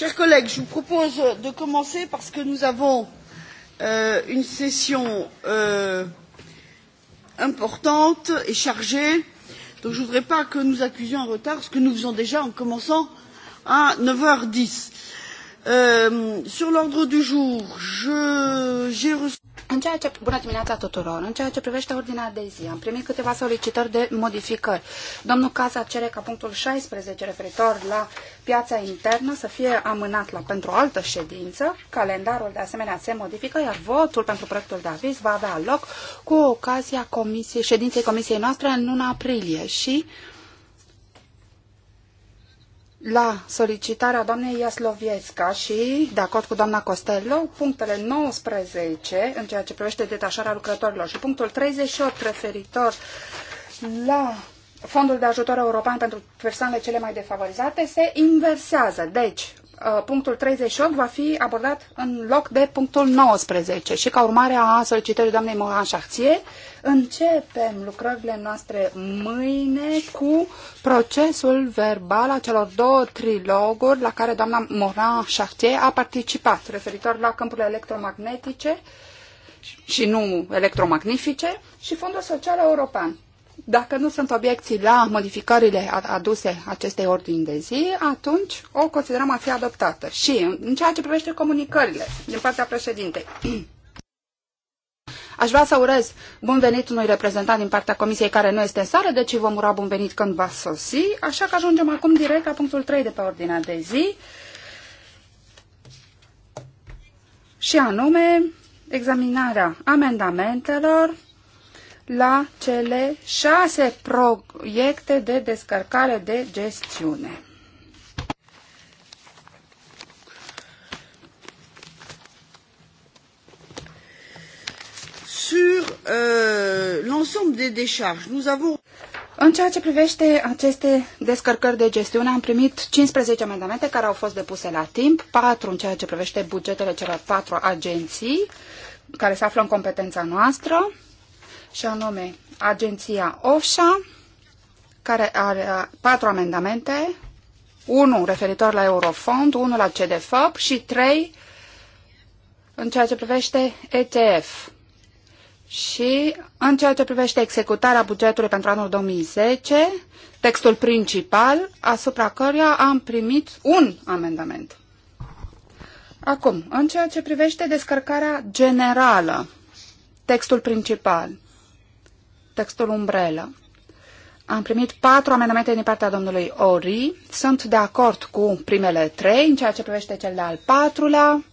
chers collègues je vous propose euh, de commencer parce que nous avons euh, une session euh, importante et chargée donc je ne voudrais pas que nous accusions un retard ce que nous faisons déjà en commençant à neuf heures dix. Euh, sur l'ordre du jour j'ai reçu în ceea ce, bună dimineața tuturor! În ceea ce privește ordinea de zi, am primit câteva solicitări de modificări. Domnul Casa cere ca punctul 16 referitor la piața internă să fie amânat la, pentru o altă ședință. Calendarul de asemenea se modifică, iar votul pentru proiectul de aviz va avea loc cu ocazia comisiei, ședinței comisiei noastre în luna aprilie și uh, la solicitarea doamnei Iaslovieska și, de acord cu doamna Costello, punctele 19 în ceea ce privește detașarea lucrătorilor și punctul 38 referitor la Fondul de ajutor european pentru persoanele cele mai defavorizate se inversează. Deci, Uh, treizeci punctul 38 va fi abordat în loc de punctul 19 și ca urmare a solicitării doamnei Moran Chartier, începem lucrările noastre mâine cu procesul verbal a celor două triloguri la care doamna Moran Chartier a participat, referitor la câmpurile electromagnetice și nu electromagnifice și Fondul Social European. Dacă nu sunt obiecții la modificările aduse acestei ordini de zi, atunci o considerăm a fi adoptată. Și în ceea ce privește comunicările din partea președintei, aș vrea să urez bun venit unui reprezentant din partea comisiei care nu este în sală, deci vom ura bun venit când va sosi, așa că ajungem acum direct la punctul 3 de pe ordinea de zi, și anume examinarea amendamentelor la cele șase proiecte de descărcare de gestiune. Sur euh, l'ensemble des décharges, nous avons în ceea ce privește aceste descărcări de gestiune, am primit 15 amendamente care au fost depuse la timp, 4 în ceea ce privește bugetele celor 4 agenții care se află în competența noastră, și anume agenția OFSA, care are uh, patru amendamente, unul referitor la Eurofond, unul la CDFOP și trei în ceea ce privește ETF. Și în ceea ce privește executarea bugetului pentru anul 2010, textul principal, asupra căruia am primit un amendament. Acum, în ceea ce privește descărcarea generală, textul principal, textul umbrelă. Am primit patru amendamente din partea domnului Ori. Sunt de acord cu primele trei în ceea ce privește cel de-al patrulea.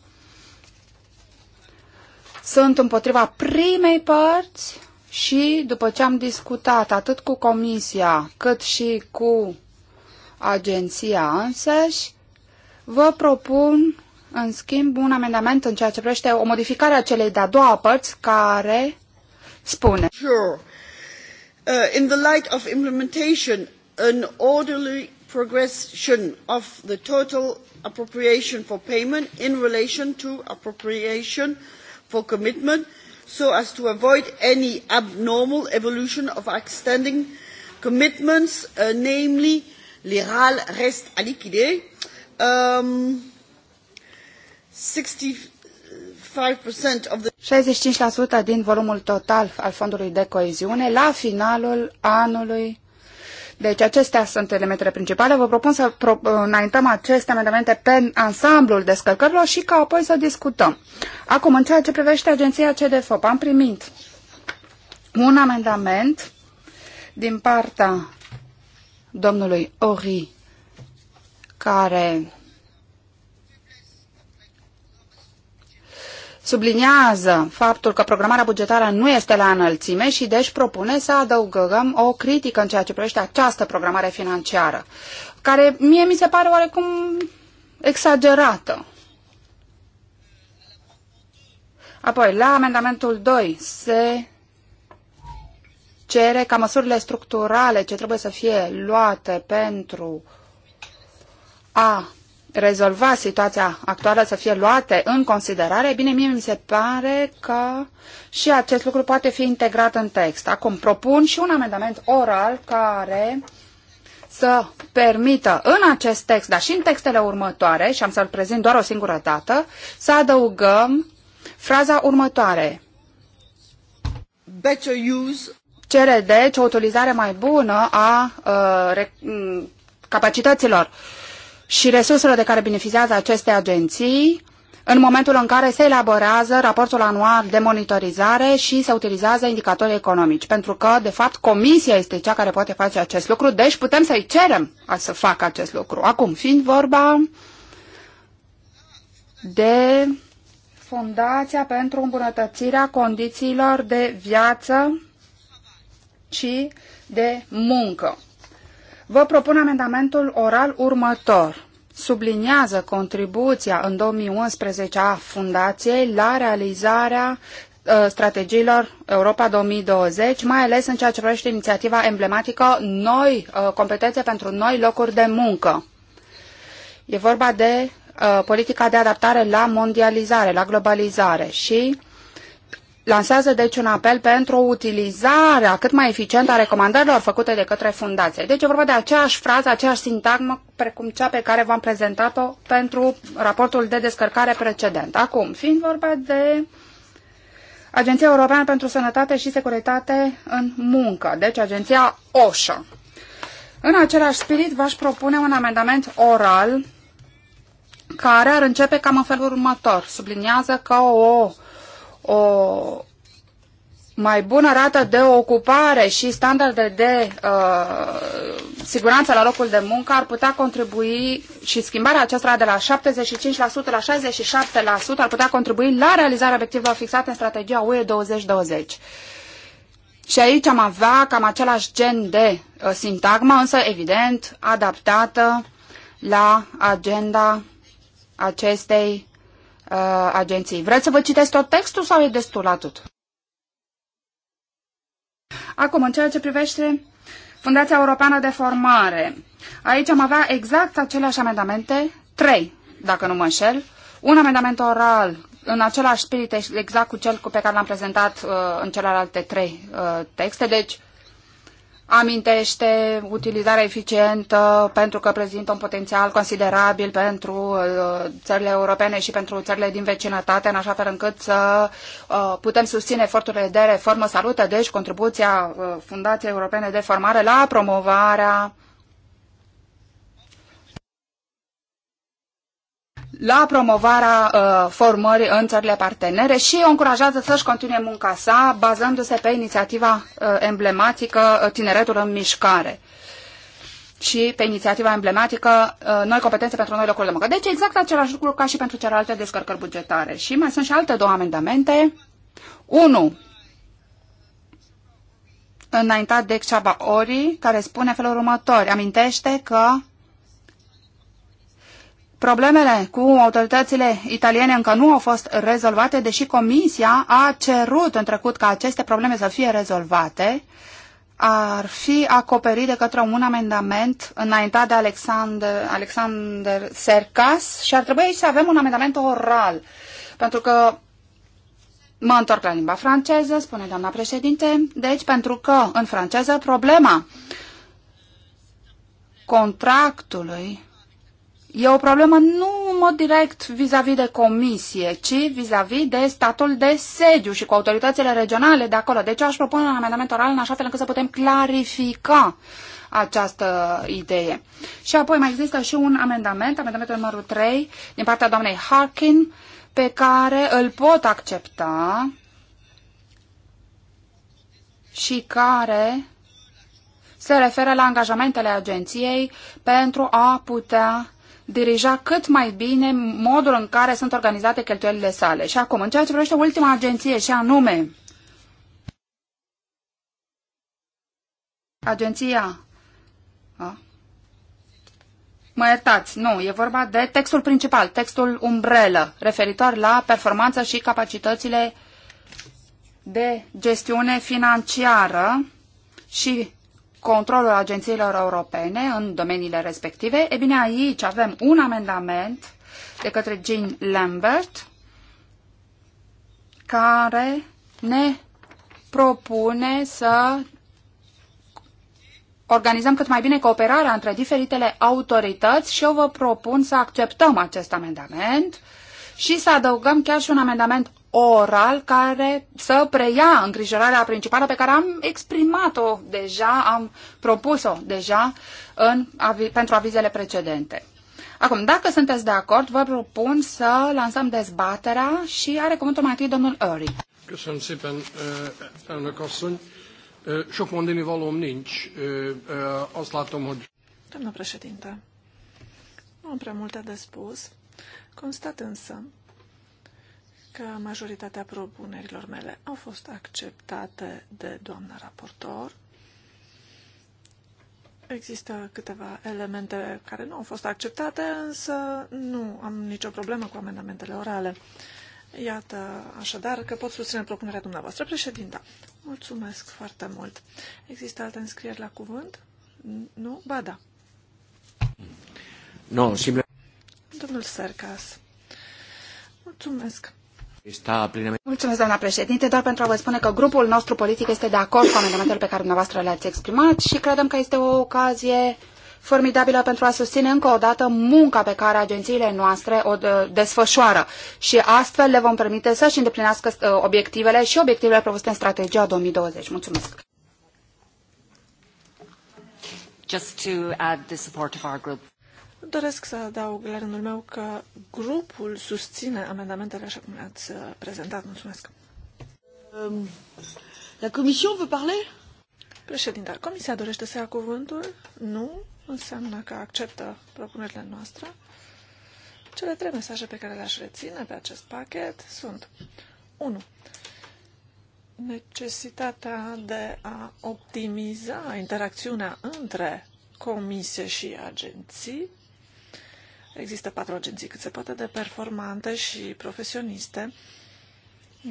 Sunt împotriva primei părți și după ce am discutat atât cu comisia cât și cu agenția însăși, vă propun în schimb un amendament în ceea ce privește o modificare a celei de-a doua părți care spune sure Uh, in the light of implementation an orderly progression of the total appropriation for payment in relation to appropriation for commitment so as to avoid any abnormal evolution of outstanding commitments uh, namely les RAL restes à liquider um, 60 65% din volumul total al fondului de coeziune la finalul anului. Deci acestea sunt elementele principale. Vă propun să pro înaintăm aceste amendamente pe ansamblul descărcărilor și ca apoi să discutăm. Acum, în ceea ce privește agenția CDFOP, am primit un amendament din partea domnului Ori, care subliniază faptul că programarea bugetară nu este la înălțime și deci propune să adăugăm o critică în ceea ce privește această programare financiară, care mie mi se pare oarecum exagerată. Apoi, la amendamentul 2 se cere ca măsurile structurale ce trebuie să fie luate pentru a rezolva situația actuală să fie luate în considerare, bine, mie mi se pare că și acest lucru poate fi integrat în text. Acum propun și un amendament oral care să permită în acest text, dar și în textele următoare, și am să-l prezint doar o singură dată, să adăugăm fraza următoare. Better use cere deci o utilizare mai bună a uh, capacităților și resursele de care beneficiază aceste agenții în momentul în care se elaborează raportul anual de monitorizare și se utilizează indicatorii economici. Pentru că, de fapt, comisia este cea care poate face acest lucru, deci putem să-i cerem să facă acest lucru. Acum, fiind vorba de Fundația pentru îmbunătățirea condițiilor de viață și de muncă. Vă propun amendamentul oral următor. Subliniază contribuția în 2011 a Fundației la realizarea uh, strategiilor Europa 2020, mai ales în ceea ce privește inițiativa emblematică Noi uh, competențe pentru noi locuri de muncă. E vorba de uh, politica de adaptare la mondializare, la globalizare și lansează deci un apel pentru utilizarea cât mai eficientă a recomandărilor făcute de către fundație. Deci e vorba de aceeași frază, aceeași sintagmă precum cea pe care v-am prezentat-o pentru raportul de descărcare precedent. Acum, fiind vorba de Agenția Europeană pentru Sănătate și Securitate în Muncă, deci Agenția OSHA. În același spirit, v-aș propune un amendament oral care ar începe cam în felul următor. Subliniază că o o mai bună rată de ocupare și standarde de uh, siguranță la locul de muncă ar putea contribui și schimbarea acestora de la 75% la 67% ar putea contribui la realizarea obiectivelor fixate în strategia UE 2020. Și aici am avea cam același gen de uh, sintagma, însă evident adaptată la agenda acestei uh, agenției. Vreți să vă citesc tot textul sau e destul atât? Acum, în ceea ce privește Fundația Europeană de Formare, aici am avea exact aceleași amendamente, trei, dacă nu mă înșel, un amendament oral în același spirit exact cu cel pe care l-am prezentat uh, în celelalte trei uh, texte, deci amintește utilizarea eficientă pentru că prezintă un potențial considerabil pentru uh, țările europene și pentru țările din vecinătate, în așa fel încât să uh, putem susține eforturile de reformă. Salută, deci, contribuția uh, Fundației Europene de Formare la promovarea la promovarea uh, formării în țările partenere și o încurajează să-și continue munca sa, bazându-se pe inițiativa uh, emblematică uh, Tineretul în Mișcare și pe inițiativa emblematică uh, Noi competențe pentru noi locuri de muncă. Deci exact același lucru ca și pentru celelalte descărcări bugetare. Și mai sunt și alte două amendamente. Unu, Înaintat de Xaba Ori, care spune felul următor. Amintește că Problemele cu autoritățile italiene încă nu au fost rezolvate, deși Comisia a cerut în trecut ca aceste probleme să fie rezolvate, ar fi acoperit de către un amendament înaintat de Alexander, Alexander Sercas și ar trebui aici să avem un amendament oral, pentru că Mă întorc la limba franceză, spune doamna președinte, deci pentru că în franceză problema contractului E o problemă nu în mod direct vis-a-vis -vis de comisie, ci vis-a-vis -vis de statul de sediu și cu autoritățile regionale de acolo. Deci eu aș propune un amendament oral în așa fel încât să putem clarifica această idee. Și apoi mai există și un amendament, amendamentul numărul 3, din partea doamnei Harkin, pe care îl pot accepta și care se referă la angajamentele agenției pentru a putea dirija cât mai bine modul în care sunt organizate cheltuielile sale. Și acum, în ceea ce vrește ultima agenție, și anume agenția... A? Mă iertați, nu, e vorba de textul principal, textul umbrelă, referitor la performanță și capacitățile de gestiune financiară și controlul agențiilor europene în domeniile respective, e bine, aici avem un amendament de către Jean Lambert care ne propune să organizăm cât mai bine cooperarea între diferitele autorități și eu vă propun să acceptăm acest amendament și să adăugăm chiar și un amendament oral care să preia îngrijorarea principală pe care am exprimat-o deja, am propus-o deja în, pentru avizele precedente. Acum, dacă sunteți de acord, vă propun să lansăm dezbaterea și are cuvântul mai întâi domnul Öri. Köszönöm eh, eh, eh, Doamna președinte, nu am prea multe de spus. Constat însă că majoritatea propunerilor mele au fost acceptate de doamna raportor. Există câteva elemente care nu au fost acceptate, însă nu am nicio problemă cu amendamentele orale. Iată, așadar, că pot susține propunerea dumneavoastră, președinta. Mulțumesc foarte mult. Există alte înscrieri la cuvânt? Nu? Ba da. Nu, no, simplu. Domnul Sercas. Mulțumesc. Mulțumesc, doamna președinte, doar pentru a vă spune că grupul nostru politic este de acord cu amendamentele pe care dumneavoastră le-ați exprimat și credem că este o ocazie formidabilă pentru a susține încă o dată munca pe care agențiile noastre o desfășoară și astfel le vom permite să-și îndeplinească ă, obiectivele și obiectivele prevăzute în strategia 2020. Mulțumesc! Just to add the support of our group. Doresc să adaug la rândul meu că grupul susține amendamentele așa cum le-ați uh, prezentat. Mulțumesc. Um, la comisie vă parle? Președinte, comisia dorește să ia cuvântul? Nu? Înseamnă că acceptă propunerile noastre. Cele trei mesaje pe care le-aș reține pe acest pachet sunt 1. Necesitatea de a optimiza interacțiunea între comisie și agenții Există patru agenții cât se poate de performante și profesioniste,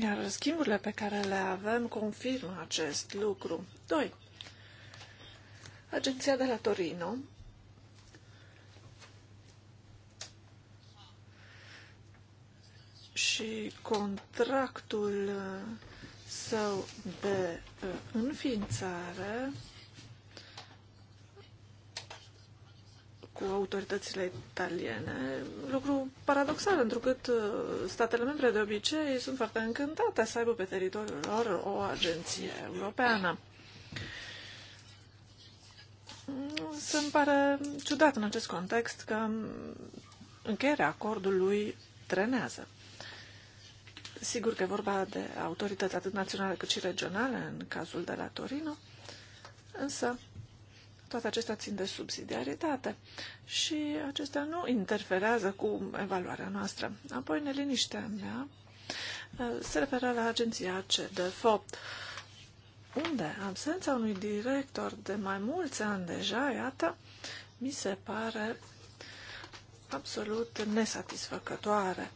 iar schimburile pe care le avem confirmă acest lucru. 2. Agenția de la Torino și contractul său de uh, înființare cu autoritățile italiene. Lucru paradoxal, întrucât uh, statele membre de obicei sunt foarte încântate să aibă pe teritoriul lor o agenție europeană. Se mi pare ciudat în acest context că încheierea acordului trenează. Sigur că e vorba de autorități atât naționale cât și regionale, în cazul de la Torino, însă toate acestea țin de subsidiaritate și acestea nu interferează cu evaluarea noastră. Apoi, neliniștea mea eh, se referă la agenția CDFOP, unde absența unui director de mai mulți ani deja, iată, mi se pare absolut nesatisfăcătoare.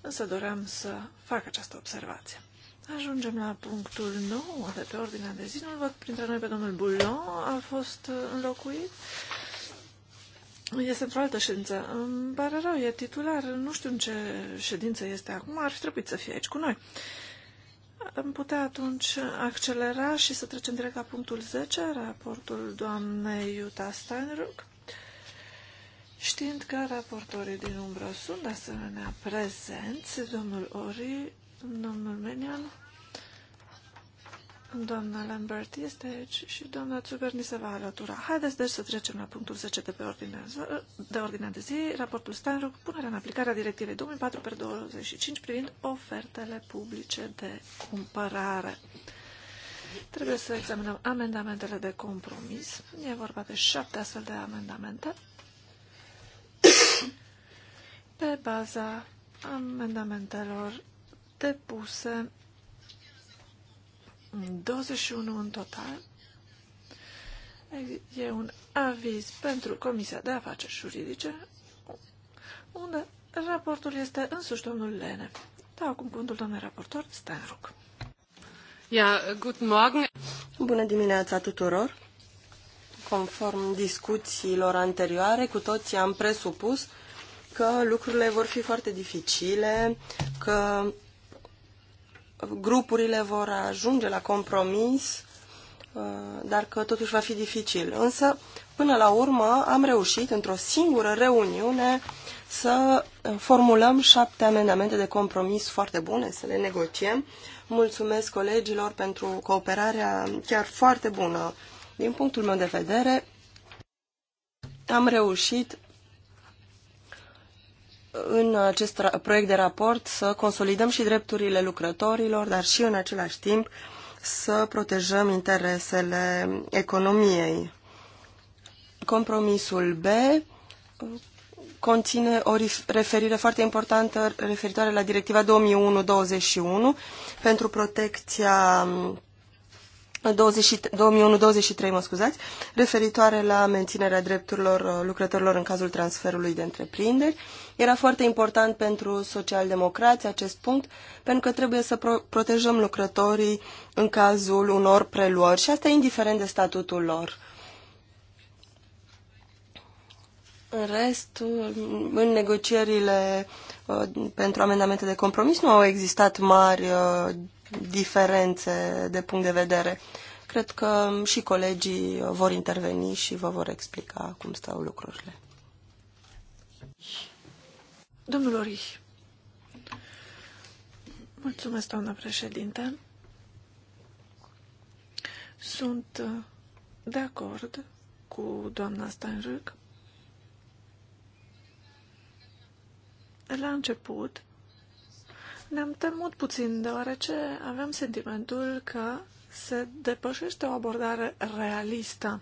Însă doream să fac această observație. Ajungem la punctul 9 de pe ordinea de zi. Nu-l văd printre noi pe domnul Bullon A fost înlocuit. Este într-o altă ședință. Îmi pare rău, e titular. Nu știu în ce ședință este acum. Ar fi trebuit să fie aici cu noi. Am putea atunci accelera și să trecem direct la punctul 10, raportul doamnei Iuta Steinruck. Știind că raportorii din umbră sunt asemenea prezenți, domnul Ori domnul Menion, doamna Lambert este aici și doamna Zuber ni se va alătura. Haideți deci să trecem la punctul 10 de pe ordine de ordine de zi, raportul Stanruc, punerea în aplicare a directivei 2004-25 privind ofertele publice de cumpărare. Trebuie să examinăm amendamentele de compromis. E vorba de șapte astfel de amendamente. Pe baza amendamentelor puse 21 în total. E un aviz pentru Comisia de Afaceri Juridice, unde raportul este însuși domnul Lene. Da, acum cuvântul domnului raportor, Steinruck. Ja, guten Morgen. Bună dimineața tuturor! Conform discuțiilor anterioare, cu toții am presupus că lucrurile vor fi foarte dificile, că grupurile vor ajunge la compromis, uh, dar că totuși va fi dificil. Însă, până la urmă, am reușit într-o singură reuniune să uh, formulăm șapte amendamente de compromis foarte bune, să le negociem. Mulțumesc colegilor pentru cooperarea chiar foarte bună. Din punctul meu de vedere, am reușit în acest proiect de raport să consolidăm și drepturile lucrătorilor, dar și în același timp să protejăm interesele economiei. Compromisul B conține o referire foarte importantă referitoare la directiva 2001-21 pentru protecția 2001-23, mm, mă scuzați, referitoare la menținerea drepturilor uh, lucrătorilor în cazul transferului de întreprinderi era foarte important pentru socialdemocrații acest punct, pentru că trebuie să pro protejăm lucrătorii în cazul unor preluări și asta indiferent de statutul lor. În rest, în negocierile uh, pentru amendamente de compromis nu au existat mari uh, diferențe de punct de vedere. Cred că și colegii uh, vor interveni și vă vor explica cum stau lucrurile. Domnul Orih. Mulțumesc, doamna președinte. Sunt uh, de acord cu doamna Steinrück. La început ne-am temut puțin, deoarece avem sentimentul că se depășește o abordare realistă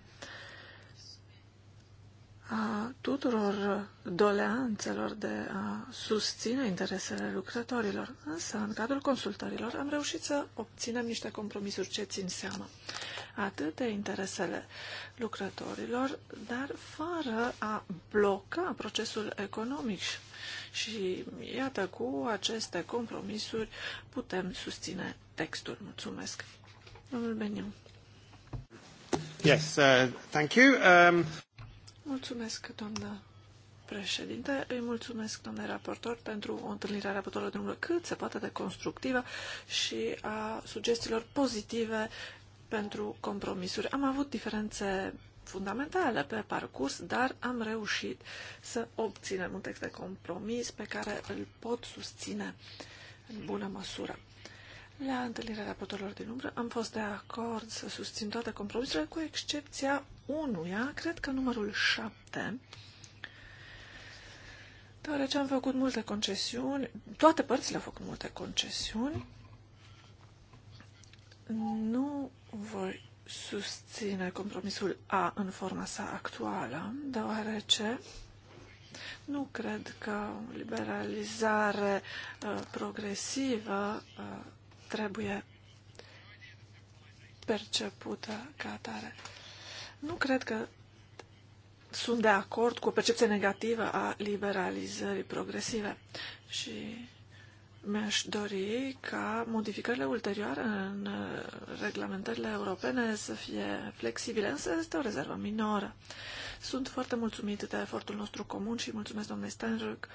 a tuturor doleanțelor de a susține interesele lucrătorilor. Însă, în cadrul consultărilor, am reușit să obținem niște compromisuri ce țin seama atât de interesele lucrătorilor, dar fără a bloca procesul economic. Și iată, cu aceste compromisuri putem susține textul. Mulțumesc. Domnul Beniu. Yes, uh, thank you. Um... Mulțumesc, doamnă președinte. Îi mulțumesc, doamne raportor, pentru o întâlnire a raportorului de cât se poate de constructivă și a sugestiilor pozitive pentru compromisuri. Am avut diferențe fundamentale pe parcurs, dar am reușit să obținem un text de compromis pe care îl pot susține în bună măsură. La întâlnirea raportorilor din umbră am fost de acord să susțin toate compromisurile, cu excepția unuia, cred că numărul șapte, deoarece am făcut multe concesiuni, toate părțile au făcut multe concesiuni, nu voi susține compromisul A în forma sa actuală, deoarece nu cred că liberalizare uh, progresivă uh, trebuie percepută ca atare. Nu cred că sunt de acord cu o percepție negativă a liberalizării progresive și mi-aș dori ca modificările ulterioare în uh, reglementările europene să fie flexibile, însă este o rezervă minoră. Sunt foarte mulțumit de efortul nostru comun și mulțumesc domnului Steinrück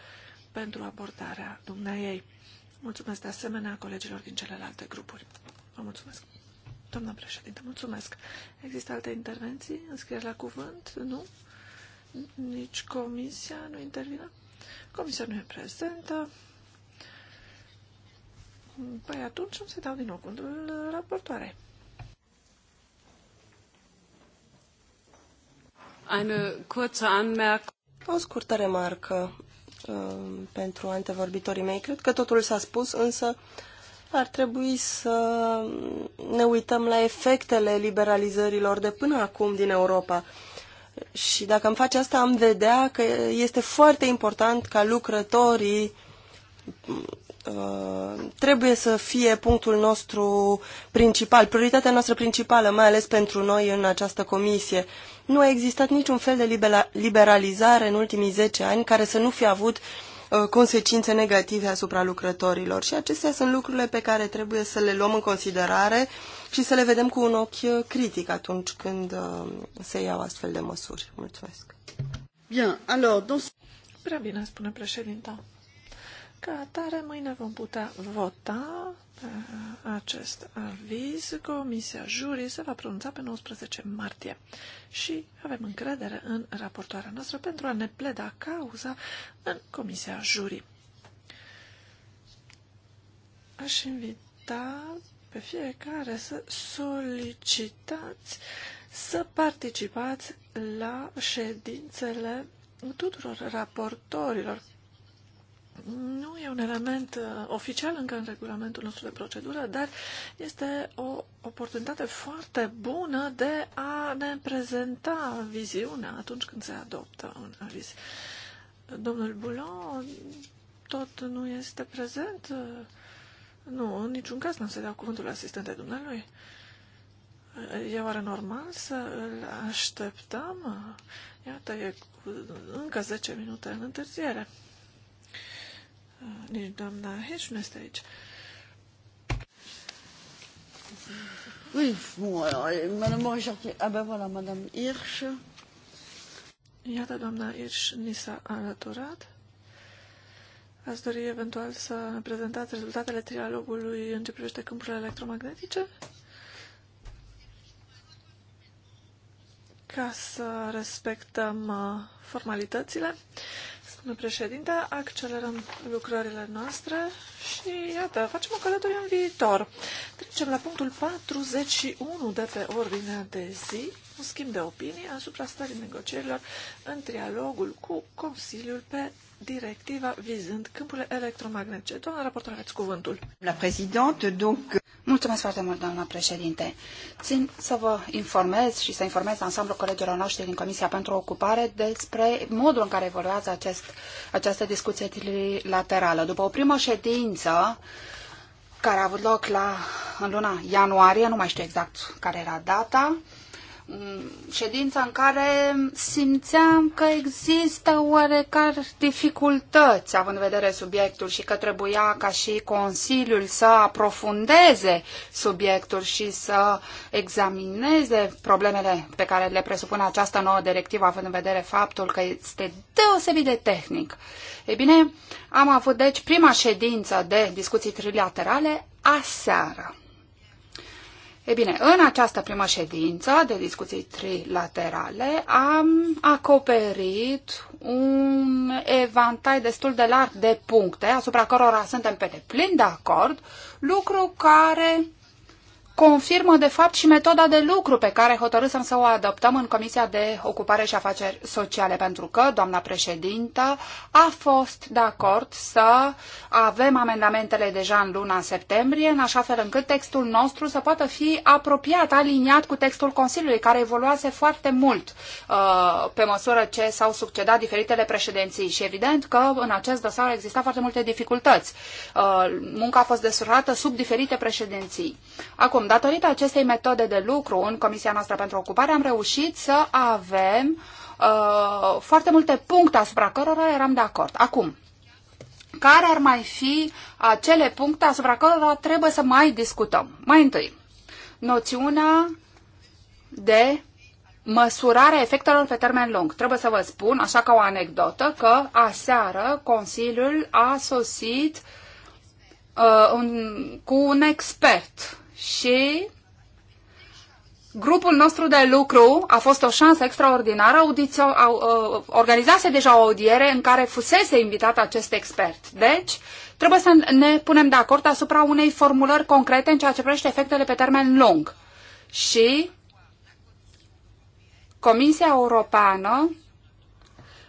pentru abordarea ei. Mulțumesc de asemenea colegilor din celelalte grupuri. Vă mulțumesc. Doamna președinte, mulțumesc. Există alte intervenții? Înscrieri la cuvânt? Nu? Nici comisia nu intervine? Comisia nu e prezentă. Păi atunci am să dau din nou cuvântul raportoare. Eine kurze Anmerkung. O scurtă remarcă. Um, pentru antevorbitorii mei. Cred că totul s-a spus, însă ar trebui să ne uităm la efectele liberalizărilor de până acum din Europa. Și dacă am face asta, am vedea că este foarte important ca lucrătorii Uh, trebuie să fie punctul nostru principal, prioritatea noastră principală, mai ales pentru noi în această comisie. Nu a existat niciun fel de liberalizare în ultimii 10 ani care să nu fi avut uh, consecințe negative asupra lucrătorilor și acestea sunt lucrurile pe care trebuie să le luăm în considerare și să le vedem cu un ochi uh, critic atunci când se iau astfel de măsuri. Mulțumesc. Bien, alors, dans... Prea bine, spune președinta. Ca atare, mâine vom putea vota uh, acest aviz. Comisia Jurii se va pronunța pe 19 martie și avem încredere în raportoarea noastră pentru a ne pleda cauza în Comisia Jurii. Aș invita pe fiecare să solicitați să participați la ședințele tuturor raportorilor nu e un element uh, oficial încă în regulamentul nostru de procedură, dar este o oportunitate foarte bună de a ne prezenta viziunea atunci când se adoptă un aviz. Domnul Bulon tot nu este prezent? Uh, nu, în niciun caz n-am să dau cuvântul asistente dumnealui. Uh, e oare normal să îl așteptăm? Iată, e cu încă 10 minute în întârziere. Nici deci doamna Heș nu este aici. Oui, bon, alors, madame Rechertier, ah ben voilà, madame Hirsch. Iată, doamna Hirsch ni s-a alăturat. Ați dori eventual să ne prezentați rezultatele trialogului în ce privește câmpurile electromagnetice? Ca să respectăm uh, formalitățile, spune președinte, accelerăm lucrările noastre și iată, facem o călătorie în viitor. Trecem la punctul 41 de pe ordinea de zi, un schimb de opinii asupra stării negocierilor în trialogul cu Consiliul pe directiva vizând câmpurile electromagnetice. Doamna raportor, aveți cuvântul. La președinte, donc... Mulțumesc foarte mult, doamna președinte. Țin să vă informez și să informez ansamblul colegilor noștri din Comisia pentru Ocupare despre modul în care evoluează acest, această discuție trilaterală. După o primă ședință, care a avut loc la, în luna ianuarie, nu mai știu exact care era data, ședința în care simțeam că există oarecare dificultăți, având în vedere subiectul, și că trebuia ca și Consiliul să aprofundeze subiectul și să examineze problemele pe care le presupune această nouă directivă, având în vedere faptul că este deosebit de tehnic. E bine, am avut deci prima ședință de discuții trilaterale aseară. E bine, în această primă ședință de discuții trilaterale am acoperit un evantai destul de larg de puncte asupra cărora suntem pe deplin de acord, lucru care confirmă, de fapt, și metoda de lucru pe care hotărâsem să o adoptăm în Comisia de Ocupare și Afaceri Sociale, pentru că doamna președintă a fost de acord să avem amendamentele deja în luna septembrie, în așa fel încât textul nostru să poată fi apropiat, aliniat cu textul Consiliului, care evoluase foarte mult uh, pe măsură ce s-au succedat diferitele președinții. Și evident că în acest dosar exista foarte multe dificultăți. Uh, munca a fost desfășurată sub diferite președinții. Acum, datorită acestei metode de lucru în Comisia noastră pentru ocupare, am reușit să avem uh, foarte multe puncte asupra cărora eram de acord. Acum, care ar mai fi acele puncte asupra cărora trebuie să mai discutăm? Mai întâi, noțiunea de măsurarea efectelor pe termen lung. Trebuie să vă spun, așa ca o anecdotă, că aseară Consiliul a sosit uh, un, cu un expert și grupul nostru de lucru a fost o șansă extraordinară. Audițio, au, uh, organizase deja o audiere în care fusese invitat acest expert. Deci, trebuie să ne punem de acord asupra unei formulări concrete în ceea ce privește efectele pe termen lung. Și Comisia Europeană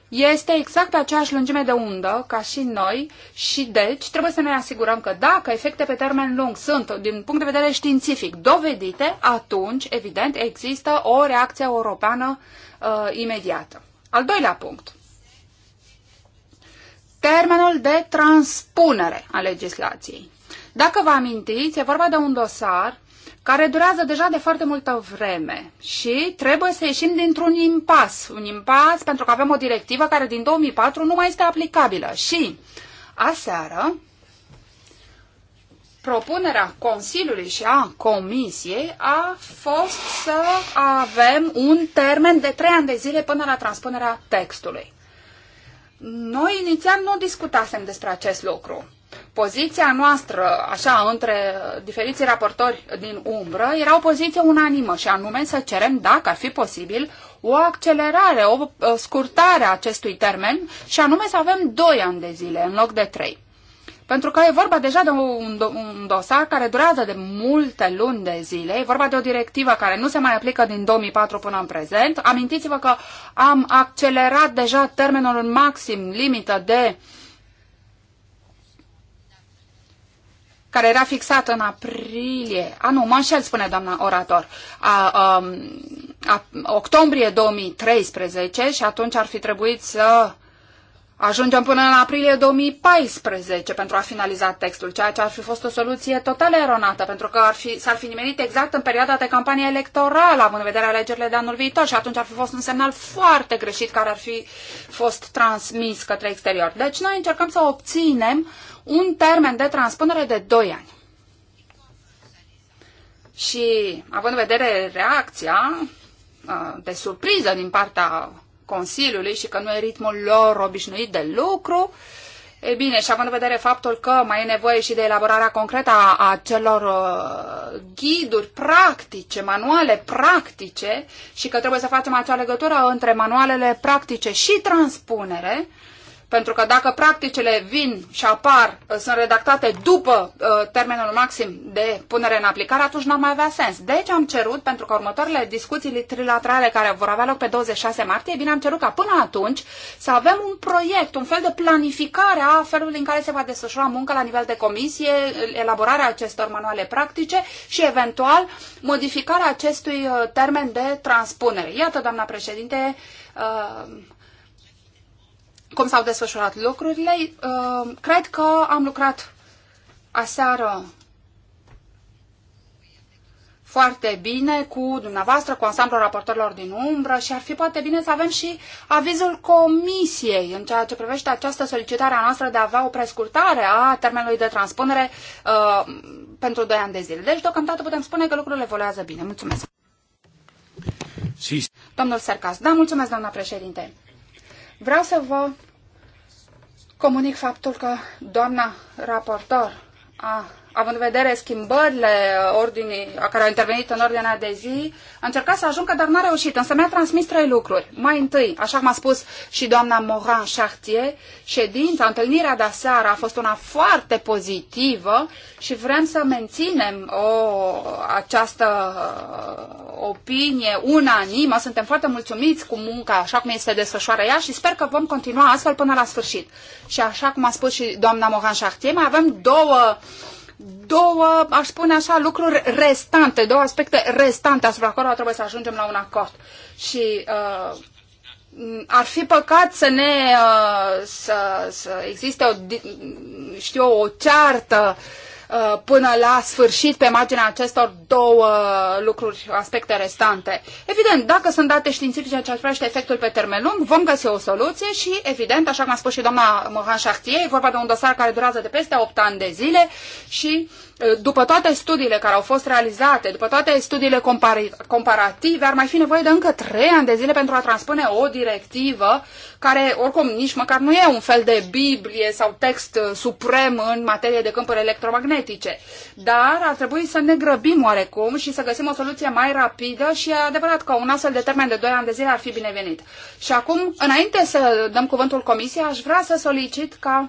este exact pe aceeași lungime de undă ca și noi și deci trebuie să ne asigurăm că dacă efecte pe termen lung sunt, din punct de vedere științific, dovedite, atunci, evident, există o reacție europeană uh, imediată. Al doilea punct. Termenul de transpunere a legislației. Dacă vă amintiți, e vorba de un dosar care durează deja de foarte multă vreme și trebuie să ieșim dintr-un impas. Un impas pentru că avem o directivă care din 2004 nu mai este aplicabilă. Și aseară, propunerea Consiliului și a Comisiei a fost să avem un termen de trei ani de zile până la transpunerea textului. Noi inițial nu discutasem despre acest lucru. Poziția noastră, așa, între diferiții raportori din umbră, era o poziție unanimă și anume să cerem, dacă ar fi posibil, o accelerare, o scurtare a acestui termen și anume să avem 2 ani de zile în loc de 3. Pentru că e vorba deja de un, un dosar care durează de multe luni de zile, e vorba de o directivă care nu se mai aplică din 2004 până în prezent. Amintiți-vă că am accelerat deja termenul maxim limită de care era fixată în aprilie, a, ah, nu, mă înșel, spune doamna orator, a, a, um, a, octombrie 2013 și atunci ar fi trebuit să ajungem până în aprilie 2014 pentru a finaliza textul, ceea ce ar fi fost o soluție total eronată, pentru că ar fi, s-ar fi nimerit exact în perioada de campanie electorală, având în vedere alegerile de anul viitor și atunci ar fi fost un semnal foarte greșit care ar fi fost transmis către exterior. Deci noi încercăm să obținem un termen de transpunere de 2 ani. Și având în vedere reacția uh, de surpriză din partea Consiliului și că nu e ritmul lor obișnuit de lucru, E bine, și având în vedere faptul că mai e nevoie și de elaborarea concretă a, a celor uh, ghiduri practice, manuale practice și că trebuie să facem acea legătură între manualele practice și transpunere, uh, pentru că dacă practicile vin și apar, uh, sunt redactate după uh, termenul maxim de punere în aplicare, atunci n-ar mai avea sens. Deci am cerut, pentru că următoarele discuții trilaterale care vor avea loc pe 26 martie, bine, am cerut ca până atunci să avem un proiect, un fel de planificare a felului în care se va desfășura munca la nivel de comisie, elaborarea acestor manuale practice și, eventual, modificarea acestui uh, termen de transpunere. Iată, doamna președinte, uh, cum s-au desfășurat lucrurile. Uh, cred că am lucrat aseară foarte bine cu dumneavoastră, cu ansamblul raportorilor din umbră și ar fi poate bine să avem și avizul comisiei în ceea ce privește această solicitare a noastră de a avea o prescurtare a termenului de transpunere uh, pentru 2 ani de zile. Deci, deocamdată putem spune că lucrurile volează bine. Mulțumesc. Si. Domnul Sercas, da, mulțumesc, doamna președinte. Vreau să vă comunic faptul că doamna raportor a având în vedere schimbările ordinii, a care au intervenit în ordinea de zi, a încercat să ajungă, dar n-a reușit. Însă mi-a transmis trei lucruri. Mai întâi, așa cum a spus și doamna Moran Chartier, ședința, întâlnirea de seară a fost una foarte pozitivă și vrem să menținem o, această uh, opinie unanimă. Suntem foarte mulțumiți cu munca așa cum este desfășoară ea și sper că vom continua astfel până la sfârșit. Și așa cum a spus și doamna Moran Chartier, mai avem două două, aș spune așa, lucruri restante, două aspecte restante asupra cărora trebuie să ajungem la un acord. Și uh, ar fi păcat să ne uh, să, să existe o, știu, o ceartă uh, Uh, până la sfârșit pe marginea acestor două uh, lucruri, aspecte restante. Evident, dacă sunt date științifice ce privește efectul pe termen lung, vom găsi o soluție și, evident, așa cum a spus și doamna Mohan Chartier, e vorba de un dosar care durează de peste 8 ani de zile și după toate studiile care au fost realizate, după toate studiile comparative, ar mai fi nevoie de încă trei ani de zile pentru a transpune o directivă care, oricum, nici măcar nu e un fel de Biblie sau text uh, suprem în materie de câmpuri electromagnetice. Dar ar trebui să ne grăbim oarecum și să găsim o soluție mai rapidă și e adevărat că un astfel de termen de 2 ani de zile ar fi binevenit. Și acum, înainte să dăm cuvântul comisiei, aș vrea să solicit ca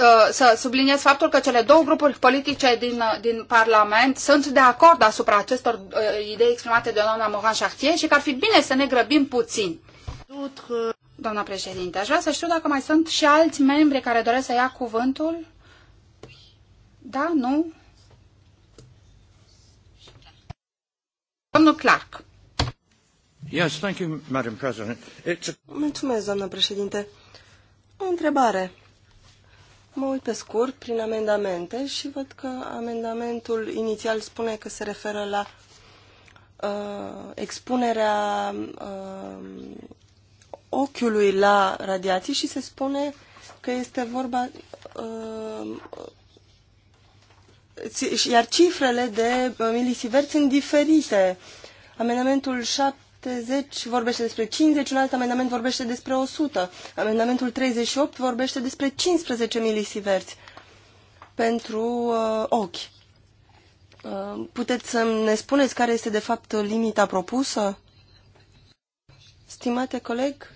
Uh, să subliniez faptul că cele două grupuri politice din, uh, din Parlament sunt de acord asupra acestor uh, idei exprimate de doamna Moran Chartier și că ar fi bine să ne grăbim puțin. Doamna președinte, aș vrea să știu dacă mai sunt și alți membri care doresc să ia cuvântul. Da? Nu? Domnul Clark. Yes, thank you, Madam President. It's a... Mulțumesc, doamnă președinte. O întrebare. Mă uit pe scurt prin amendamente și văd că amendamentul inițial spune că se referă la uh, expunerea uh, ochiului la radiații și se spune că este vorba uh, iar cifrele de milisievert sunt diferite. Amendamentul 7 70 vorbește despre 50, un alt amendament vorbește despre 100. Amendamentul 38 vorbește despre 15 milisiverți pentru uh, ochi. Uh, puteți să ne spuneți care este de fapt limita propusă? Stimate coleg,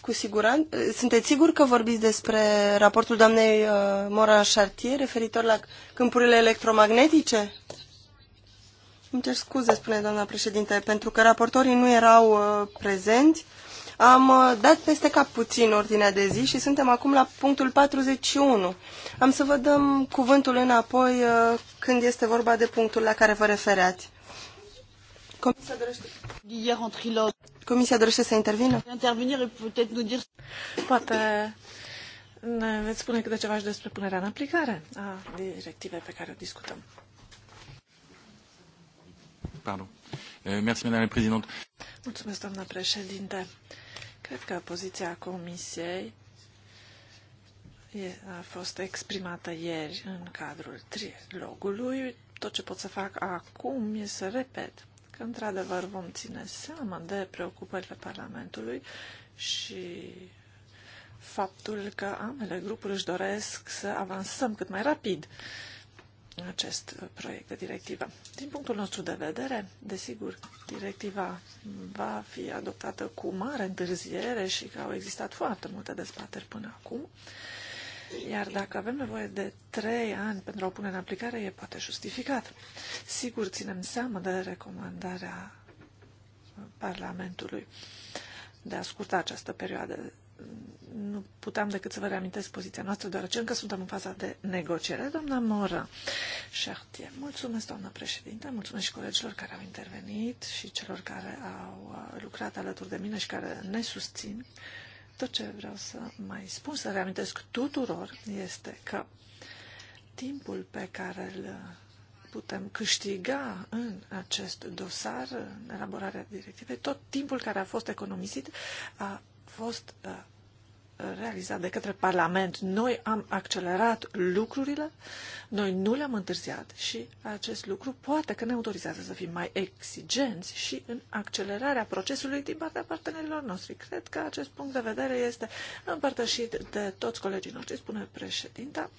cu siguranță, uh, sunteți sigur că vorbiți despre raportul doamnei uh, Mora Chartier referitor la câmpurile electromagnetice? Îmi cer scuze, spune doamna președinte, pentru că raportorii nu erau uh, prezenți. Am uh, dat peste cap puțin ordinea de zi și suntem acum la punctul 41. Am să vă dăm cuvântul înapoi uh, când este vorba de punctul la care vă refereați. Comisia dorește, Comisia dorește să intervină? Poate ne veți spune câte ceva și despre punerea în aplicare a directivei pe care o discutăm. Pardon. Euh, Mulțumesc, doamna președinte. Cred că poziția Comisiei a fost exprimată ieri în cadrul trilogului. Tot ce pot să fac acum e să repet că, într-adevăr, vom ține seama de preocupările Parlamentului și faptul că ambele grupuri își doresc să avansăm cât mai rapid acest proiect de directivă. Din punctul nostru de vedere, desigur, directiva va fi adoptată cu mare întârziere și că au existat foarte multe dezbateri până acum. Iar dacă avem nevoie de trei ani pentru a o pune în aplicare, e poate justificat. Sigur, ținem seama de recomandarea Parlamentului de a scurta această perioadă nu puteam decât să vă reamintesc poziția noastră, deoarece încă suntem în faza de negociere. Doamna Mora Șartie, mulțumesc, doamna președinte, mulțumesc și colegilor care au intervenit și celor care au uh, lucrat alături de mine și care ne susțin. Tot ce vreau să mai spun, să reamintesc tuturor, este că timpul pe care îl putem câștiga în acest dosar, în elaborarea directivei, tot timpul care a fost economisit a fost uh, realizat de către Parlament. Noi am accelerat lucrurile, noi nu le-am întârziat și acest lucru poate că ne autorizează să fim mai exigenți și în accelerarea procesului din partea partenerilor noștri. Cred că acest punct de vedere este împărtășit de toți colegii noștri, spune președinta,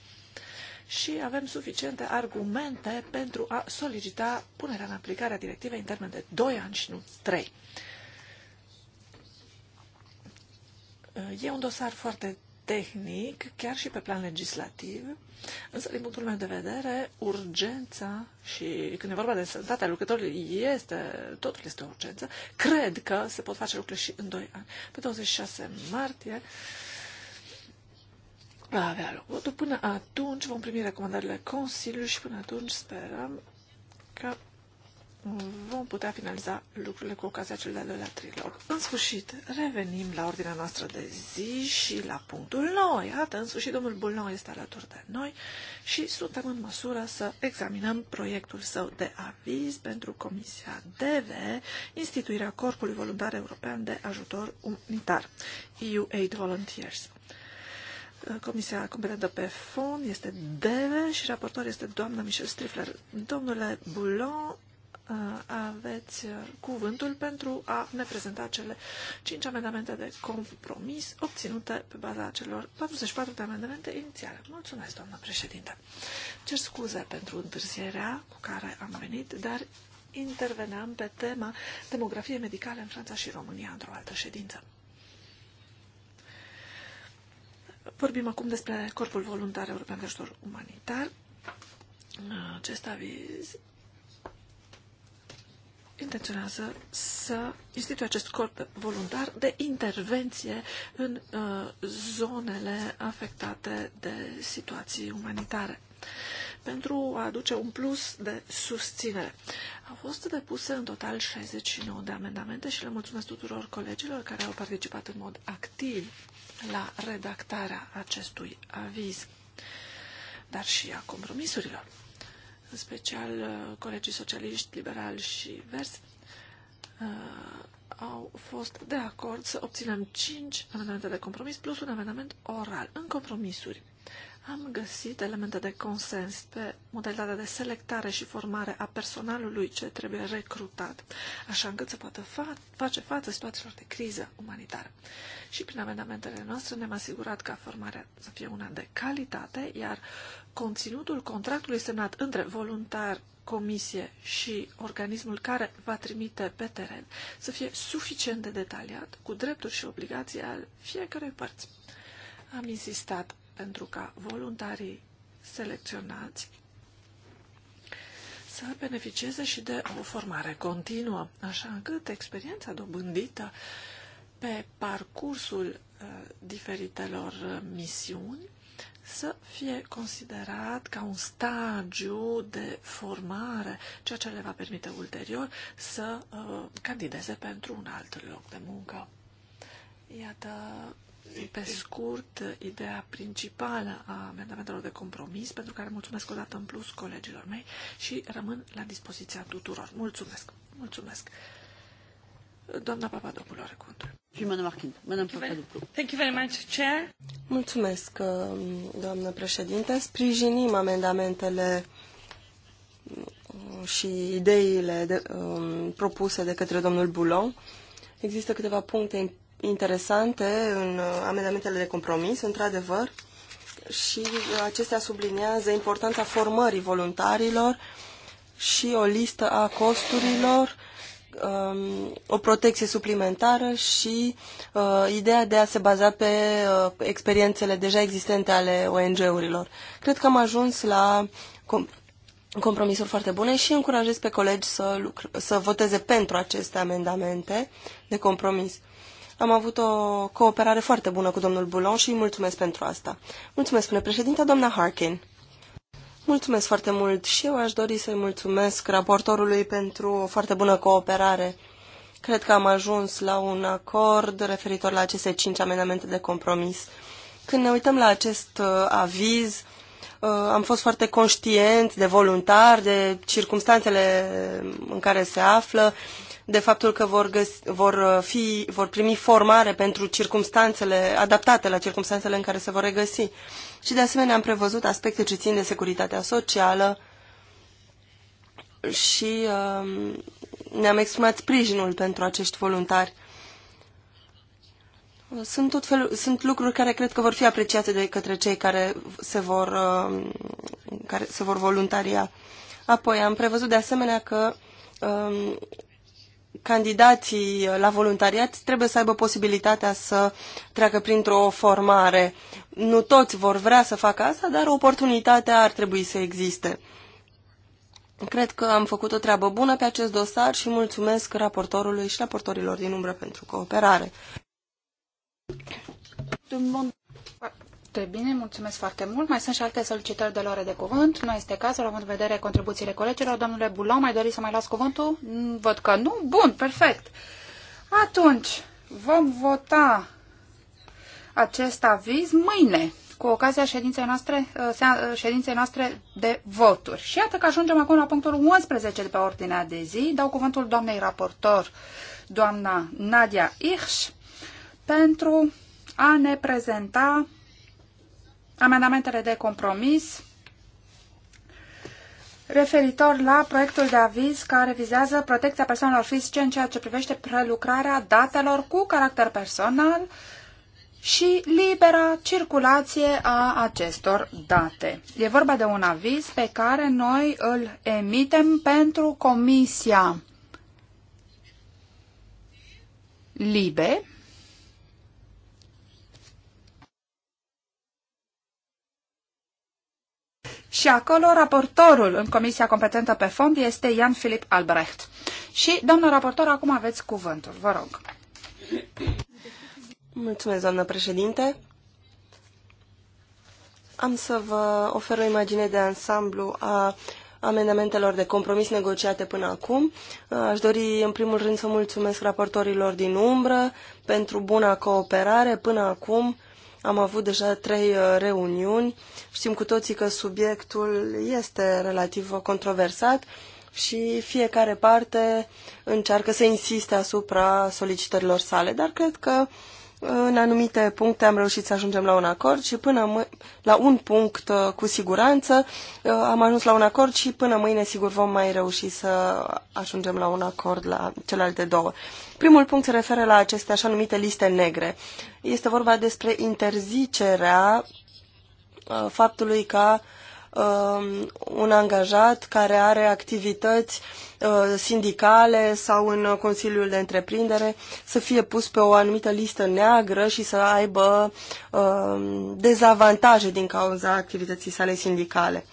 și avem suficiente argumente pentru a solicita punerea în aplicare a directivei în termen de 2 ani și nu 3. E un dosar foarte tehnic, chiar și pe plan legislativ, însă, din punctul meu de vedere, urgența și când e vorba de sănătatea lucrătorilor, este, totul este o urgență. Cred că se pot face lucruri și în 2 ani. Pe 26 martie va avea loc Până atunci vom primi recomandările Consiliului și până atunci sperăm că vom putea finaliza lucrurile cu ocazia celui de-al doilea trilog. În sfârșit, revenim la ordinea noastră de zi și la punctul 9. Iată, în sfârșit, domnul Bulnau este alături de noi și suntem în măsură să examinăm proiectul său de aviz pentru Comisia DV, instituirea Corpului Voluntar European de Ajutor Unitar, EU Aid Volunteers. Comisia competentă pe fond este DV și raportor este doamna Michel Strifler. Domnule Boulon, Uh, aveți uh, cuvântul pentru a ne prezenta cele 5 amendamente de compromis obținute pe baza celor 44 de amendamente inițiale. Mulțumesc, doamnă președinte. Cer scuze pentru întârzierea cu care am venit, dar interveneam pe tema demografie medicală în Franța și România într-o altă ședință. Vorbim acum despre Corpul Voluntar European de Ajutor Umanitar. Acesta aviz intenționează să instituie acest corp voluntar de intervenție în uh, zonele afectate de situații umanitare pentru a aduce un plus de susținere. Au fost depuse în total 69 de amendamente și le mulțumesc tuturor colegilor care au participat în mod activ la redactarea acestui aviz, dar și a compromisurilor în special uh, colegii socialiști, liberali și verzi, uh, au fost de acord să obținem 5 amendamente de compromis plus un amendament oral în compromisuri am găsit elemente de consens pe modalitatea de selectare și formare a personalului ce trebuie recrutat, așa încât să poată fa- face față situațiilor de criză umanitară. Și prin amendamentele noastre ne-am asigurat ca formarea să fie una de calitate, iar conținutul contractului semnat între voluntar, comisie și organismul care va trimite pe teren să fie suficient de detaliat, cu drepturi și obligații al fiecărei părți. Am insistat pentru ca voluntarii selecționați să beneficieze și de o formare continuă, așa încât experiența dobândită pe parcursul uh, diferitelor uh, misiuni să fie considerat ca un stagiu de formare, ceea ce le va permite ulterior să uh, candideze pentru un alt loc de muncă. Iată pe scurt ideea principală a amendamentelor de compromis, pentru care mulțumesc o dată în plus colegilor mei și rămân la dispoziția tuturor. Mulțumesc! Mulțumesc! Doamna Papadopoulou are cuvântul. Și doamna Marchin. Papadopoulou. Thank you very much, Chair. Mulțumesc, uh, doamnă președinte. Sprijinim amendamentele uh, și ideile de, um, propuse de către domnul Bulon. Există câteva puncte interesante în uh, amendamentele de compromis, într-adevăr, și acestea subliniază importanța formării voluntarilor și o listă a costurilor, um, o protecție suplimentară și uh, ideea de a se baza pe uh, experiențele deja existente ale ONG-urilor. Cred că am ajuns la compromisuri foarte bune și încurajez pe colegi să, lucr- să voteze pentru aceste amendamente de compromis. Am avut o cooperare foarte bună cu domnul Bulon și îi mulțumesc pentru asta. Mulțumesc, spune președinta, doamna Harkin. Mulțumesc foarte mult și eu aș dori să-i mulțumesc raportorului pentru o foarte bună cooperare. Cred că am ajuns la un acord referitor la aceste cinci amendamente de compromis. Când ne uităm la acest uh, aviz, uh, am fost foarte conștient de voluntar, de circumstanțele în care se află. Uh, de faptul că vor, găsi, vor, uh, fi, vor primi formare pentru circumstanțele adaptate la circumstanțele în care se vor regăsi. Și de asemenea am prevăzut aspecte ce țin de securitatea socială și um, ne-am exprimat sprijinul pentru acești voluntari. Sunt, tot fel, sunt lucruri care cred că vor fi apreciate de către cei care se vor, um, care se vor voluntaria. Apoi am prevăzut de asemenea că um, candidații la voluntariat trebuie să aibă posibilitatea să treacă printr-o formare. Nu toți vor vrea să facă asta, dar oportunitatea ar trebui să existe. Cred că am făcut o treabă bună pe acest dosar și mulțumesc raportorului și raportorilor din umbră pentru cooperare. Foarte bine, mulțumesc foarte mult. Mai sunt și alte solicitări de luare de cuvânt. Nu este cazul, având în vedere contribuțiile colegilor. Domnule Bulon, mai doriți să mai las cuvântul? Mm, văd că nu. Bun, perfect. Atunci, vom vota acest aviz mâine, cu ocazia ședinței noastre, uh, uh, ședinței noastre de voturi. Și iată că ajungem acum la punctul 11 de pe ordinea de zi. Dau cuvântul doamnei raportor, doamna Nadia Irș, pentru a ne prezenta amendamentele de compromis referitor la proiectul de aviz care vizează protecția persoanelor fizice în ceea ce privește prelucrarea datelor cu caracter personal și libera circulație a acestor date. E vorba de un aviz pe care noi îl emitem pentru Comisia Libe, Și acolo raportorul în comisia competentă pe fond este Ian Filip Albrecht. Și, domnul raportor, acum aveți cuvântul. Vă rog. Mulțumesc, doamnă președinte. Am să vă ofer o imagine de ansamblu a amendamentelor de compromis negociate până acum. Aș dori, în primul rând, să mulțumesc raportorilor din umbră pentru buna cooperare până acum am avut deja trei uh, reuniuni. Știm cu toții că subiectul este relativ controversat și fiecare parte încearcă să insiste asupra solicitărilor sale, dar cred că în anumite puncte am reușit să ajungem la un acord și până la un punct uh, cu siguranță uh, am ajuns la un acord și până mâine sigur vom mai reuși să ajungem la un acord la celelalte două. Primul punct se referă la aceste așa numite liste negre. Este vorba despre interzicerea uh, faptului ca uh, Um, un angajat care are activități uh, sindicale sau în Consiliul de Întreprindere să fie pus pe o anumită listă neagră și să aibă um, dezavantaje din cauza activității sale sindicale.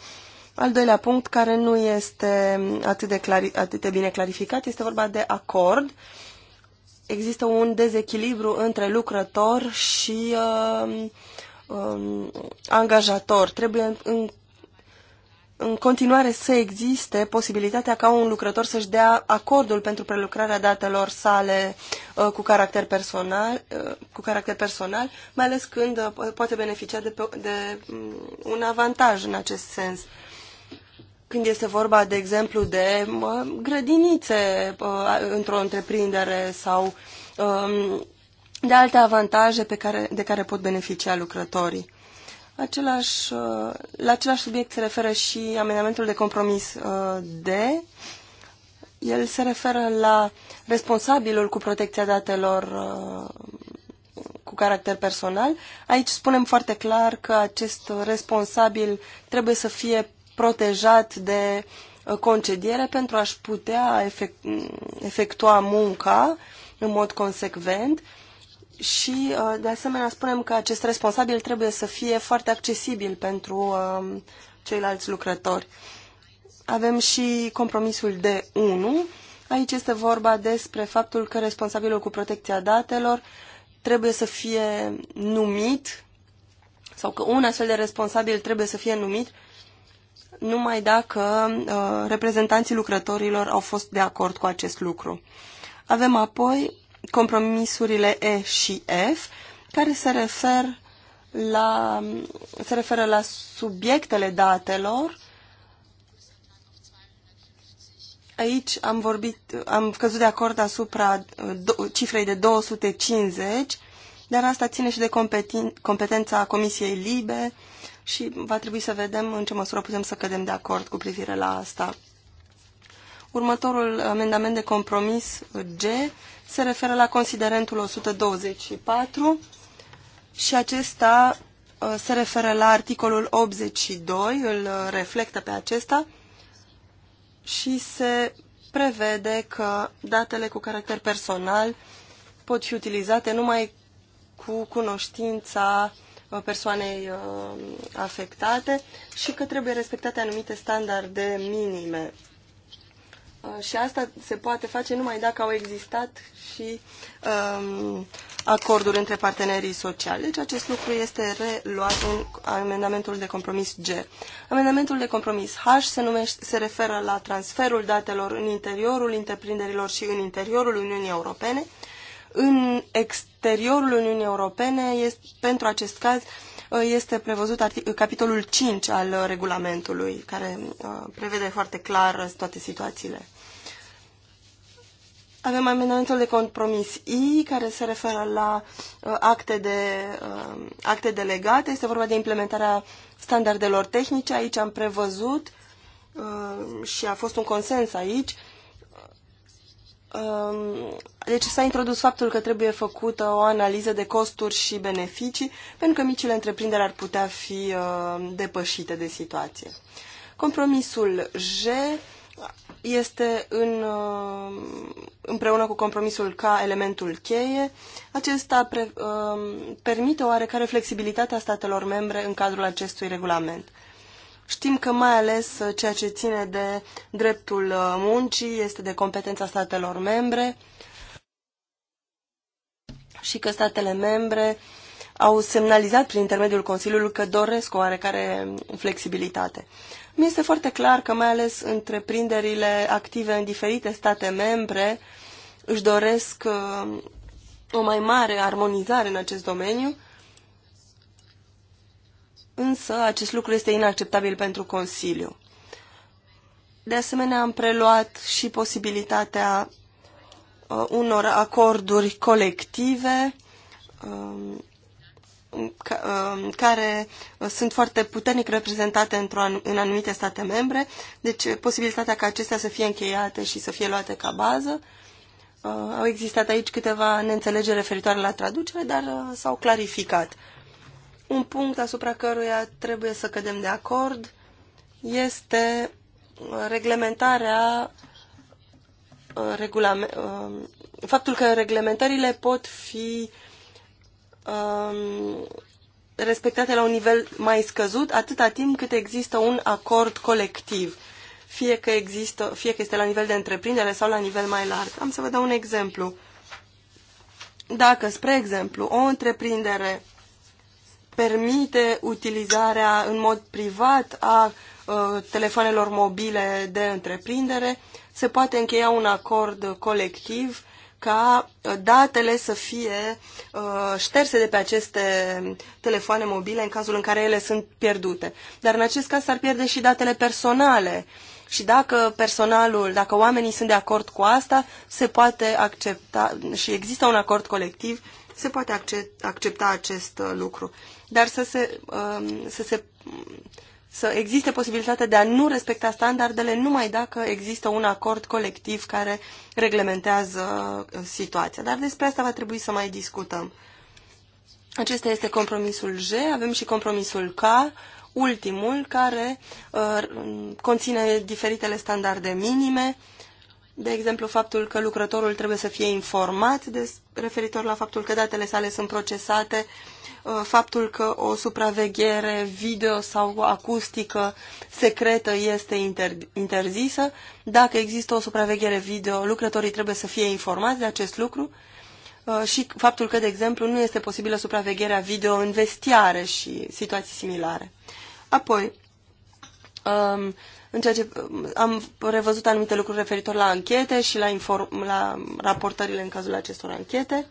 Al doilea punct, care nu este atât de, clari, atât de bine clarificat, este vorba de acord. Există un dezechilibru între lucrător și uh, um, angajator. Trebuie în în continuare să existe posibilitatea ca un lucrător să-și dea acordul pentru prelucrarea datelor sale uh, cu caracter personal, uh, cu caracter personal mai ales când uh, poate beneficia de, pe, de mm, un avantaj în acest sens. Când este vorba, de exemplu, de grădinițe într-o întreprindere sau um, de alte avantaje pe care, de care pot beneficia lucrătorii. Același, uh, la același subiect se referă și amendamentul de compromis uh, D. El se referă la responsabilul cu protecția datelor uh, cu caracter personal. Aici spunem foarte clar că acest responsabil trebuie să fie protejat de concediere pentru a-și putea efectua munca în mod consecvent și, uh, de asemenea, spunem că acest responsabil trebuie să fie foarte accesibil pentru um, ceilalți lucrători. Avem și compromisul de 1 Aici este vorba despre faptul că responsabilul cu protecția datelor trebuie să fie numit sau că un astfel de responsabil trebuie să fie numit numai dacă uh, reprezentanții lucrătorilor au fost de acord cu acest lucru. Avem apoi compromisurile E și F, care se, refer la, se referă la subiectele datelor. Aici am, vorbit, am căzut de acord asupra cifrei de 250, dar asta ține și de competența Comisiei Libe și va trebui să vedem în ce măsură putem să cădem de acord cu privire la asta. Următorul amendament de compromis G se referă la considerentul 124 și acesta uh, se referă la articolul 82, îl uh, reflectă pe acesta și se prevede că datele cu caracter personal pot fi utilizate numai cu cunoștința uh, persoanei afectate și că trebuie respectate anumite standarde minime. Uh, și asta se poate face numai dacă au existat și um, acorduri între partenerii sociali. Deci acest lucru este reluat în amendamentul de compromis G. Amendamentul de compromis H se, numește, se referă la transferul datelor în interiorul întreprinderilor și în interiorul Uniunii Europene. În exteriorul Uniunii Europene, este, pentru acest caz, uh, este prevăzut capitolul 5 al regulamentului, care uh, prevede foarte clar toate situațiile. Avem amendamentul de compromis I, care se referă la uh, acte, de, uh, acte delegate. Este vorba de implementarea standardelor tehnice. Aici am prevăzut uh, și a fost un consens aici. Uh, deci s-a introdus faptul că trebuie făcută o analiză de costuri și beneficii, pentru că micile întreprinderi ar putea fi uh, depășite de situație. Compromisul J este în, uh, împreună cu compromisul ca elementul cheie. Acesta pre, uh, permite oarecare flexibilitate a statelor membre în cadrul acestui regulament. Știm că mai ales uh, ceea ce ține de dreptul muncii este de competența statelor membre și că statele membre au semnalizat prin intermediul Consiliului că doresc o oarecare flexibilitate. Mi este foarte clar că mai ales întreprinderile active în diferite state membre își doresc uh, o mai mare armonizare în acest domeniu, însă acest lucru este inacceptabil pentru Consiliu. De asemenea, am preluat și posibilitatea uh, unor acorduri colective um, Um, care uh, sunt foarte puternic reprezentate într-o, în anumite state membre, deci uh, posibilitatea ca acestea să fie încheiate și să fie luate ca bază. Uh, au existat aici câteva neînțelegeri referitoare la traducere, dar s-au clarificat. Un punct asupra căruia trebuie să cădem de acord este reglementarea faptul că reglementările pot fi uh, Um, respectate la un nivel mai scăzut atâta timp cât există un acord colectiv, fie că, există, fie că este la nivel de întreprindere sau la nivel mai larg. Am să vă dau un exemplu. Dacă, spre exemplu, o întreprindere permite utilizarea în mod privat a uh, telefonelor mobile de întreprindere, se poate încheia un acord colectiv ca uh, datele să fie uh, șterse de pe aceste telefoane mobile în cazul în care ele sunt pierdute. Dar în acest caz s-ar pierde și datele personale. Și dacă personalul, dacă oamenii sunt de acord cu asta, se poate accepta și există un acord colectiv, se poate accepta acest uh, lucru. Dar să se, um, să se să existe posibilitatea de a nu respecta standardele numai dacă există un acord colectiv care reglementează uh, situația. Dar despre asta va trebui să mai discutăm. Acesta este compromisul G, avem și compromisul K, ultimul, care uh, conține diferitele standarde minime, uh, de exemplu, faptul că lucrătorul trebuie să fie informat de, referitor la faptul că datele sale sunt procesate, uh, faptul că o supraveghere video sau acustică secretă este inter, interzisă. Dacă există o supraveghere video, lucrătorii trebuie să fie informați de acest lucru uh, și faptul că, de exemplu, nu este posibilă supravegherea video în vestiare și situații similare. Apoi, um, în ceea ce am revăzut anumite lucruri referitor la anchete și la, inform, la raportările în cazul acestor anchete.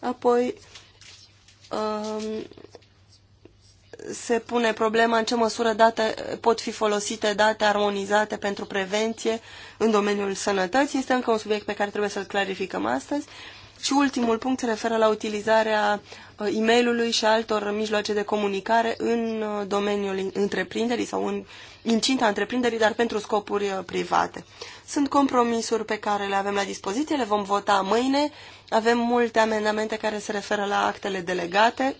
Apoi um, se pune problema în ce măsură date, pot fi folosite date armonizate pentru prevenție în domeniul sănătății. Este încă un subiect pe care trebuie să-l clarificăm astăzi. Și ultimul punct se referă la utilizarea uh, e mail și altor mijloace de comunicare în uh, domeniul întreprinderii sau în uh, incinta întreprinderii, dar pentru scopuri uh, private. Sunt compromisuri pe care le avem la dispoziție, le vom vota mâine. Avem multe amendamente care se referă la actele delegate.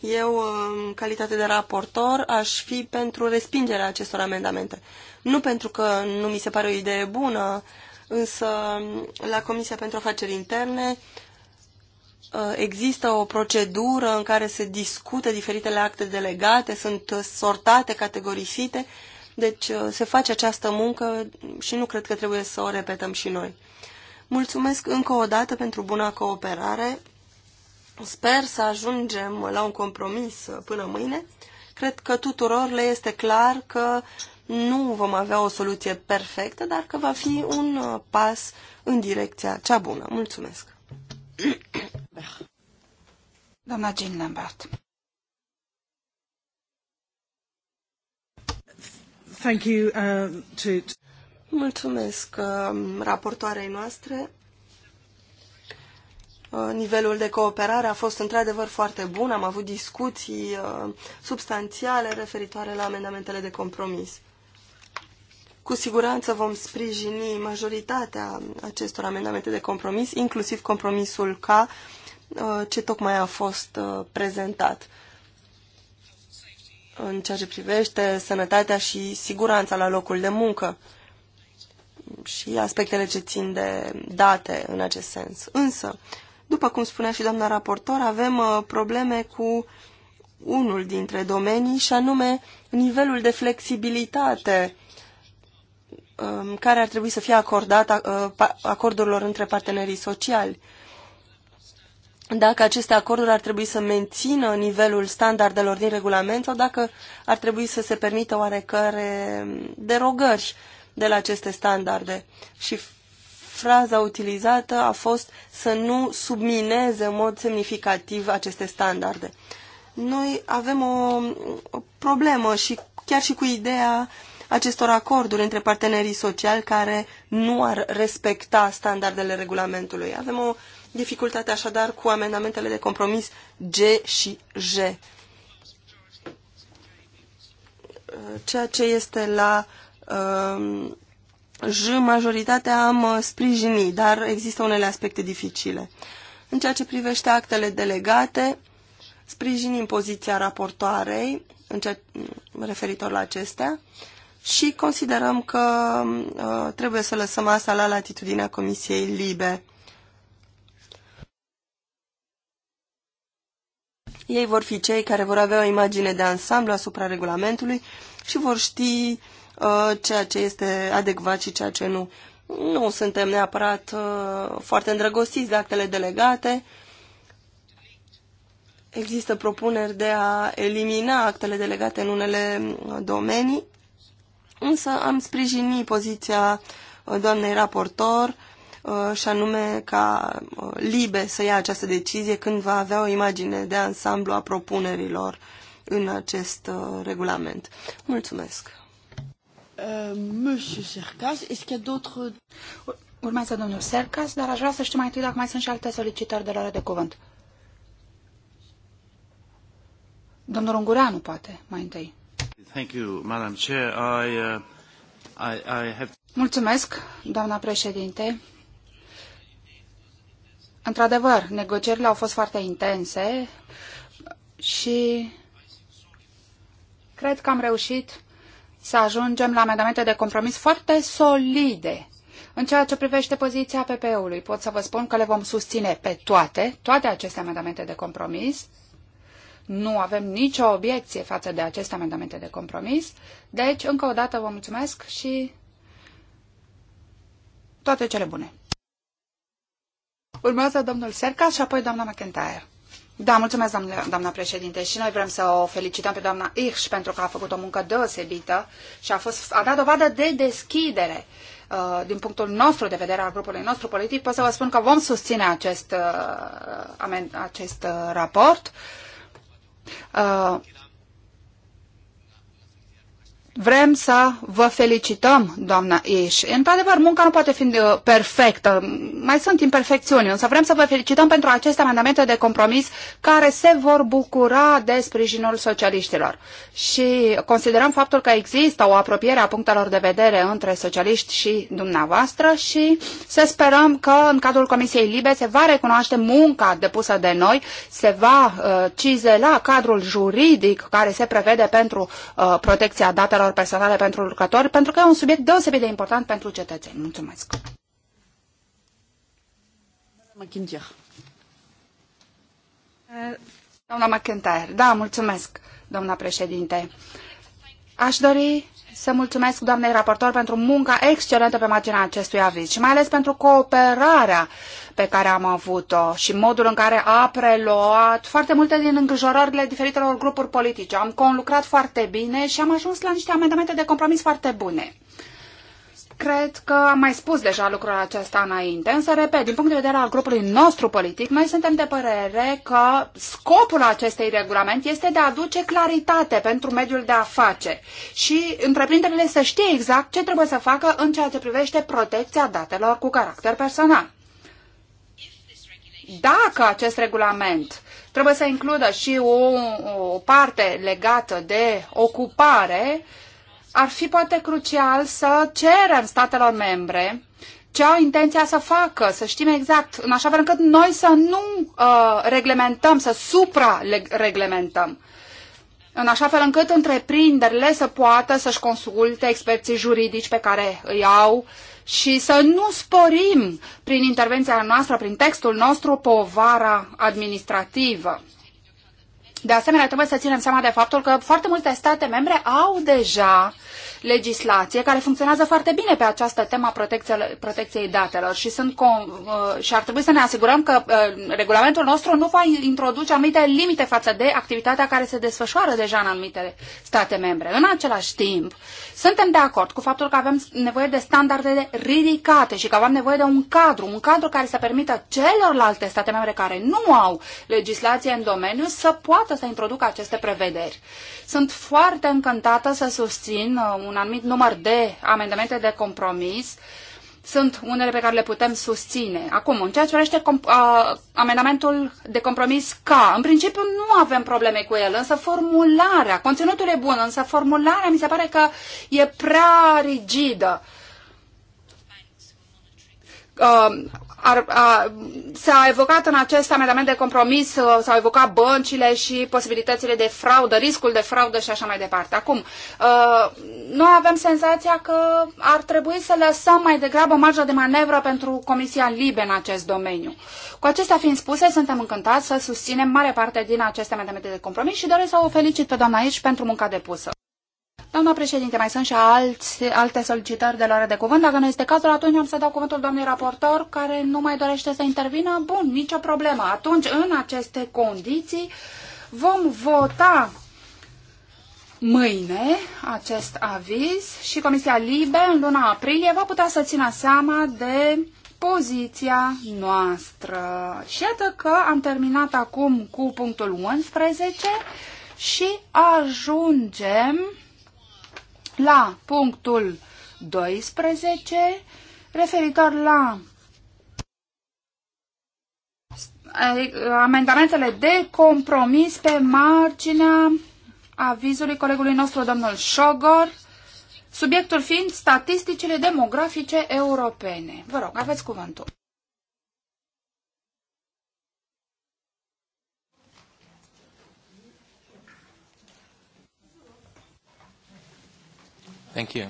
Eu, uh, în calitate de raportor, aș fi pentru respingerea acestor amendamente. Nu pentru că nu mi se pare o idee bună, însă um, la Comisia pentru Afaceri Interne Uh, există o procedură în care se discută diferitele acte delegate, sunt uh, sortate, categorisite, deci uh, se face această muncă și nu cred că trebuie să o repetăm și noi. Mulțumesc încă o dată pentru buna cooperare. Sper să ajungem la un compromis până mâine. Cred că tuturor le este clar că nu vom avea o soluție perfectă, dar că va fi un pas în direcția cea bună. Mulțumesc! Lambert. Doamna Jean Lambert. Thank you, uh, to... Mulțumesc uh, raportoarei noastre. Uh, nivelul de cooperare a fost într-adevăr foarte bun. Am avut discuții uh, substanțiale referitoare la amendamentele de compromis. Cu siguranță vom sprijini majoritatea acestor amendamente de compromis, inclusiv compromisul ca uh, Uh, ce tocmai a fost uh, prezentat în ceea ce privește sănătatea și siguranța la locul de muncă și aspectele ce țin de date în acest sens. Însă, după cum spunea și doamna raportor, avem uh, probleme cu unul dintre domenii și anume nivelul de flexibilitate um, care ar trebui să fie acordat acordurilor între partenerii sociali dacă aceste acorduri ar trebui să mențină nivelul standardelor din regulament sau dacă ar trebui să se permită oarecare derogări de la aceste standarde. Și fraza utilizată a fost să nu submineze în mod semnificativ aceste standarde. Noi avem o, o problemă și chiar și cu ideea acestor acorduri între partenerii sociali care nu ar respecta standardele regulamentului. Avem o dificultate așadar cu amendamentele de compromis G și J. Ceea ce este la um, J, majoritatea am uh, sprijinit, dar există unele aspecte dificile. În ceea ce privește actele delegate, sprijinim poziția raportoarei în ceea, referitor la acestea și considerăm că uh, trebuie să lăsăm asta la latitudinea Comisiei Libe. Ei vor fi cei care vor avea o imagine de ansamblu asupra regulamentului și vor ști uh, ceea ce este adecvat și ceea ce nu. Nu suntem neapărat uh, foarte îndrăgostiți de actele delegate. Există propuneri de a elimina actele delegate în unele uh, domenii, însă am sprijinit poziția uh, doamnei raportor Uh, și anume ca uh, Libe să ia această decizie când va avea o imagine de ansamblu a propunerilor în acest uh, regulament. Mulțumesc! Monsieur Sercas, est-ce qu'il y a d'autres... Urmează domnul Sercas, dar aș vrea să știu mai întâi dacă mai sunt și alte solicitări de la de cuvânt. Domnul Ungureanu, poate, mai întâi. Thank you, Madam Chair. I, uh, I, I have... Mulțumesc, doamna președinte. Într-adevăr, negocierile au fost foarte intense și cred că am reușit să ajungem la amendamente de compromis foarte solide. În ceea ce privește poziția PP-ului, pot să vă spun că le vom susține pe toate, toate aceste amendamente de compromis. Nu avem nicio obiecție față de aceste amendamente de compromis. Deci, încă o dată vă mulțumesc și toate cele bune! Urmează domnul Serca și apoi doamna McIntyre. Da, mulțumesc, doamne, doamna președinte, și noi vrem să o felicităm pe doamna Irș pentru că a făcut o muncă deosebită și a, fost, a dat dovadă de deschidere uh, din punctul nostru de vedere al grupului nostru politic, pot să vă spun că vom susține acest, uh, acest uh, raport. Vrem să vă felicităm, doamna Iș. Într-adevăr, munca nu poate fi uh, perfectă. Mai sunt imperfecțiuni, însă vrem să vă felicităm pentru aceste amendamente de compromis care se vor bucura de sprijinul socialiștilor. Și considerăm faptul că există o apropiere a punctelor de vedere între socialiști și dumneavoastră și să sperăm că în cadrul Comisiei Libe se va recunoaște munca depusă de noi, se va uh, cizela cadrul juridic care se prevede pentru uh, protecția datelor datelor personale pentru lucrători, pentru că e un subiect deosebit de important pentru cetățeni. Mulțumesc! Doamna McIntyre, da, mulțumesc, doamna președinte. Aș dori să mulțumesc doamnei raportor pentru munca excelentă pe marginea acestui aviz și mai ales pentru cooperarea pe care am avut-o și modul în care a preluat foarte multe din îngrijorările diferitelor grupuri politice. Am conlucrat foarte bine și am ajuns la niște amendamente de compromis foarte bune. Cred că am mai spus deja lucrul acesta înainte, însă, repet, din punct de vedere al grupului nostru politic, noi suntem de părere că scopul acestei regulament este de a aduce claritate pentru mediul de afaceri și întreprinderile să știe exact ce trebuie să facă în ceea ce privește protecția datelor cu caracter personal. Dacă acest regulament trebuie să includă și o, o parte legată de ocupare, uh, ar fi poate crucial să cerem statelor membre ce au intenția să facă, să știm exact, în așa fel încât noi să nu uh, reglementăm, să supra-reglementăm, în așa fel încât întreprinderile să poată să-și consulte experții juridici pe care îi au și să nu sporim prin intervenția noastră, prin textul nostru, povara administrativă. De asemenea, trebuie să ținem seama de faptul că foarte multe state membre au deja legislație care funcționează foarte bine pe această temă a protecției datelor și, sunt con, uh, și ar trebui să ne asigurăm că uh, regulamentul nostru nu va introduce anumite limite față de activitatea care se desfășoară deja în anumite state membre. În același timp, suntem de acord cu faptul că avem nevoie de standarde ridicate și că avem nevoie de un cadru, un cadru care să permită celorlalte state membre care nu au legislație în domeniu să poată să introducă aceste prevederi. Sunt foarte încântată să susțin uh, un anumit număr de amendamente de compromis. Sunt unele pe care le putem susține. Acum, în ceea ce privește amendamentul de compromis K, în principiu nu avem probleme cu el, însă formularea, conținutul e bun, însă formularea mi se pare că e prea rigidă ar, a, s-a evocat în acest amendament de compromis, uh, s-au evocat băncile și posibilitățile de fraudă, riscul de fraudă și așa mai departe. Acum, a, uh, noi avem senzația că ar trebui să lăsăm mai degrabă marja de manevră pentru Comisia Libe în acest domeniu. Cu acestea fiind spuse, suntem încântați să susținem mare parte din aceste amendamente de compromis și doresc să o felicit pe doamna aici pentru munca depusă. Doamna președinte, mai sunt și alți, alte solicitări de luare de cuvânt. Dacă nu este cazul, atunci am să dau cuvântul doamnei raportor, care nu mai dorește să intervină. Bun, nicio problemă. Atunci, în aceste condiții, vom vota mâine acest aviz și Comisia Libe, în luna aprilie, va putea să țină seama de poziția noastră. Și atât că am terminat acum cu punctul 11 și ajungem la punctul 12 referitor la amendamentele de compromis pe marginea avizului colegului nostru, domnul Șogor, subiectul fiind statisticile demografice europene. Vă rog, aveți cuvântul. Thank you.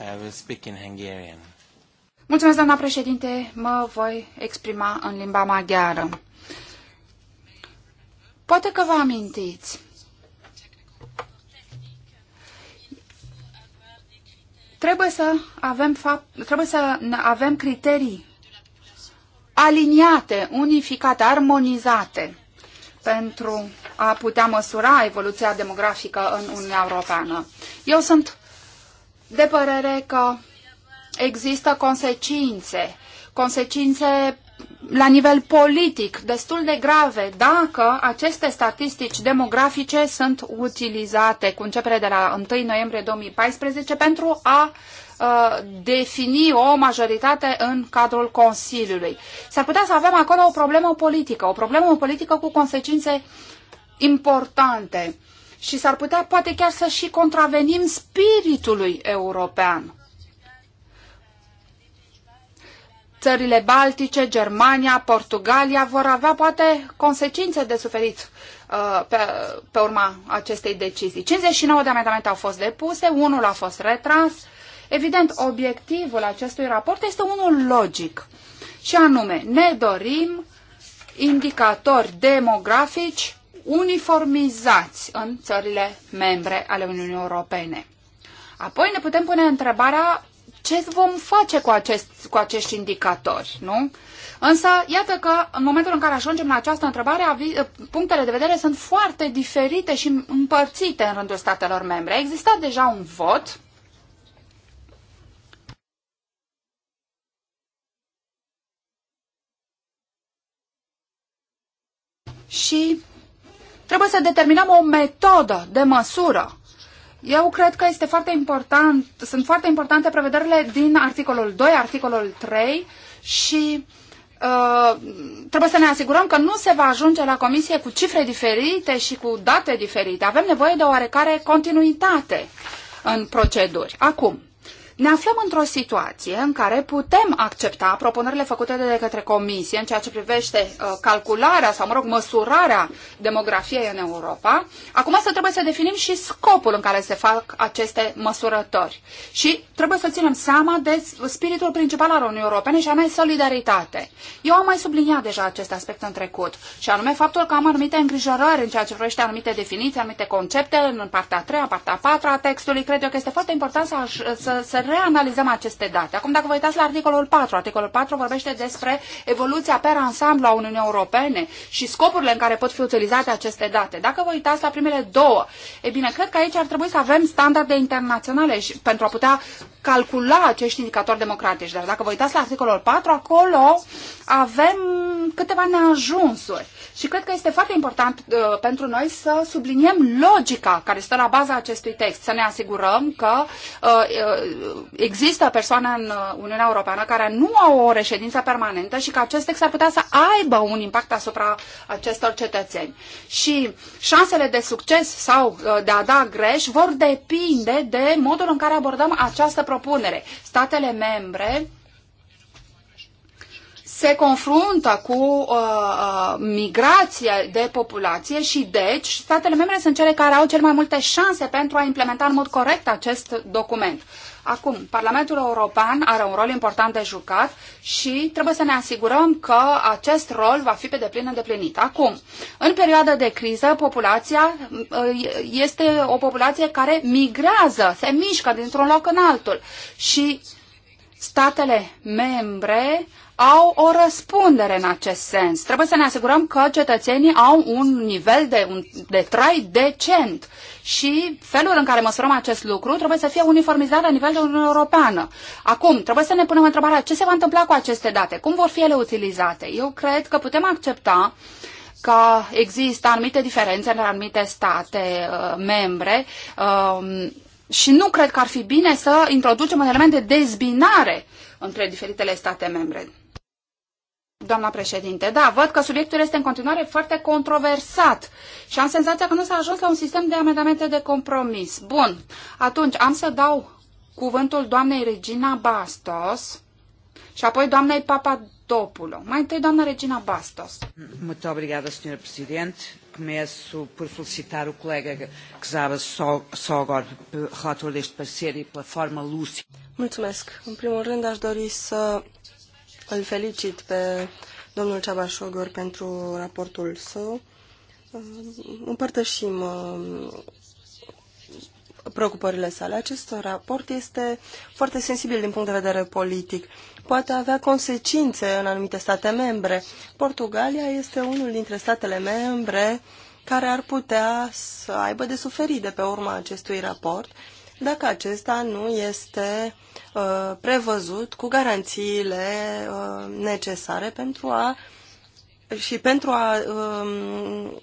I uh, will speak in Hungarian. Mulțumesc, doamna președinte. Mă voi exprima în limba maghiară. Poate că vă amintiți. Trebuie să avem, fapt, trebuie să avem criterii aliniate, unificate, armonizate pentru a putea măsura evoluția demografică în Uniunea Europeană. Eu sunt de părere că există consecințe, consecințe la nivel politic destul de grave dacă aceste statistici demografice sunt utilizate cu începere de la 1 noiembrie 2014 pentru a uh, defini o majoritate în cadrul Consiliului. S-ar putea să avem acolo o problemă politică, o problemă politică cu consecințe importante și s-ar putea poate chiar să și contravenim spiritului european. Țările Baltice, Germania, Portugalia vor avea poate consecințe de suferit uh, pe, pe urma acestei decizii. 59 de amendamente au fost depuse, unul a fost retras. Evident, obiectivul acestui raport este unul logic și anume ne dorim indicatori demografici uniformizați în țările membre ale Uniunii Europene. Apoi ne putem pune întrebarea ce vom face cu, acest, cu acești indicatori, nu? Însă, iată că în momentul în care ajungem la această întrebare, punctele de vedere sunt foarte diferite și împărțite în rândul statelor membre. A existat deja un vot și Trebuie să determinăm o metodă de măsură. Eu cred că este foarte important, sunt foarte importante prevederile din articolul 2, articolul 3 și Uh, trebuie să ne asigurăm că nu se va ajunge la comisie cu cifre diferite și cu date diferite. Avem nevoie de oarecare continuitate în proceduri. Acum, ne aflăm într-o situație în care putem accepta propunerile făcute de către Comisie în ceea ce privește uh, calcularea sau, mă rog, măsurarea demografiei în Europa. Acum să trebuie să definim și scopul în care se fac aceste măsurători. Și trebuie să ținem seama de spiritul principal al Uniunii Europene și anume solidaritate. Eu am mai subliniat deja acest aspect în trecut și anume faptul că am anumite îngrijorări în ceea ce privește anumite definiții, anumite concepte în partea a treia, partea a patra a textului. Cred eu că este foarte important să, să, să reanalizăm aceste date. Acum, dacă vă uitați la articolul 4, articolul 4 vorbește despre evoluția per ansamblu a Uniunii Europene și scopurile în care pot fi utilizate aceste date. Dacă vă uitați la primele două, e bine, cred că aici ar trebui să avem standarde internaționale și, pentru a putea calcula acești indicatori democratici. Dar dacă vă uitați la articolul 4, acolo avem câteva neajunsuri. Și cred că este foarte important uh, pentru noi să subliniem logica care stă la baza acestui text, să ne asigurăm că uh, uh, există persoane în Uniunea Europeană care nu au o reședință permanentă și că acest text ar putea să aibă un impact asupra acestor cetățeni. Și șansele de succes sau uh, de a da greș vor depinde de modul în care abordăm această problemă propunere. Statele membre se confruntă cu uh, uh, migrația de populație și deci statele membre sunt cele care au cel mai multe șanse pentru a implementa în mod corect acest document. Acum, Parlamentul European are un rol important de jucat și trebuie să ne asigurăm că acest rol va fi pe deplin îndeplinit. Acum, în perioada de criză, populația ă, este o populație care migrează, se mișcă dintr-un loc în altul și statele membre au o răspundere în acest sens. Trebuie să ne asigurăm că cetățenii au un nivel de, un, de trai decent și felul în care măsurăm acest lucru trebuie să fie uniformizat la nivel de Uniunea Europeană. Acum, trebuie să ne punem întrebarea ce se va întâmpla cu aceste date, cum vor fi ele utilizate. Eu cred că putem accepta că există anumite diferențe în anumite state uh, membre uh, și nu cred că ar fi bine să introducem un element de dezbinare între diferitele state membre. Doamna președinte, da, văd că subiectul este în continuare foarte controversat și am senzația că nu s-a ajuns la un sistem de amendamente de compromis. Bun, atunci am să dau cuvântul doamnei Regina Bastos și apoi doamnei Papadopulo. Mai întâi doamna Regina Bastos. Muito obrigada, senhora presidente. Começo por felicitar o colega só agora relator deste parecer, e pela forma lúcida. Mulțumesc. În primul rând aș dori să îl felicit pe domnul Ceabașogor pentru raportul său. Împărtășim uh, preocupările sale. Acest raport este foarte sensibil din punct de vedere politic. Poate avea consecințe în anumite state membre. Portugalia este unul dintre statele membre care ar putea să aibă de suferit de pe urma acestui raport dacă acesta nu este uh, prevăzut cu garanțiile uh, necesare pentru a și pentru a um,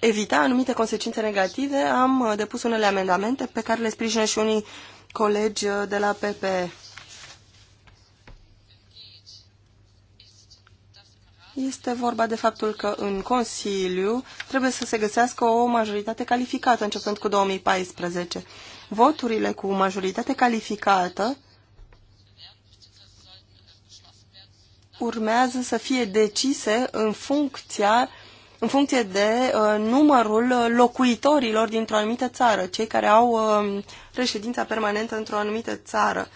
evita anumite consecințe negative, am uh, depus unele amendamente pe care le sprijină și unii colegi uh, de la PPE. Este vorba de faptul că în Consiliu trebuie să se găsească o majoritate calificată începând cu 2014 voturile cu majoritate calificată urmează să fie decise în funcția în funcție de uh, numărul locuitorilor dintr-o anumită țară, cei care au uh, reședința permanentă într-o anumită țară.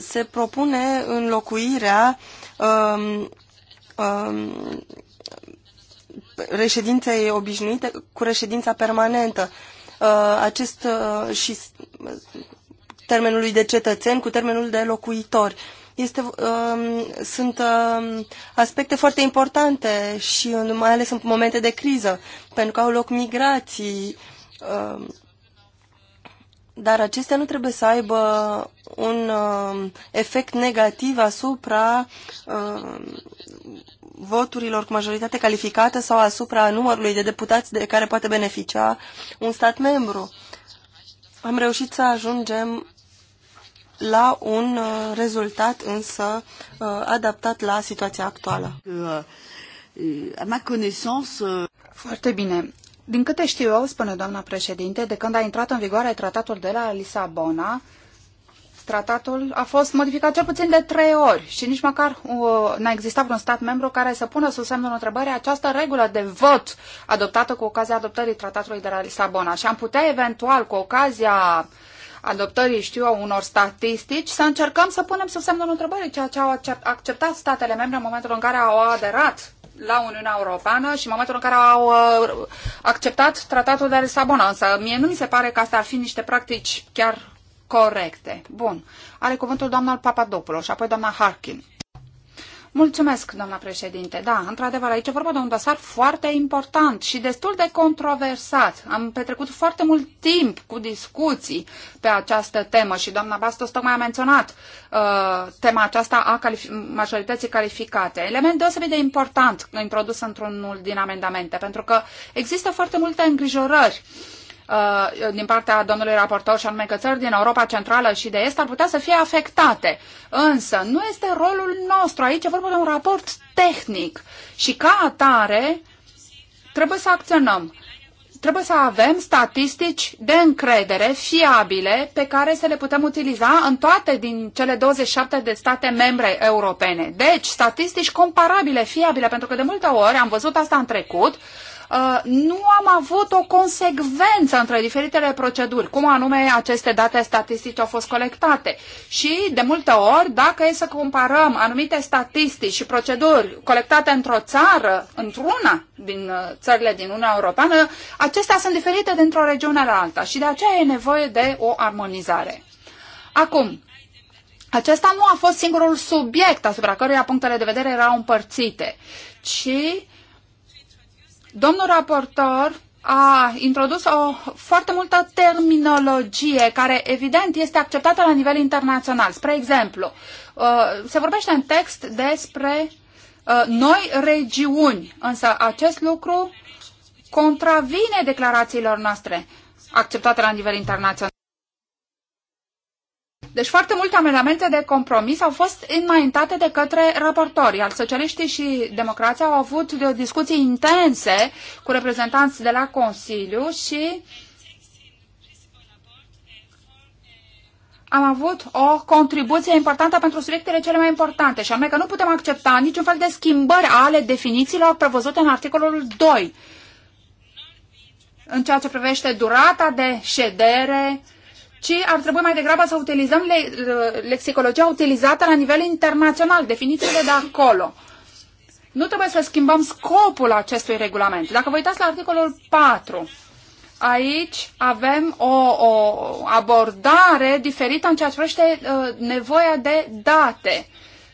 Se propune înlocuirea um, um, reședinței obișnuite cu reședința permanentă. Uh, acest uh, și termenului de cetățeni cu termenul de locuitori. Este, um, sunt um, aspecte foarte importante și în, mai ales în momente de criză, pentru că au loc migrații, um, dar acestea nu trebuie să aibă un uh, efect negativ asupra uh, voturilor cu majoritate calificată sau asupra numărului de deputați de care poate beneficia un stat membru. Am reușit să ajungem la un uh, rezultat însă uh, adaptat la situația actuală. Uh, uh, Foarte bine. Din câte știu eu, spune doamna președinte, de când a intrat în vigoare tratatul de la Lisabona, tratatul a fost modificat cel puțin de trei ori și nici măcar uh, n-a existat vreun stat membru care să pună sub semnul întrebării această regulă de vot adoptată cu ocazia adoptării tratatului de la Lisabona. Și am putea eventual, cu ocazia adoptării, știu eu, unor statistici, să încercăm să punem sub semnul întrebării ceea ce au acceptat statele membre în momentul în care au aderat la Uniunea Europeană și în momentul în care au uh, acceptat tratatul de Lisabona. Însă mie nu mi se pare că asta ar fi niște practici chiar corecte. Bun. Are cuvântul doamna Papadopoulos și apoi doamna Harkin. Mulțumesc, doamna președinte. Da, într-adevăr, aici e vorba de un dosar foarte important și destul de controversat. Am petrecut foarte mult timp cu discuții pe această temă și doamna Bastos tocmai a menționat uh, tema aceasta a majorității calificate. Element deosebit de important introdus într-unul din amendamente, pentru că există foarte multe îngrijorări uh, Uh, din partea domnului raportor și anume că țări din Europa Centrală și de Est ar putea să fie afectate. Însă nu este rolul nostru. Aici e vorba de un raport tehnic și ca atare trebuie să acționăm trebuie să avem statistici de încredere fiabile pe care să le putem utiliza în toate din cele 27 de state membre europene. Deci, statistici comparabile, fiabile, pentru că de multe ori am văzut asta în trecut, Uh, nu am avut o consecvență între diferitele proceduri, cum anume aceste date statistice au fost colectate. Și, de multe ori, dacă e să comparăm anumite statistici și proceduri colectate într-o țară, într-una din uh, țările din Uniunea Europeană, acestea sunt diferite dintr-o regiune la alta și de aceea e nevoie de o armonizare. Acum, acesta nu a fost singurul subiect asupra căruia punctele de vedere erau împărțite, ci Domnul raportor a introdus o foarte multă terminologie care evident este acceptată la nivel internațional. Spre exemplu, uh, se vorbește în text despre uh, noi regiuni, însă acest lucru contravine declarațiilor noastre acceptate la nivel internațional. Deci foarte multe amendamente de compromis au fost înaintate de către raportori, Al socialiștii și democrații au avut discuții intense cu reprezentanți de la Consiliu și am avut o contribuție importantă pentru subiectele cele mai importante, și anume că nu putem accepta niciun fel de schimbări ale definițiilor prevăzute în articolul 2 în ceea ce privește durata de ședere, ci ar trebui mai degrabă să utilizăm le- uh, lexicologia utilizată la nivel internațional, definițiile de acolo. Nu trebuie să schimbăm scopul acestui regulament. Dacă vă uitați la articolul 4, aici avem o, o abordare diferită în ceea ce privește uh, nevoia de date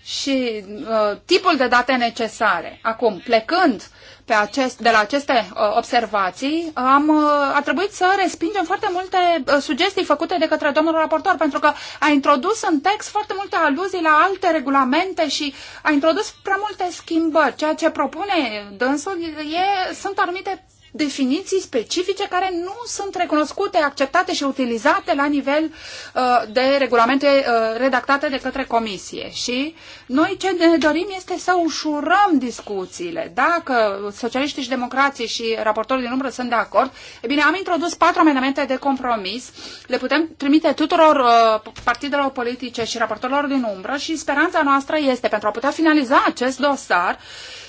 și uh, tipul de date necesare. Acum, plecând uh, pe acest, de la aceste uh, observații, am, uh, a trebuit să respingem foarte multe uh, sugestii făcute de către domnul raportor, pentru că a introdus în text foarte multe aluzii la alte regulamente și a introdus prea multe schimbări. Ceea ce propune dânsul e, sunt anumite definiții specifice care nu sunt recunoscute, acceptate și utilizate la nivel uh, de regulamente uh, redactate de către comisie. Și noi ce ne dorim este să ușurăm discuțiile. Dacă socialiștii și democrații și raportorii din umbră sunt de acord, e bine, am introdus patru amendamente de compromis. Le putem trimite tuturor uh, partidelor politice și raportorilor din umbră și speranța noastră este pentru a putea finaliza acest dosar uh,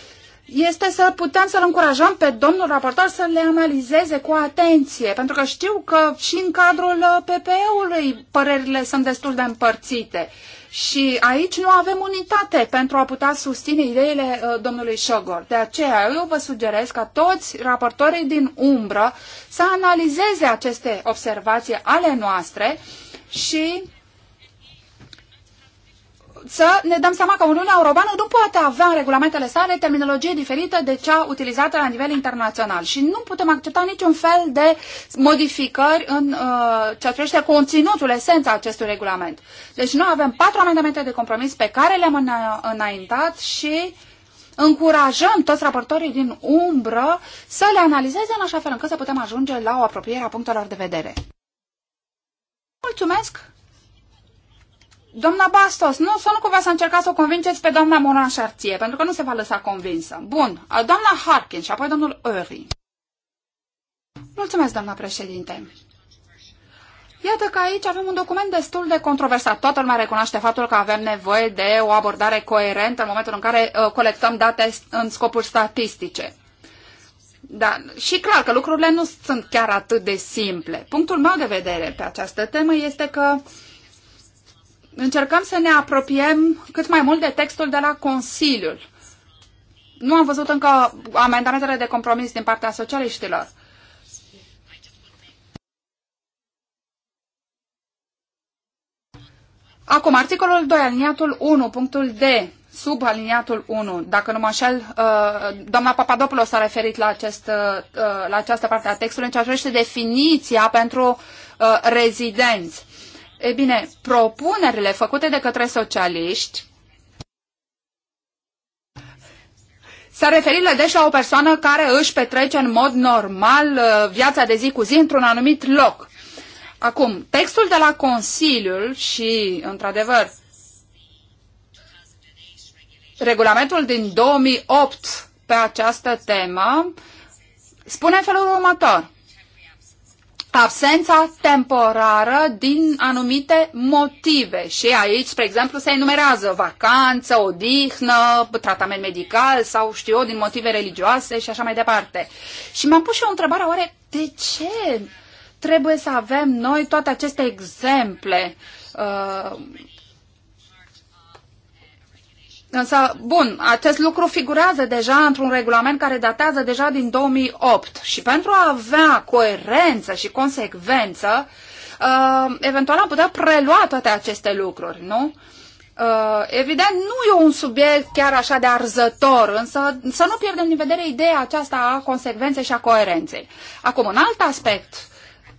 este să putem să-l încurajăm pe domnul raportor să le analizeze cu atenție, pentru că știu că și în cadrul uh, PPE-ului părerile sunt destul de împărțite. Și aici nu avem unitate pentru a putea susține ideile uh, domnului Șogor. De aceea eu vă sugerez ca toți raportorii din umbră să analizeze aceste observații ale noastre și să ne dăm seama că Uniunea Europeană nu poate avea în regulamentele sale terminologie diferită de cea utilizată la nivel internațional și nu putem accepta niciun fel de modificări în uh, ceea ce privește conținutul, esența acestui regulament. Deci noi avem patru amendamente de compromis pe care le-am înaintat și încurajăm toți raportorii din umbră să le analizeze în așa fel încât să putem ajunge la o apropiere a punctelor de vedere. Mulțumesc! Doamna Bastos, nu, să nu cumva să încercați să o convingeți pe doamna Moran Șarție, pentru că nu se va lăsa convinsă. Bun, doamna Harkin și apoi domnul Uri. Mulțumesc, doamna președinte. Iată că aici avem un document destul de controversat. Toată lumea recunoaște faptul că avem nevoie de o abordare coerentă în momentul în care uh, colectăm date în scopuri statistice. Da, și clar că lucrurile nu sunt chiar atât de simple. Punctul meu de vedere pe această temă este că uh, încercăm să ne apropiem cât mai mult de textul de la Consiliul. Nu am văzut încă amendamentele de compromis din partea socialiștilor. Acum, articolul 2, aliniatul 1, punctul D, sub aliniatul 1. Dacă nu mă așel, uh, doamna Papadopoulos s-a referit la, acest, uh, la această parte a textului în ceea ce privește definiția pentru uh, rezidenți. E bine, propunerile făcute de către socialiști S-a referit deci la o persoană care își petrece în mod normal uh, viața de zi cu zi într-un anumit loc. Acum, textul de la Consiliul și, într-adevăr, regulamentul din 2008 pe această temă spune în felul următor absența temporară din anumite motive. Și aici, spre exemplu, se enumerează vacanță, odihnă, tratament medical sau, știu eu, din motive religioase și așa mai departe. Și m am pus și o întrebare, oare de ce trebuie să avem noi toate aceste exemple? Uh, Însă, bun, acest lucru figurează deja într-un regulament care datează deja din 2008 și pentru a avea coerență și consecvență, uh, eventual am putea prelua toate aceste lucruri, nu? Uh, evident, nu e un subiect chiar așa de arzător, însă să nu pierdem din vedere ideea aceasta a consecvenței și a coerenței. Acum, un alt aspect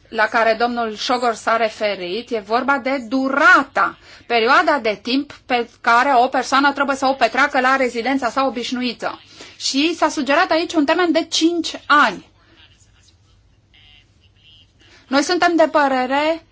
la care domnul Șogor s-a referit, e vorba de durata, perioada de timp pe care o persoană trebuie să o petreacă la rezidența sa obișnuită. Și s-a sugerat aici un termen de 5 ani. Noi suntem de părere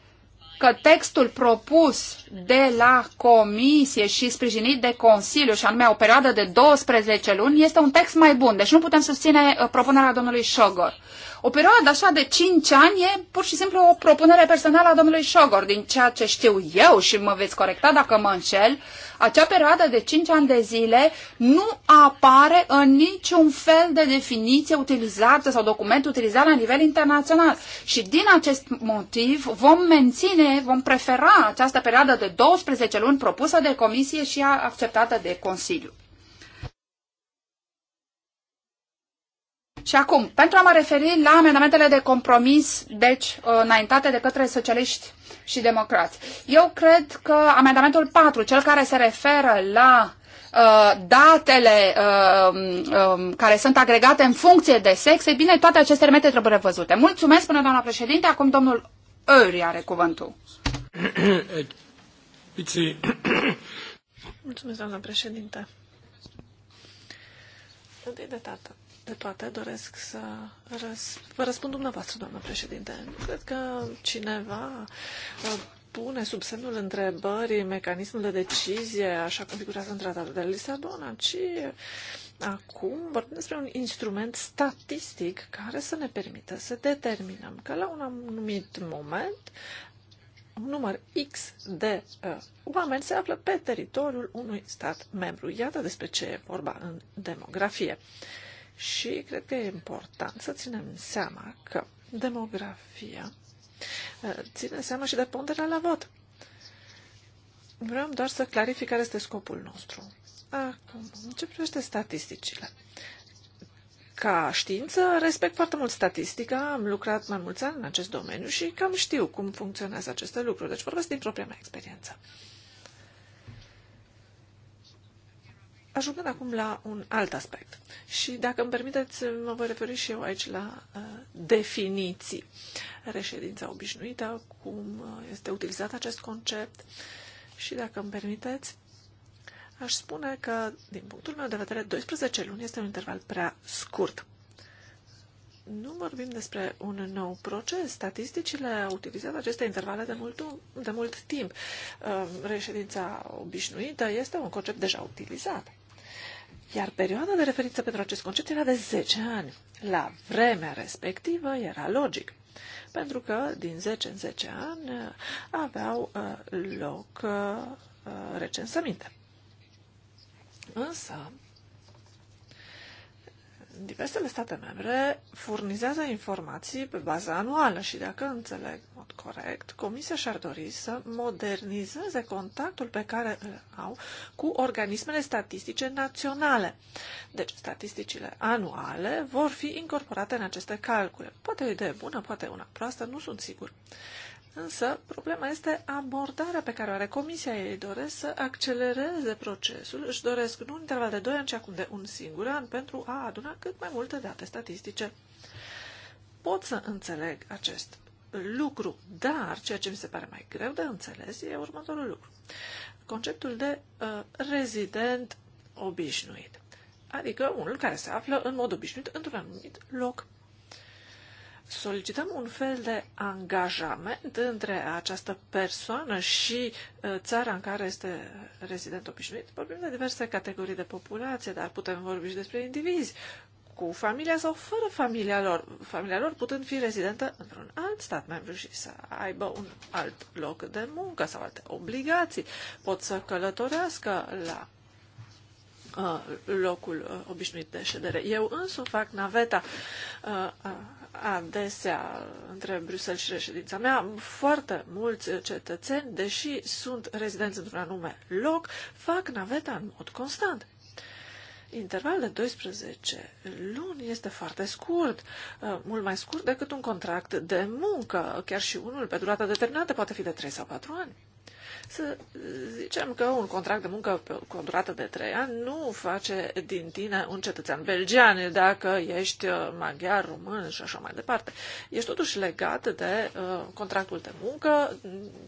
că textul propus de la Comisie și sprijinit de Consiliu, și anume o perioadă de 12 luni, este un text mai bun. Deci nu putem susține uh, propunerea domnului Șogor. O perioadă așa de 5 ani e pur și simplu o propunere personală a domnului Șogor. Din ceea ce știu eu și mă veți corecta dacă mă înșel, acea perioadă de 5 ani de zile nu apare în niciun fel de definiție utilizată sau document utilizat la nivel internațional. Și din acest motiv vom menține, vom prefera această perioadă de 12 luni propusă de Comisie și acceptată de Consiliu. Și acum, pentru a mă referi la amendamentele de compromis, deci uh, înaintate de către socialiști și democrați. Eu cred că amendamentul 4, cel care se referă la uh, datele uh, um, um care sunt agregate în funcție de sex, e bine, toate aceste elemente trebuie revăzute. Mulțumesc, până doamna președinte. Acum domnul Öri are cuvântul. Mulțumesc, doamna președinte. Întâi de tată de toate doresc să răs- vă răspund dumneavoastră, doamnă președinte. Cred că cineva uh, pune sub semnul întrebării mecanismul de decizie, așa cum figurează în tratatul de Lisabona, ci acum vorbim despre un instrument statistic care să ne permită să determinăm că la un anumit moment un număr X de uh, oameni se află pe teritoriul unui stat membru. Iată despre ce e vorba în demografie. Uh, și cred că e important să ținem seama că demografia uh, ține seama și de ponderea la vot. Vreau doar să clarific care este scopul nostru. Acum, în ce privește statisticile? Ca știință, respect foarte mult statistica, am lucrat mai mulți ani în acest domeniu și cam știu cum funcționează aceste lucruri, deci vorbesc din propria mea experiență. Uh, Ajungând acum la un alt aspect. Și dacă îmi permiteți, mă voi referi și eu aici la uh, definiții. Reședința obișnuită, cum uh, este utilizat acest concept și dacă îmi permiteți, aș spune că, din punctul meu de vedere, 12 luni este un interval prea scurt. Nu vorbim despre un nou proces. Statisticile au utilizat aceste intervale de mult, de mult timp. Uh, reședința obișnuită este un concept deja utilizat. Iar perioada de referință pentru acest concept era de 10 ani. La vremea respectivă era logic, pentru că din 10 în 10 ani uh, aveau uh, loc uh, recensăminte. Însă, diversele state membre furnizează informații pe bază anuală și, dacă înțeleg în mod corect, Comisia și-ar dori să modernizeze contactul pe care îl au cu organismele statistice naționale. Deci, statisticile anuale vor fi incorporate în aceste calcule. Poate o idee bună, poate una proastă, nu sunt sigur. Însă, problema este abordarea pe care o are Comisia. Ei doresc să accelereze procesul, își doresc nu un interval de 2 ani, ci acum de un singur an, pentru a aduna cât mai multe date statistice. Pot să înțeleg acest lucru, dar ceea ce mi se pare mai greu de înțeles e următorul lucru. Conceptul de uh, rezident obișnuit, adică unul care se află în mod obișnuit într-un anumit loc solicităm un fel de angajament între această persoană și uh, țara în care este rezident obișnuit. Vorbim de diverse categorii de populație, dar putem vorbi și despre indivizi cu familia sau fără familia lor, familia lor putând fi rezidentă într-un alt stat membru și să aibă un alt loc de muncă sau alte obligații. Pot să călătorească la uh, locul uh, obișnuit de ședere. Eu însu fac naveta uh, adesea între Bruxelles și reședința mea, foarte mulți cetățeni, deși sunt rezidenți într-un anume loc, fac naveta în mod constant. Interval de 12 luni este foarte scurt, uh, mult mai scurt decât un contract de muncă, chiar și unul pe durată determinată poate fi de 3 sau 4 ani. Să zicem că un contract de muncă cu o durată de trei ani nu face din tine un cetățean belgian, dacă ești uh, maghiar, român și așa mai departe. Ești totuși legat de uh, contractul de muncă,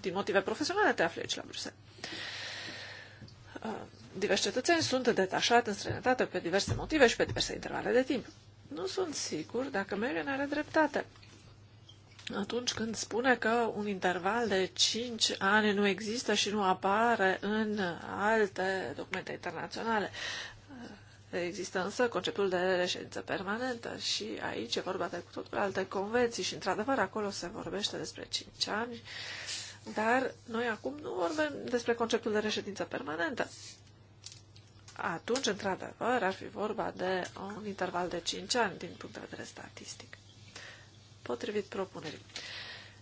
din motive profesionale te afli aici la Bruxelles uh, diversi cetățeni sunt detașați în străinătate pe diverse motive și pe diverse intervale de timp. Nu sunt sigur dacă Marion are dreptate atunci când spune că un interval de 5 ani nu există și nu apare în alte documente internaționale. Există însă conceptul de reședință permanentă și aici e vorba de cu totul alte convenții și, într-adevăr, acolo se vorbește despre 5 ani, dar noi acum nu vorbim despre conceptul de reședință permanentă. Atunci, într-adevăr, ar fi vorba de un interval de 5 ani din punct de vedere statistic potrivit propunerii.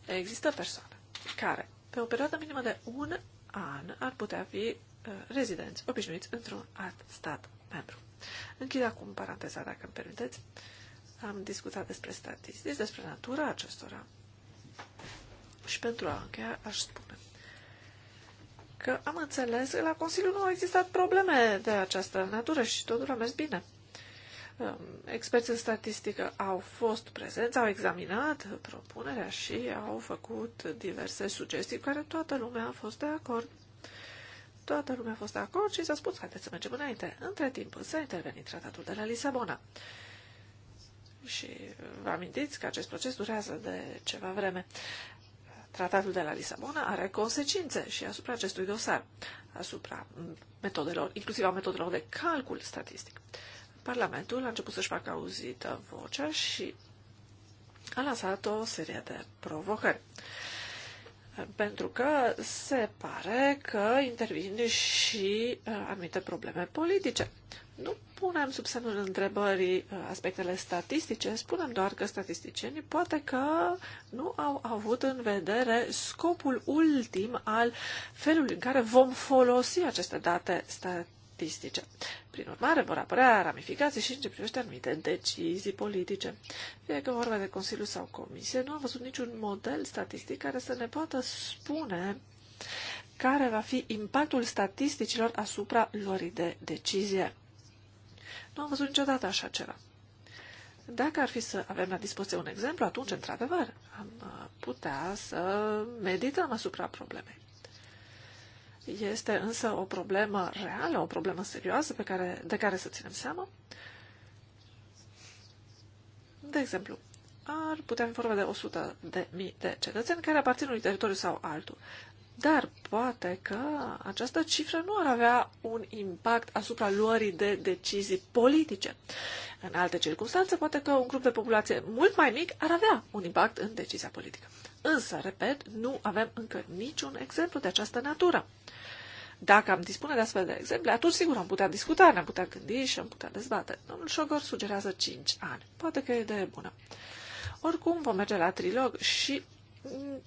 Există persoane care, pe o perioadă minimă de un an, ar putea fi uh, rezidenți obișnuiți într-un alt stat membru. Închid acum paranteza, dacă îmi permiteți. Am discutat despre statistici, despre natura acestora. Și pentru a încheia, aș spune că am înțeles că la Consiliu nu au existat probleme de această natură și totul a mers bine. Um, experți în statistică au fost prezenți, au examinat propunerea și au făcut diverse sugestii cu care toată lumea a fost de acord. Toată lumea a fost de acord și s-a spus, haideți să mergem înainte. Între timp s a intervenit tratatul de la Lisabona. Și vă amintiți că acest proces durează de ceva vreme. Tratatul de la Lisabona are consecințe și asupra acestui dosar, asupra metodelor, inclusiv a metodelor de calcul statistic. Parlamentul a început să-și facă auzită vocea și a lansat o serie de provocări. Pentru că se pare că intervin și uh, anumite probleme politice. Nu punem sub semnul întrebării uh, aspectele statistice, spunem doar că statisticienii poate că nu au avut în vedere scopul ultim al felului în care vom folosi aceste date statistice statistice. Prin urmare, vor apărea ramificații și în ce privește anumite decizii politice. Fie că vorba de Consiliu sau Comisie, nu am văzut niciun model statistic care să ne poată spune care va fi impactul statisticilor asupra luării de decizie. Nu am văzut niciodată așa ceva. Dacă ar fi să avem la dispoziție un exemplu, atunci, într-adevăr, am putea să medităm asupra problemei. Este însă o problemă reală, o problemă serioasă pe care, de care să ținem seama. De exemplu, ar putea fi vorba de 100 de mii de cetățeni care aparțin unui teritoriu sau altul. Dar poate că această cifră nu ar avea un impact asupra luării de decizii politice. În alte circunstanțe, poate că un grup de populație mult mai mic ar avea un impact în decizia politică. Însă, repet, nu avem încă niciun exemplu de această natură. Dacă am dispune de astfel de exemple, atunci sigur am putea discuta, ne-am putea gândi și am putea dezbate. Domnul Șogor sugerează 5 ani. Poate că e idee bună. Oricum, vom merge la trilog și mm,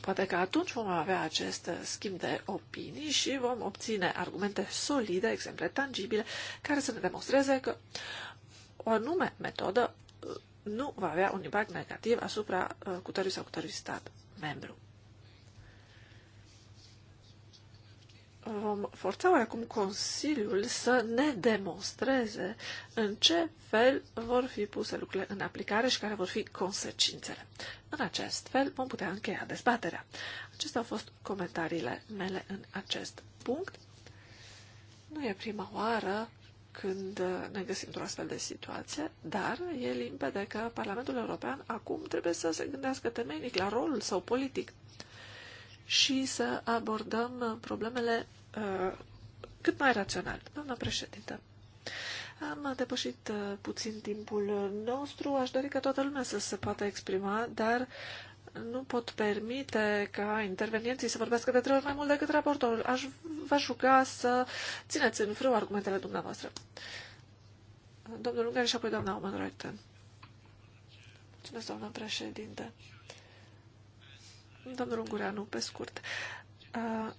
poate că atunci vom avea acest schimb de opinii și vom obține argumente solide, exemple tangibile, care să ne demonstreze că o anume metodă nu va avea un impact negativ asupra uh, sau cutării stat membru. Vom forța oarecum Consiliul să ne demonstreze în ce fel vor fi puse lucrurile în aplicare și care vor fi consecințele. În acest fel vom putea încheia dezbaterea. Acestea au fost comentariile mele în acest punct. Nu e prima oară când uh, ne găsim într-o astfel de situație, dar e limpede că Parlamentul European acum trebuie să se gândească temeinic la rolul său politic și să abordăm uh, problemele uh, cât mai rațional. Doamna președintă, am depășit uh, puțin timpul uh, nostru. Aș dori ca toată lumea să se poată exprima, dar nu pot permite ca intervenienții să vorbească de trei ori mai mult decât raportorul. Aș vă juca ruga să țineți în frâu argumentele dumneavoastră. Domnul Ungari și apoi doamna Oman Reuten. Mulțumesc, doamna președinte. Domnul Ungureanu, pe scurt. Uh,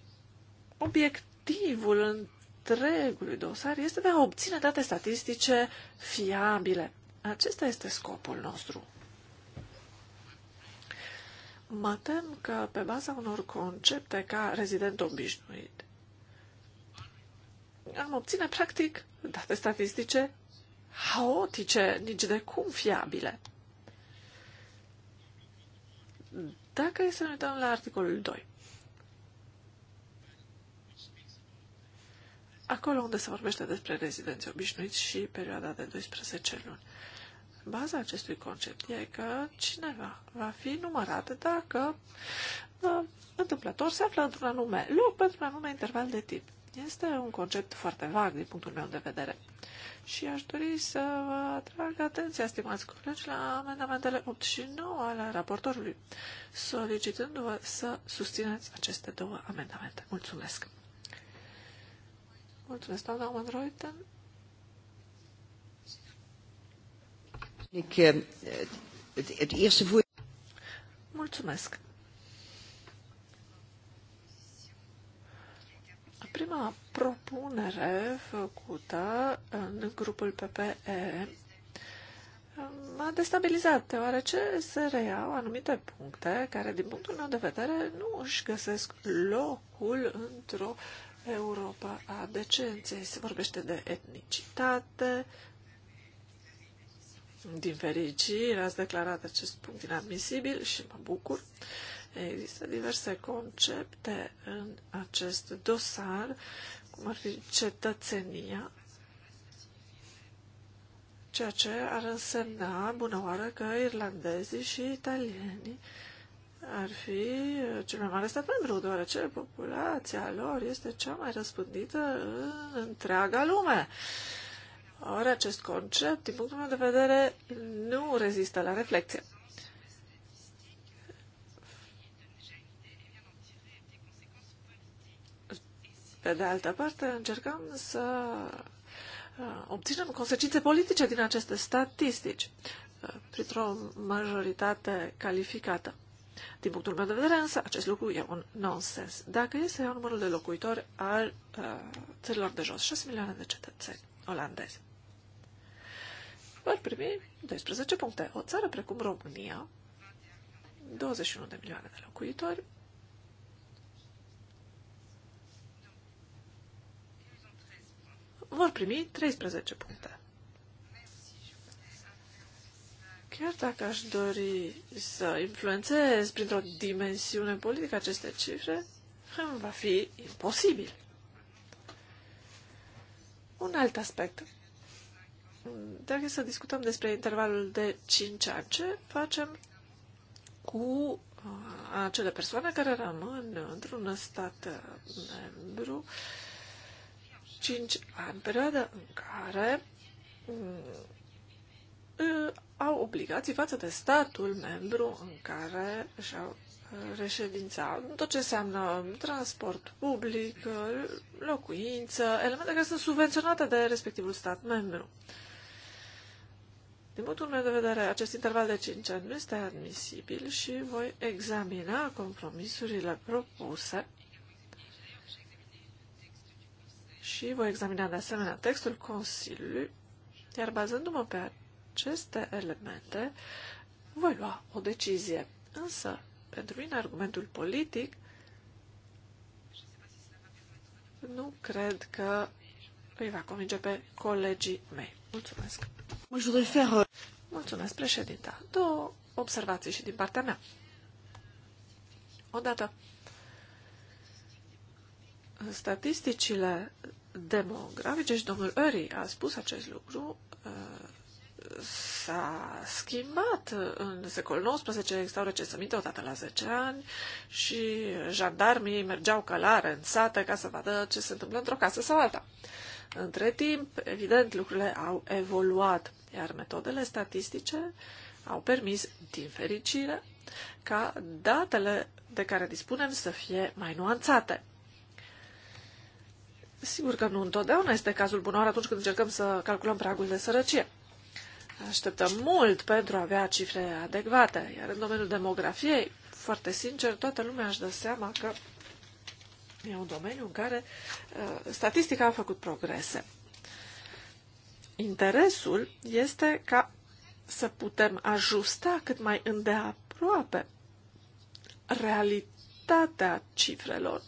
obiectivul întregului dosar este de a obține date statistice fiabile. Acesta este scopul nostru. Mă tem că pe baza unor concepte ca rezident obișnuit am obține practic date statistice haotice, nici de cum fiabile. Dacă să ne uităm la articolul 2, acolo unde se vorbește despre rezidenții obișnuiți și perioada de 12 luni. Baza acestui concept e că cineva va fi numărat dacă uh, întâmplător se află într-un anume loc pentru un anume interval de timp. Este un concept foarte vag din punctul meu de vedere. Și aș dori să vă atrag atenția, stimați colegi, la amendamentele 8 și 9 ale raportorului, solicitându-vă să susțineți aceste două amendamente. Mulțumesc! Mulțumesc, doamna Oman Eh, Mulțumesc. Prima propunere făcută în grupul PPE m-a destabilizat, deoarece se reiau anumite puncte care, din punctul meu de vedere, nu își găsesc locul într-o Europa a decenței. Se vorbește de etnicitate, din fericire, ați declarat acest punct inadmisibil și mă bucur. Există diverse concepte în acest dosar, cum ar fi cetățenia, ceea ce ar însemna, bună oară, că irlandezii și italienii ar fi cel mai mare stat membru, deoarece populația lor este cea mai răspândită în întreaga lume. Ori acest concept, din punctul meu de vedere, nu rezistă la reflexie. Pe de altă parte, încercăm să uh, obținem consecințe politice din aceste statistici uh, printr-o majoritate calificată. Din punctul meu de vedere, însă, acest lucru e un nonsens. Dacă este iau numărul de locuitori al uh, țărilor de jos, 6 milioane de cetățeni olandezi vor primi 12 puncte. O țară precum România, 21 de milioane de locuitori, vor primi 13 puncte. Chiar dacă aș dori să influențez printr-o dimensiune politică aceste cifre, va fi imposibil. Un alt aspect dacă să discutăm despre intervalul de 5 ani, ce facem cu uh, acele persoane care rămân într-un stat uh, membru 5 ani, perioada în care uh, au obligații față de statul membru în care și-au reședința, tot ce înseamnă transport public, locuință, elemente care sunt subvenționate de respectivul stat membru. Din punctul meu de vedere, acest interval de 5 ani nu este admisibil și voi examina compromisurile propuse și voi examina de asemenea textul Consiliului, iar bazându-mă pe aceste elemente, voi lua o decizie. Însă, pentru mine, argumentul politic nu cred că îi va convinge pe colegii mei. Mulțumesc. Euh, Mulțumesc, președinta. Două observații și din partea mea. Odată, statisticile demografice și domnul Ori a spus acest lucru, uh, s-a schimbat în secolul XIX, existau recensăminte odată la 10 ani și jandarmii mergeau călare în sate ca să vadă ce se întâmplă într-o casă sau alta. Între timp, evident, lucrurile au evoluat, iar metodele statistice au permis, din fericire, ca datele de care dispunem să fie mai nuanțate. Sigur că nu întotdeauna este cazul bunor atunci când încercăm să calculăm pragul de sărăcie. Așteptăm mult pentru a avea cifre adecvate, iar în domeniul demografiei, foarte sincer, toată lumea își dă seama că E un domeniu în care uh, statistica a făcut progrese. Interesul este ca să putem ajusta cât mai îndeaproape realitatea cifrelor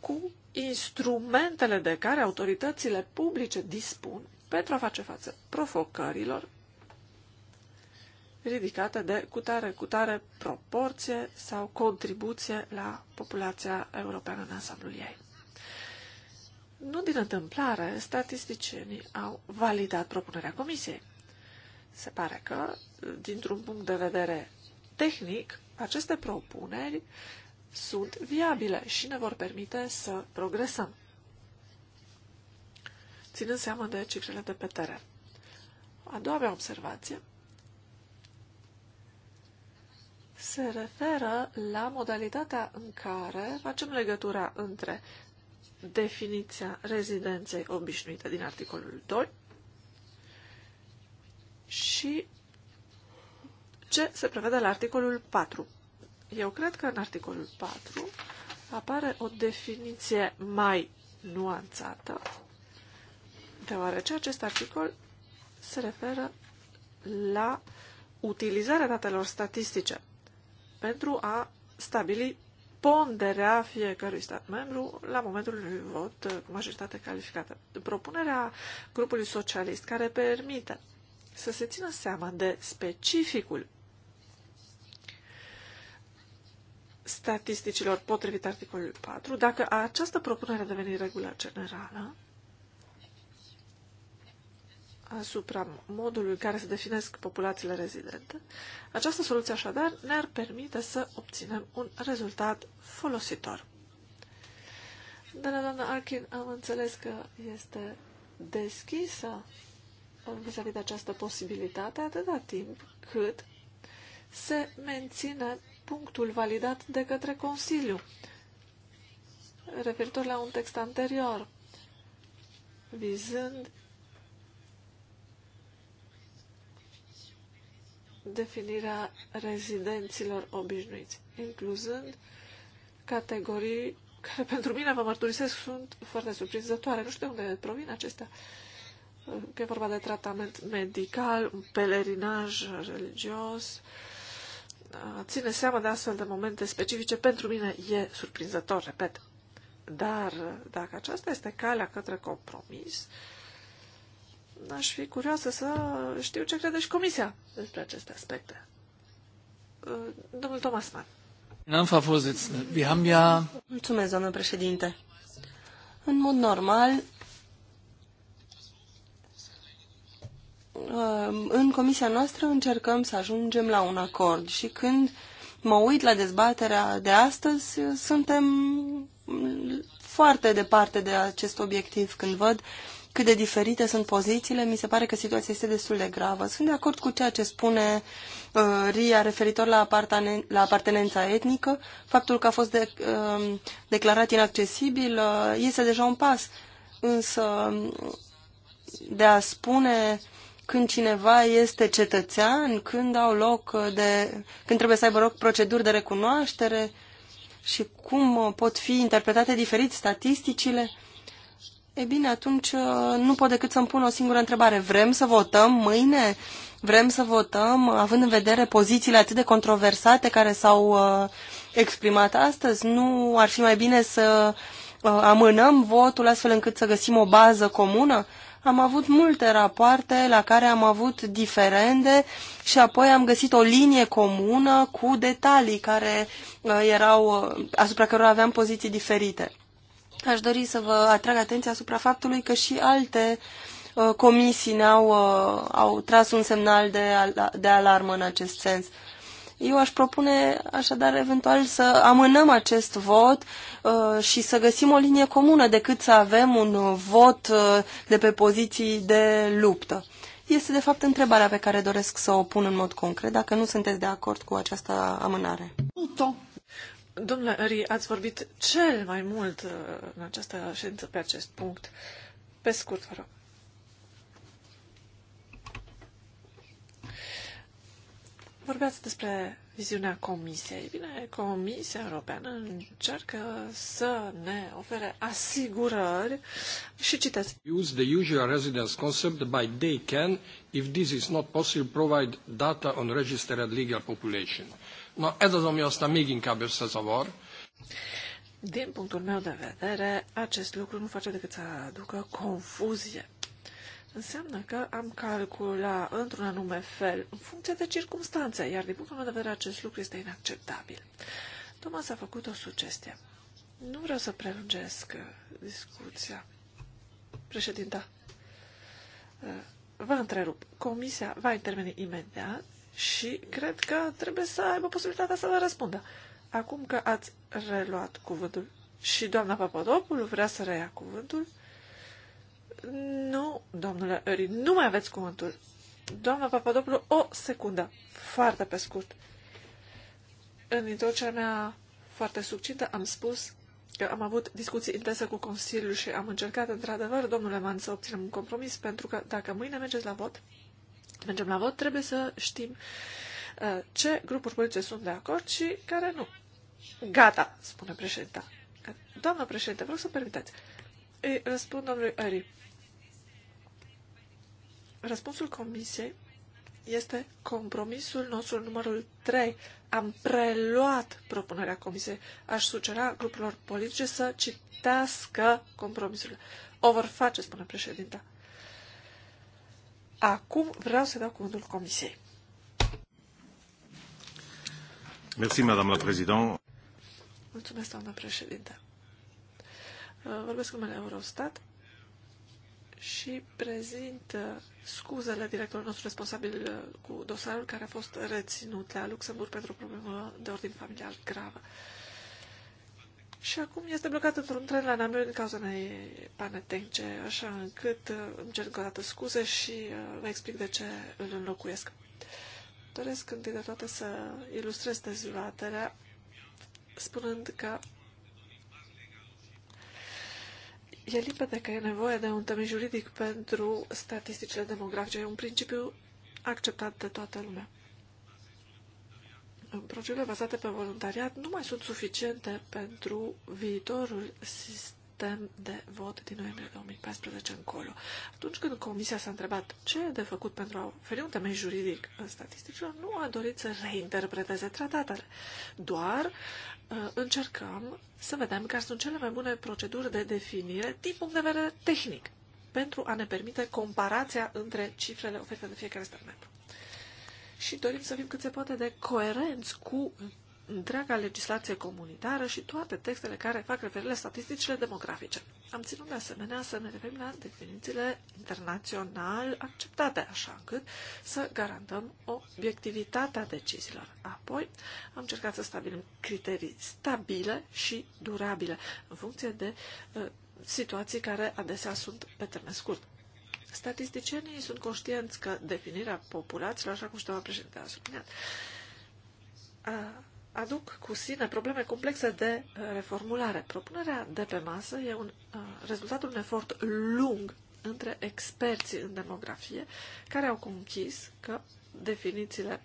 cu instrumentele de care autoritățile publice dispun pentru a face față provocărilor ridicate de cutare, cutare proporție sau contribuție la populația europeană în ansamblul ei. Nu din întâmplare, statisticienii au validat propunerea comisiei. Se pare că, dintr-un punct de vedere tehnic, aceste propuneri sunt viabile și ne vor permite să progresăm, ținând seama de cifrele de pe teren. A doua mea observație se referă la modalitatea în care facem legătura între definiția rezidenței obișnuite din articolul 2 și ce se prevede la articolul 4. Eu cred că în articolul 4 apare o definiție mai nuanțată, deoarece acest articol se referă la utilizarea datelor statistice pentru a stabili ponderea fiecărui stat membru la momentul unui vot cu majoritate calificată. Propunerea grupului socialist care permite să se țină seama de specificul statisticilor potrivit articolului 4, dacă această propunere a devenit regulă generală, asupra modului în care se definesc populațiile rezidente. Această soluție, așadar, ne-ar permite să obținem un rezultat folositor. Dar, la da, doamna Arkin am înțeles că este deschisă vis a -vis de această posibilitate atâta timp cât se menține punctul validat de către Consiliu referitor la un text anterior, vizând definirea rezidenților obișnuiți, incluzând categorii care pentru mine, vă mărturisesc, sunt foarte surprinzătoare. Nu știu de unde provin acestea. Că e vorba de tratament medical, un pelerinaj religios. Ține seama de astfel de momente specifice. Pentru mine e surprinzător, repet. Dar dacă aceasta este calea către compromis, uh, aș fi curioasă să știu ce crede și Comisia despre aceste aspecte. Uh, domnul Thomas Mann. Mulțumesc, doamnă președinte. În mod normal, uh, în comisia noastră încercăm să ajungem la un acord și când mă uit la dezbaterea de astăzi, suntem foarte departe de acest obiectiv când văd cât de diferite sunt pozițiile, mi se pare că situația este destul de gravă. Sunt de acord cu ceea ce spune uh, Ria referitor la, apartenen- la apartenența etnică. Faptul că a fost de, uh, declarat inaccesibil uh, este deja un pas. Însă de a spune când cineva este cetățean, când au loc de, când trebuie să aibă loc proceduri de recunoaștere și cum pot fi interpretate diferit statisticile, uh, E bine, atunci uh, nu pot decât să-mi pun o singură întrebare. Vrem să votăm mâine? Vrem să votăm uh, având în vedere pozițiile atât de controversate care s-au uh, exprimat astăzi? Nu ar fi mai bine să amânăm votul astfel încât să găsim o bază comună? Am avut multe rapoarte la care am avut diferende și apoi am găsit o linie comună cu detalii care erau, asupra cărora aveam poziții diferite Aș dori să vă atrag atenția asupra faptului că și alte uh, comisii au uh, au tras un semnal de, de alarmă în acest sens. Eu aș propune așadar eventual să amânăm acest vot uh, și să găsim o linie comună decât să avem un uh, vot uh, de pe poziții de luptă. Este de fapt întrebarea pe care doresc să o pun în mod concret, dacă nu sunteți de acord cu această amânare. Domnule Ari, ați vorbit cel mai mult uh, în această ședință pe acest punct. Pe scurt, vă rog. Vorbeați despre viziunea Comisiei. Bine, Comisia Europeană încearcă să ne ofere asigurări și citesc. Use the usual residence concept by they can, if this is not possible, provide data on registered legal population. Na ez az, ami aztán még inkább összezavar. Din punctul meu de vedere, acest lucru nu face decât să aducă confuzie. Înseamnă că am calculat într-un anume fel, în funcție de circunstanțe, iar din punctul meu de vedere acest lucru este inacceptabil. Thomas a făcut o sugestie. Nu vreau să prelungesc uh, discuția. Președinta, uh, vă întrerup. Comisia va interveni imediat și cred că trebuie să aibă posibilitatea să vă răspundă. Acum că ați reluat cuvântul și doamna Papadopoulou vrea să reia cuvântul, nu, domnule Ori, nu mai aveți cuvântul. Doamna Papadopoulou, o secundă, foarte pe scurt. În introducerea mea foarte succintă am spus că am avut discuții intense cu Consiliul și am încercat, într-adevăr, domnule Man, să obținem un compromis, pentru că dacă mâine mergeți la vot, mergem la vot, trebuie să știm uh, ce grupuri politice sunt de acord și care nu. Gata, spune președinta. Doamna președinte, vreau să permiteți. Îi răspund domnului Ari. Răspunsul comisiei este compromisul nostru numărul 3. Am preluat propunerea comisiei. Aș sugera grupurilor politice să citească compromisurile. O vor face, spune președinta. Acum vreau să dau cuvântul Comisiei. Merci, Madame la Présidente. Mulțumesc, doamnă președinte. Uh, vorbesc în numele Eurostat și prezint uh, scuzele directorului nostru responsabil uh, cu dosarul care a fost reținut la Luxemburg pentru o problemă de ordin familial gravă și acum este blocat într-un tren la Namur din cauza unei pane tehnice, așa încât uh, îmi cer încă o dată scuze și uh, vă explic de ce îl înlocuiesc. Doresc întâi de toate să ilustrez dezbaterea spunând că e limpede că e nevoie de un temei juridic pentru statisticile demografice. E un principiu acceptat de toată lumea procedurile bazate pe voluntariat nu mai sunt suficiente pentru viitorul sistem de vot din noiembrie 2014 încolo. Atunci când Comisia s-a întrebat ce e de făcut pentru a oferi un temei juridic în statisticilor, nu a dorit să reinterpreteze tratatele. Doar uh, încercăm să vedem care sunt cele mai bune proceduri de definire din punct de vedere tehnic pentru a ne permite comparația între cifrele oferite de fiecare stat membru și dorim să fim cât se poate de coerenți cu întreaga legislație comunitară și toate textele care fac referire la statisticile demografice. Am ținut de asemenea să ne referim la definițiile internațional acceptate, așa încât să garantăm obiectivitatea deciziilor. Apoi am încercat să stabilim criterii stabile și durabile, în funcție de uh, situații care adesea sunt pe termen scurt. Statisticienii sunt conștienți că definirea populației așa cum și doamna președinte a subliniat, aduc cu sine probleme complexe de uh, reformulare. Propunerea de pe masă e un, uh, rezultatul un efort lung între experții în demografie care au conchis că definițiile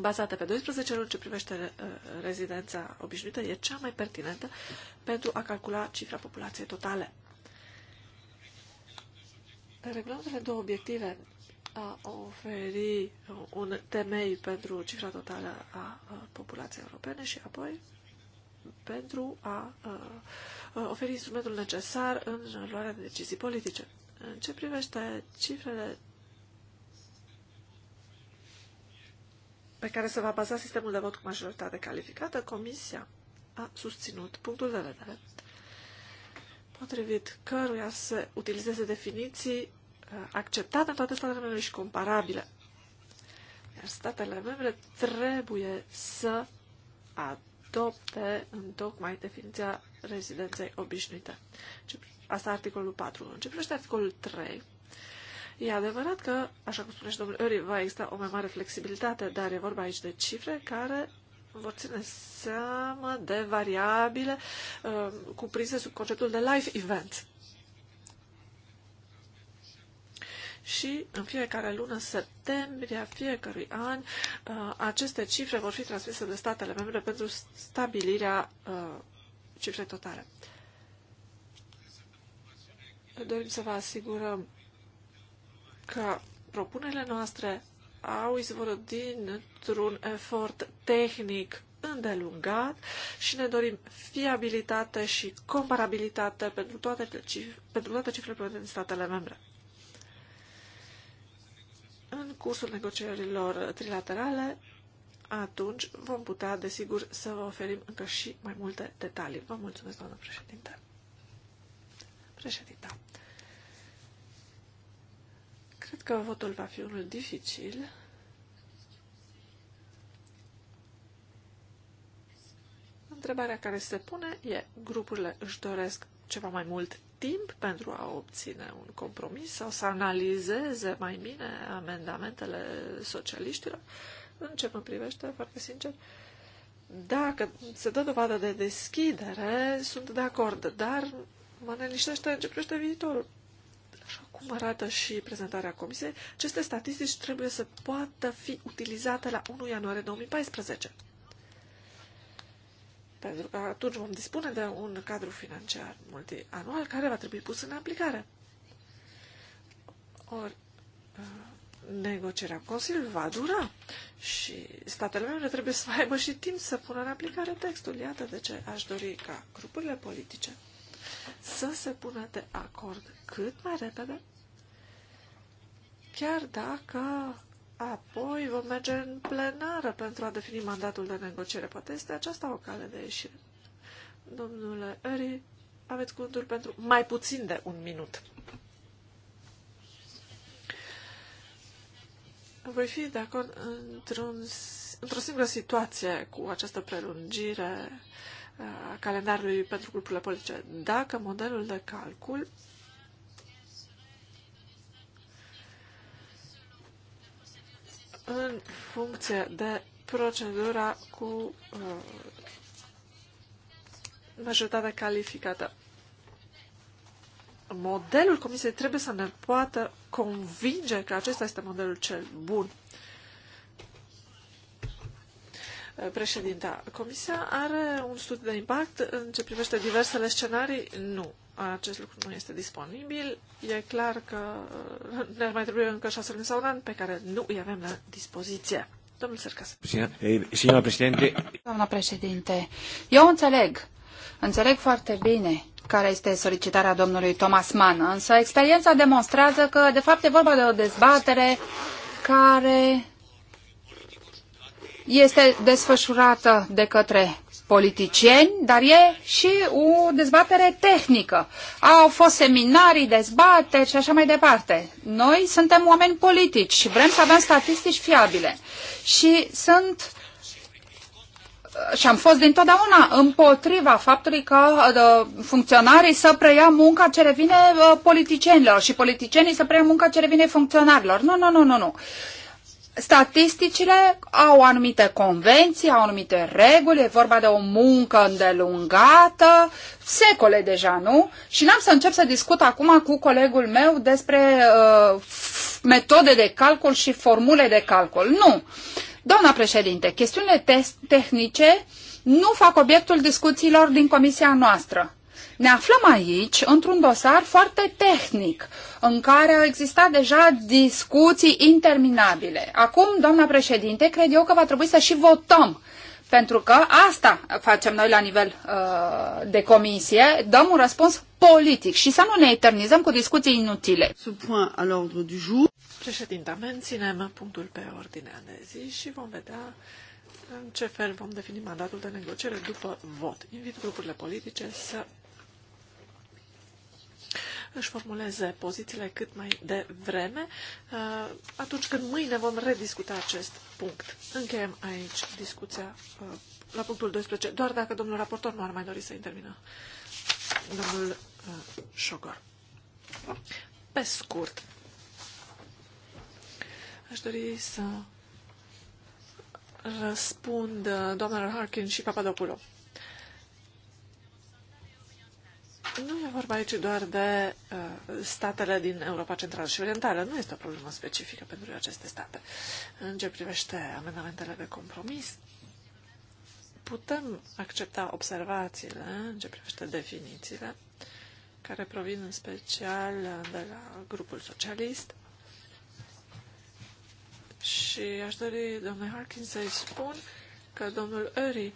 bazate pe 12 luni ce privește uh, rezidența obișnuită e cea mai pertinentă pentru a calcula cifra populației totale. Reglăm cele două obiective a oferi uh, un temei pentru cifra totală a uh, populației europene și apoi pentru a uh, oferi instrumentul necesar în luarea de decizii politice. În ce privește cifrele pe care se va baza sistemul de vot cu majoritate calificată, Comisia a susținut punctul de vedere potrivit căruia se utilizeze definiții uh, acceptate în toate statele membre și comparabile. Iar statele membre trebuie să adopte în tocmai definiția rezidenței obișnuite. Asta articolul 4. În ce privește articolul 3, E adevărat că, așa cum spune și domnul Uri, va exista o mai mare flexibilitate, dar e vorba aici de cifre care vor ține seama de variabile uh, cuprinse sub conceptul de live event. Și în fiecare lună septembrie a fiecărui an uh, aceste cifre vor fi transmise de statele membre pentru stabilirea uh, cifrei totale. Dorim să vă asigurăm că propunerile noastre au izvorât dintr-un efort tehnic îndelungat și ne dorim fiabilitate și comparabilitate pentru toate, pentru toate cifrele plătite din statele membre. În cursul negocierilor trilaterale, atunci vom putea, desigur, să vă oferim încă și mai multe detalii. Vă mulțumesc, doamnă președinte. Președinte. Cred că votul va fi unul dificil. Întrebarea care se pune e, grupurile își doresc ceva mai mult timp pentru a obține un compromis sau să analizeze mai bine amendamentele socialiștilor? În ce mă privește, foarte sincer, dacă se dă dovadă de deschidere, sunt de acord, dar mă neliștește, în ce viitorul cum arată și prezentarea comisiei, aceste statistici trebuie să poată fi utilizate la 1 ianuarie 2014. Pentru că atunci vom dispune de un cadru financiar multianual care va trebui pus în aplicare. Ori, uh, negocierea Consiliului va dura și statele membre trebuie să aibă și timp să pună în aplicare textul. Iată de ce aș dori ca grupurile politice să se pună de acord cât mai repede, chiar dacă apoi vom merge în plenară pentru a defini mandatul de negociere. Poate este aceasta o cale de ieșire. Domnule Eri, aveți cuvântul pentru mai puțin de un minut. Voi fi de acord într într-o singură situație cu această prelungire a calendarului pentru grupurile politice. Dacă modelul de calcul în funcție de procedura cu uh, calificată. Modelul Comisiei trebuie să ne poată convinge că acesta este modelul cel bun Președinta, Comisia are un studiu de impact în ce privește diversele scenarii? Nu. Acest lucru nu este disponibil. E clar că uh, ne-ar mai trebui încă șase luni sau un an pe care nu îi avem la dispoziție. Domnul Sărcas. Doamna eh, președinte. Doamna președinte, eu înțeleg. Înțeleg foarte bine care este solicitarea domnului Thomas Mann, însă experiența demonstrează că, de fapt, e vorba de o dezbatere care este desfășurată de către politicieni, dar e și o dezbatere tehnică. Au fost seminarii, dezbateri și așa mai departe. Noi suntem oameni politici și vrem să avem statistici fiabile. Și sunt și am fost dintotdeauna împotriva faptului că uh, funcționarii să preia munca ce revine uh, politicienilor și politicienii să preia munca ce revine funcționarilor. Nu, nu, nu, nu, nu statisticile au anumite convenții, au anumite reguli, e vorba de o muncă îndelungată, secole deja, nu? Și n-am să încep să discut acum cu colegul meu despre uh, metode de calcul și formule de calcul. Nu! Doamna președinte, chestiunile tehnice nu fac obiectul discuțiilor din comisia noastră. Ne aflăm aici într-un dosar foarte tehnic, în care au existat deja discuții interminabile. Acum, doamna președinte, cred eu că va trebui să și votăm pentru că asta facem noi la nivel uh, de comisie, dăm un răspuns politic și să nu ne eternizăm cu discuții inutile. al Președinta, menținem punctul pe ordinea de zi și vom vedea în ce fel vom defini mandatul de negociere după vot. Invit grupurile politice să își formuleze pozițiile cât mai devreme, uh, atunci când mâine vom rediscuta acest punct. Încheiem aici discuția uh, la punctul 12, doar dacă domnul raportor nu ar mai dori să intervină. Domnul uh, Șogor. Pe scurt, aș dori să răspund doamnelor Harkin și Papadopoulos. Nu e vorba aici doar de uh, statele din Europa Centrală și Orientală. Nu este o problemă specifică pentru aceste state. În ce privește amendamentele de compromis, putem accepta observațiile în ce privește definițiile, care provin în special de la grupul socialist. Și aș dori, domnule Harkin, să-i spun că domnul Eri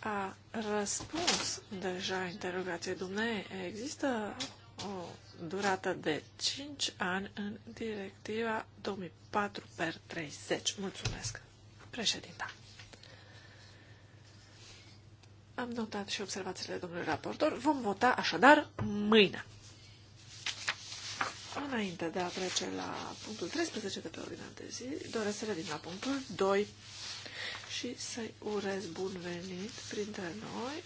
a răspuns deja interogației dumnei. Există o durată de 5 ani în directiva 2004 per 30. Mulțumesc, președinta. Am notat și observațiile domnului raportor. Vom vota așadar mâine. Înainte de a trece la punctul 13 de pe ordinea de zi, doresc să revin la punctul 2 și să-i urez bun venit printre noi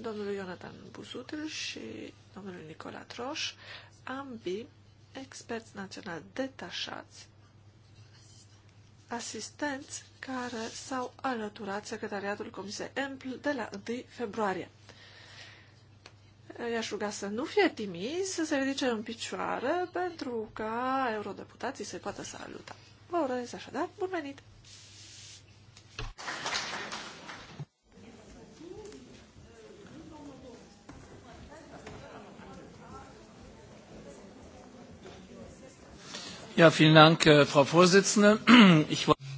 domnului Ionatan Buzutil și domnului Nicola Troș, ambii experți național detașați, asistenți care s-au alăturat secretariatul Comisiei EMPL de la 1 februarie. I-aș ruga să nu fie timizi, să se ridice în picioare pentru ca eurodeputații să-i poată saluta. Vă urez așadar, bun venit! Äh,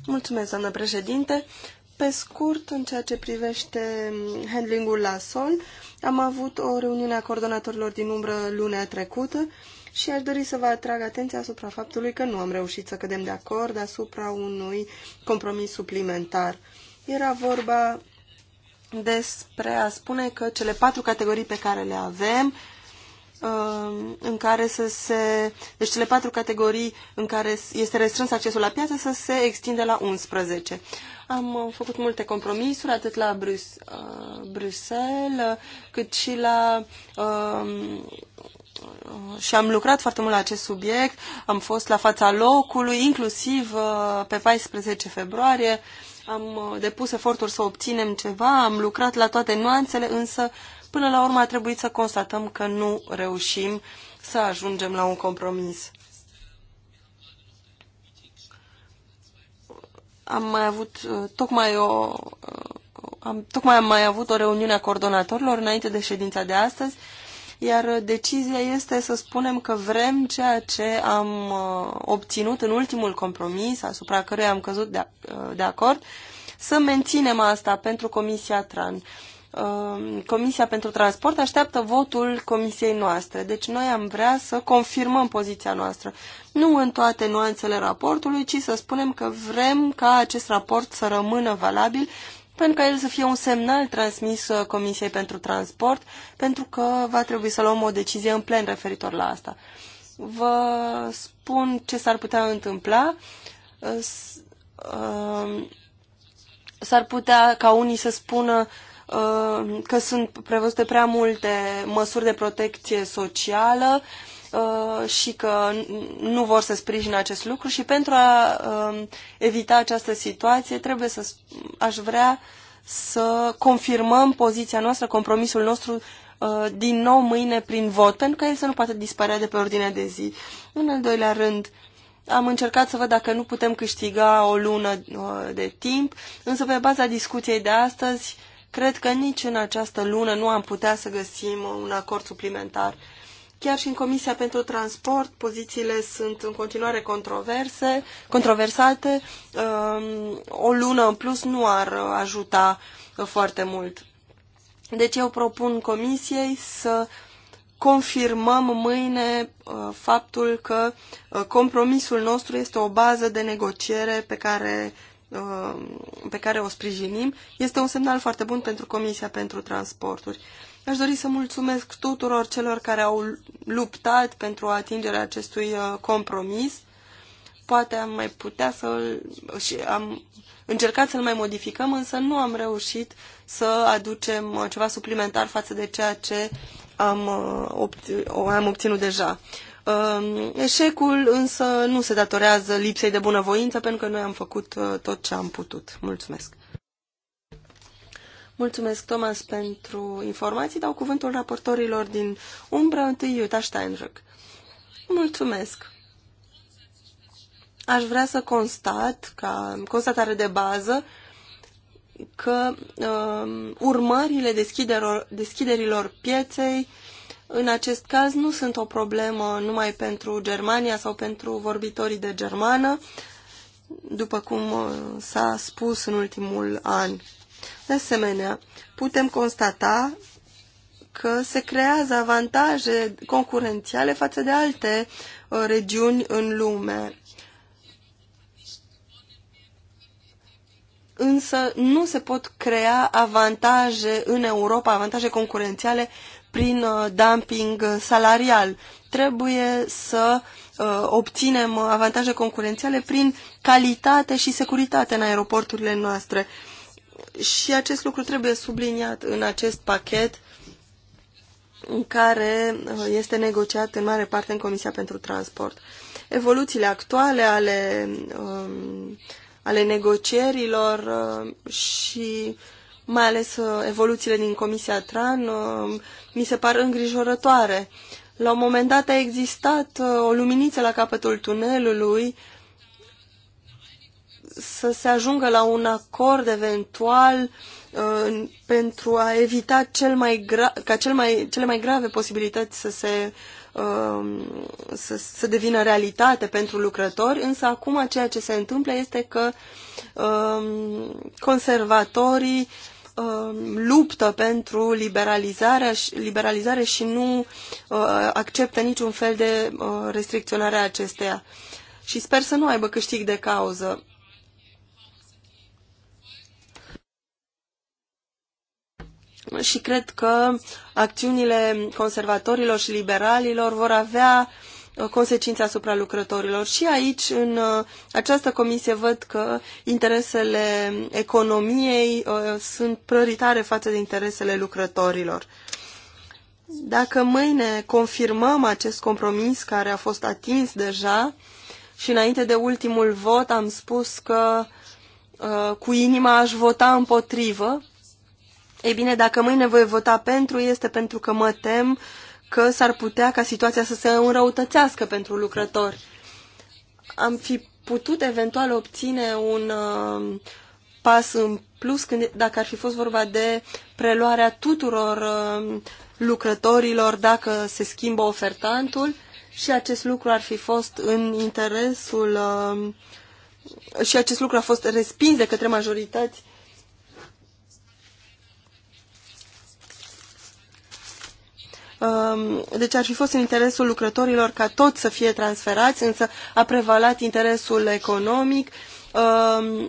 Mulțumesc, doamnă președinte. Pe scurt, în ceea ce privește mm, handlingul la sol, am avut o reuniune a coordonatorilor din umbră lunea trecută și aș dori să vă atrag atenția asupra faptului că nu am reușit să cădem de acord asupra unui compromis suplimentar. Era vorba despre a spune că cele patru categorii pe care le avem uh, în care să se... Deci cele patru categorii în care este restrâns accesul la piață să se extinde la 11. Am uh, făcut multe compromisuri, atât la Brus, uh, Bruxelles, cât și la și am lucrat foarte mult la acest subiect, am fost la fața locului, inclusiv uh, pe 14 februarie, am uh, depus eforturi să obținem ceva, am lucrat la toate nuanțele, însă până la urmă a trebuit să constatăm că nu reușim să ajungem la un compromis. Am mai avut uh, tocmai o am, tocmai am mai avut o reuniune a coordonatorilor înainte de ședința de astăzi iar decizia este să spunem că vrem ceea ce am uh, obținut în ultimul compromis asupra căruia am căzut de, uh, de acord, să menținem asta pentru Comisia TRAN. Uh, Comisia pentru Transport așteaptă votul comisiei noastre. Deci noi am vrea să confirmăm poziția noastră. Nu în toate nuanțele raportului, ci să spunem că vrem ca acest raport să rămână valabil pentru ca el să fie un semnal transmis uh, Comisiei pentru Transport, pentru că va trebui să luăm o decizie în plen referitor la asta. Vă spun ce s-ar putea întâmpla. Uh, uh, s-ar putea ca unii să spună că sunt prevăzute prea multe măsuri de protecție socială, Uh, și că nu vor să sprijine acest lucru și pentru a um, evita această situație trebuie să aș vrea să confirmăm poziția noastră, compromisul nostru uh, din nou mâine prin vot, pentru că el să nu poate dispărea de pe ordinea de zi. În al doilea rând, am încercat să văd dacă nu putem câștiga o lună uh, de timp, însă pe baza discuției de astăzi, cred că nici în această lună nu am putea să găsim un acord suplimentar Chiar și în Comisia pentru Transport pozițiile sunt în continuare controverse, controversate. Um, o lună în plus nu ar ajuta foarte mult. Deci eu propun Comisiei să confirmăm mâine uh, faptul că uh, compromisul nostru este o bază de negociere pe care uh, pe care o sprijinim, este un semnal foarte bun pentru Comisia pentru Transporturi. Aș dori să mulțumesc tuturor celor care au luptat pentru atingerea acestui uh, compromis. Poate am mai putea să și am încercat să-l mai modificăm, însă nu am reușit să aducem uh, ceva suplimentar față de ceea ce am, uh, am obținut deja. Um, eșecul însă nu se datorează lipsei de bunăvoință, pentru că noi am făcut tot ce am putut. Mulțumesc! Mulțumesc, Thomas, pentru informații. Dau cuvântul raportorilor din umbră, întâi Iuta Steinrück. Mulțumesc. Aș vrea să constat, ca constatare de bază, că uh, urmările deschiderilor, deschiderilor pieței în acest caz nu sunt o problemă numai pentru Germania sau pentru vorbitorii de germană, după cum uh, s-a spus în ultimul an. De asemenea, putem constata că se creează avantaje concurențiale față de alte uh, regiuni în lume. Însă nu se pot crea avantaje în Europa, avantaje concurențiale prin uh, dumping salarial. Trebuie să uh, obținem avantaje concurențiale prin calitate și securitate în aeroporturile noastre și acest lucru trebuie subliniat în acest pachet în care uh, este negociat în mare parte în Comisia pentru Transport. Evoluțiile actuale ale, um, ale negocierilor uh, și mai ales uh, evoluțiile din Comisia Tran uh, mi se par îngrijorătoare. La un moment dat a existat uh, o luminiță la capătul tunelului să se ajungă la un acord eventual uh, pentru a evita cel mai gra- ca cel mai, cele mai grave posibilități să se um, să, să devină realitate pentru lucrători, însă acum ceea ce se întâmplă este că um, conservatorii um, luptă pentru liberalizarea și, liberalizare și nu uh, acceptă niciun fel de uh, restricționare a acesteia și sper să nu aibă câștig de cauză. și cred că acțiunile conservatorilor și liberalilor vor avea uh, consecințe asupra lucrătorilor. Și aici, în uh, această comisie, văd că interesele economiei uh, sunt prioritare față de interesele lucrătorilor. Dacă mâine confirmăm acest compromis care a fost atins deja și înainte de ultimul vot am spus că cu inima aș vota împotrivă, ei bine, dacă mâine voi vota pentru, este pentru că mă tem că s-ar putea ca situația să se înrăutățească pentru lucrători. Am fi putut eventual obține un uh, pas în plus când, dacă ar fi fost vorba de preluarea tuturor uh, lucrătorilor dacă se schimbă ofertantul și acest lucru ar fi fost în interesul uh, și acest lucru a fost respins de către majorități Um, deci ar fi fost în interesul lucrătorilor ca tot să fie transferați, însă a prevalat interesul economic. Um,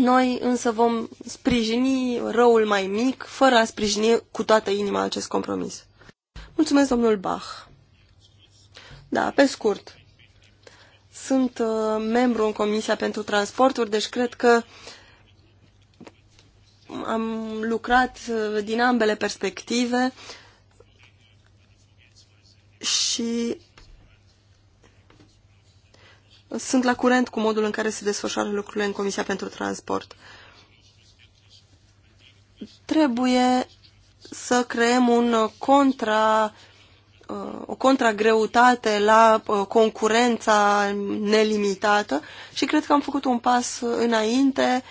noi însă vom sprijini răul mai mic, fără a sprijini cu toată inima acest compromis. Mulțumesc, domnul Bach. Da, pe scurt. Sunt uh, membru în Comisia pentru Transporturi, deci cred că am lucrat uh, din ambele perspective și sunt la curent cu modul în care se desfășoară lucrurile în Comisia pentru Transport. Trebuie să creăm un contra, o contragreutate la uh, concurența nelimitată și cred că am făcut un pas înainte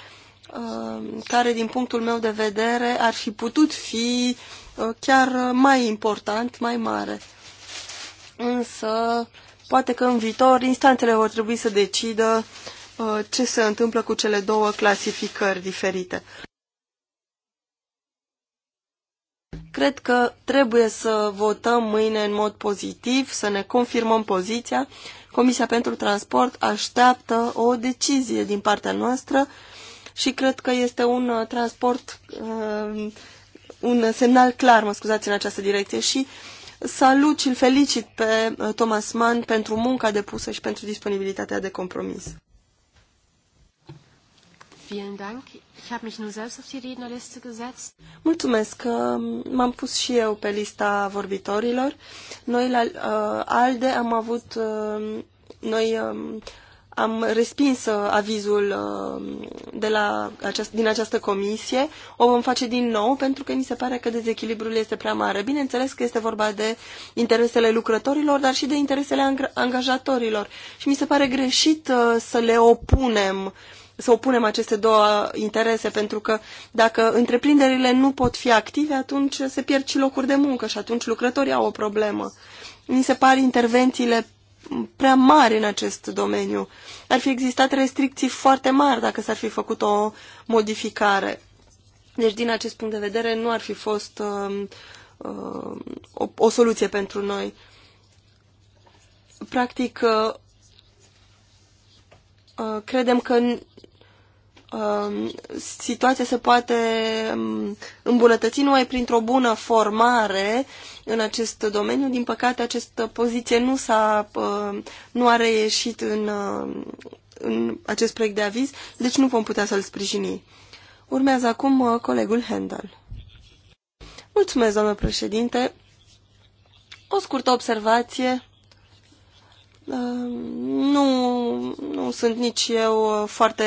uh, care, din punctul meu de vedere, ar fi putut fi uh, chiar mai important, mai mare însă poate că în viitor instanțele vor trebui să decidă uh, ce se întâmplă cu cele două clasificări diferite. Cred că trebuie să votăm mâine în mod pozitiv, să ne confirmăm poziția. Comisia pentru Transport așteaptă o decizie din partea noastră și cred că este un uh, transport, uh, un semnal clar, mă scuzați, în această direcție și uh, salut și îl felicit pe uh, Thomas Mann pentru munca depusă și pentru disponibilitatea de compromis. Mulțumesc. Uh, m-am pus și eu pe lista vorbitorilor. Noi la uh, ALDE am avut uh, noi uh, am respins uh, avizul uh, de la aceast- din această comisie. O vom face din nou pentru că mi se pare că dezechilibrul este prea mare. Bineînțeles că este vorba de interesele lucrătorilor, dar și de interesele angajatorilor. Și mi se pare greșit uh, să le opunem să opunem aceste două interese, pentru că dacă întreprinderile nu pot fi active, atunci se pierd și locuri de muncă și atunci lucrătorii au o problemă. Mi se par intervențiile prea mari în acest domeniu. Ar fi existat restricții foarte mari dacă s-ar fi făcut o modificare. Deci, din acest punct de vedere, nu ar fi fost uh, uh, o, o soluție pentru noi. Practic, uh, uh credem că Um, situația se poate um, îmbunătăți numai printr-o bună formare în acest domeniu. Din păcate, această poziție nu, s-a, um, nu a reieșit în, în acest proiect de aviz, deci nu vom putea să-l sprijini. Urmează acum uh, colegul Handel. Mulțumesc, doamnă președinte. O scurtă observație. Nu, nu sunt nici eu uh, foarte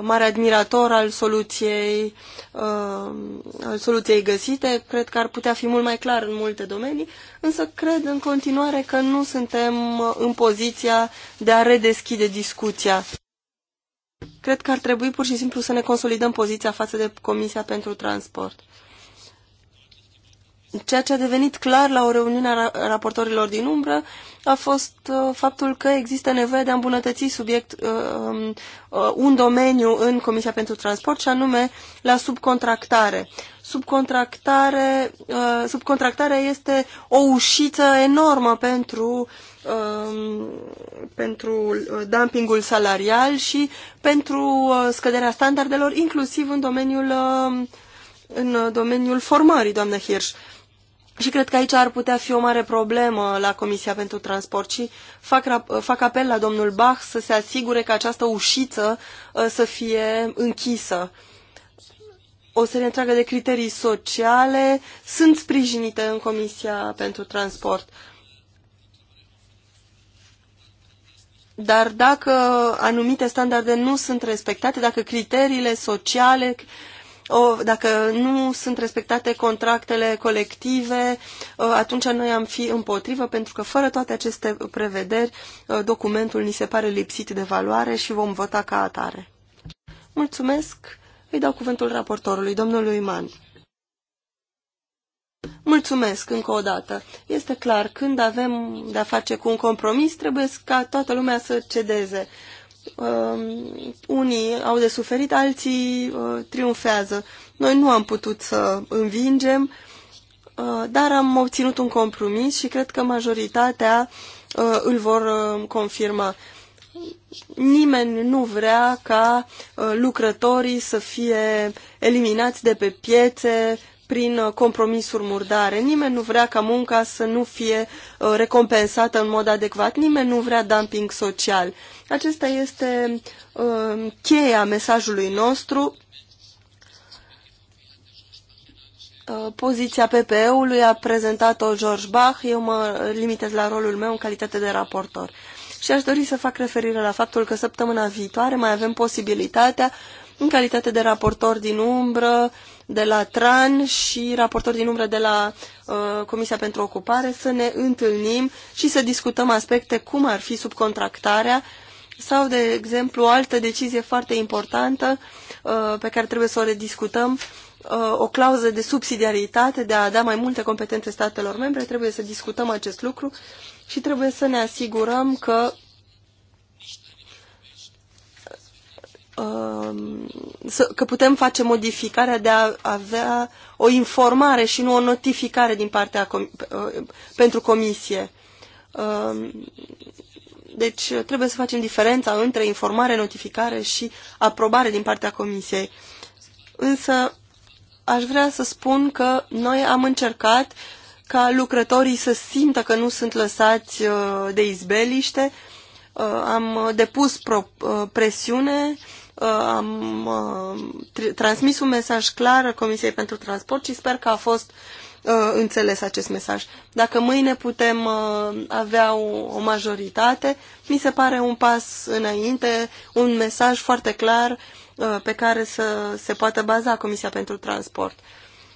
mare admirator al soluției, uh, al soluției găsite. Cred că ar putea fi mult mai clar în multe domenii, însă cred în continuare că nu suntem uh, în poziția de a redeschide discuția. Cred că ar trebui pur și simplu să ne consolidăm poziția față de Comisia pentru Transport. Ceea ce a devenit clar la o reuniune a raportorilor din umbră a fost uh, faptul că există nevoie de a îmbunătăți subiect, uh, um, uh, un domeniu în Comisia pentru Transport și anume la subcontractare. Subcontractare, subcontractarea este o ușiță enormă pentru, um, pentru dumpingul salarial și pentru scăderea standardelor, inclusiv în domeniul în domeniul formării, doamnă Hirsch. Și cred că aici ar putea fi o mare problemă la Comisia pentru Transport și fac, fac apel la domnul Bach să se asigure că această ușiță uh, să fie închisă. O serie întreagă de criterii sociale sunt sprijinite în Comisia pentru Transport. Dar dacă anumite standarde nu sunt respectate, dacă criteriile sociale, o, dacă nu sunt respectate contractele colective, atunci noi am fi împotrivă, pentru că fără toate aceste prevederi, documentul ni se pare lipsit de valoare și vom vota ca atare. Mulțumesc! Îi dau cuvântul raportorului, domnului Iman. Mulțumesc încă o dată. Este clar, când avem de-a face cu un compromis, trebuie ca toată lumea să cedeze uh, unii au de suferit, alții uh, triumfează. Noi nu am putut să învingem, uh, dar am obținut un compromis și cred că majoritatea uh, îl vor uh, confirma. Nimeni nu vrea ca uh, lucrătorii să fie eliminați de pe piețe prin uh, compromisuri murdare. Nimeni nu vrea ca munca să nu fie uh, recompensată în mod adecvat, nimeni nu vrea dumping social. Acesta este uh, cheia mesajului nostru. Poziția PPE-ului a prezentat-o George Bach, eu mă limitez la rolul meu în calitate de raportor. Și aș dori să fac referire la faptul că săptămâna viitoare mai avem posibilitatea, în calitate de raportor din umbră, de la TRAN și raportori din umbră de la uh, Comisia pentru Ocupare să ne întâlnim și să discutăm aspecte cum ar fi subcontractarea sau, de exemplu, o altă decizie foarte importantă uh, pe care trebuie să o rediscutăm, uh, o clauză de subsidiaritate, de a da mai multe competențe statelor membre, trebuie să discutăm acest lucru și trebuie să ne asigurăm că Um, că putem face modificarea de a avea o informare și nu o notificare din partea com uh, pentru comisie. Um, deci trebuie să facem diferența între informare, notificare și aprobare din partea comisiei. Însă aș vrea să spun că noi am încercat ca lucrătorii să simtă că nu sunt lăsați uh, de izbeliște. Uh, am depus presiune Uh, am uh, transmis un mesaj clar Comisiei pentru Transport și sper că a fost uh, înțeles acest mesaj. Dacă mâine putem avea o, o majoritate, mi se pare un pas înainte, un mesaj foarte clar pe care să se poată baza Comisia pentru Transport.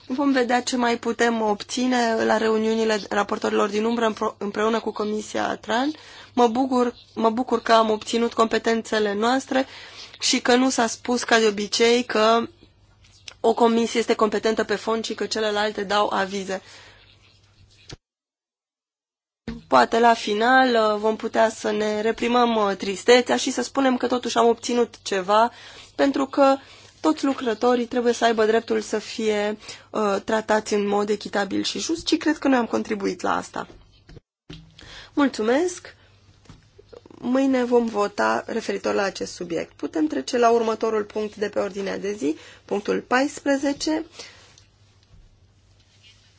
Vom vedea ce mai putem obține la reuniunile raportorilor din umbră împreună cu Comisia TRAN. Mă bucur, mă bucur că am obținut competențele noastre și că nu s-a spus ca de obicei că o comisie este competentă pe fond și că celelalte dau avize. Poate la final uh, vom putea să ne reprimăm uh, tristețea și să spunem că totuși am obținut ceva, pentru că toți lucrătorii trebuie să aibă dreptul să fie uh, tratați în mod echitabil și just și cred că noi am contribuit la asta. Mulțumesc! Mâine vom vota referitor la acest subiect. Putem trece la următorul punct de pe ordinea de zi, punctul 14.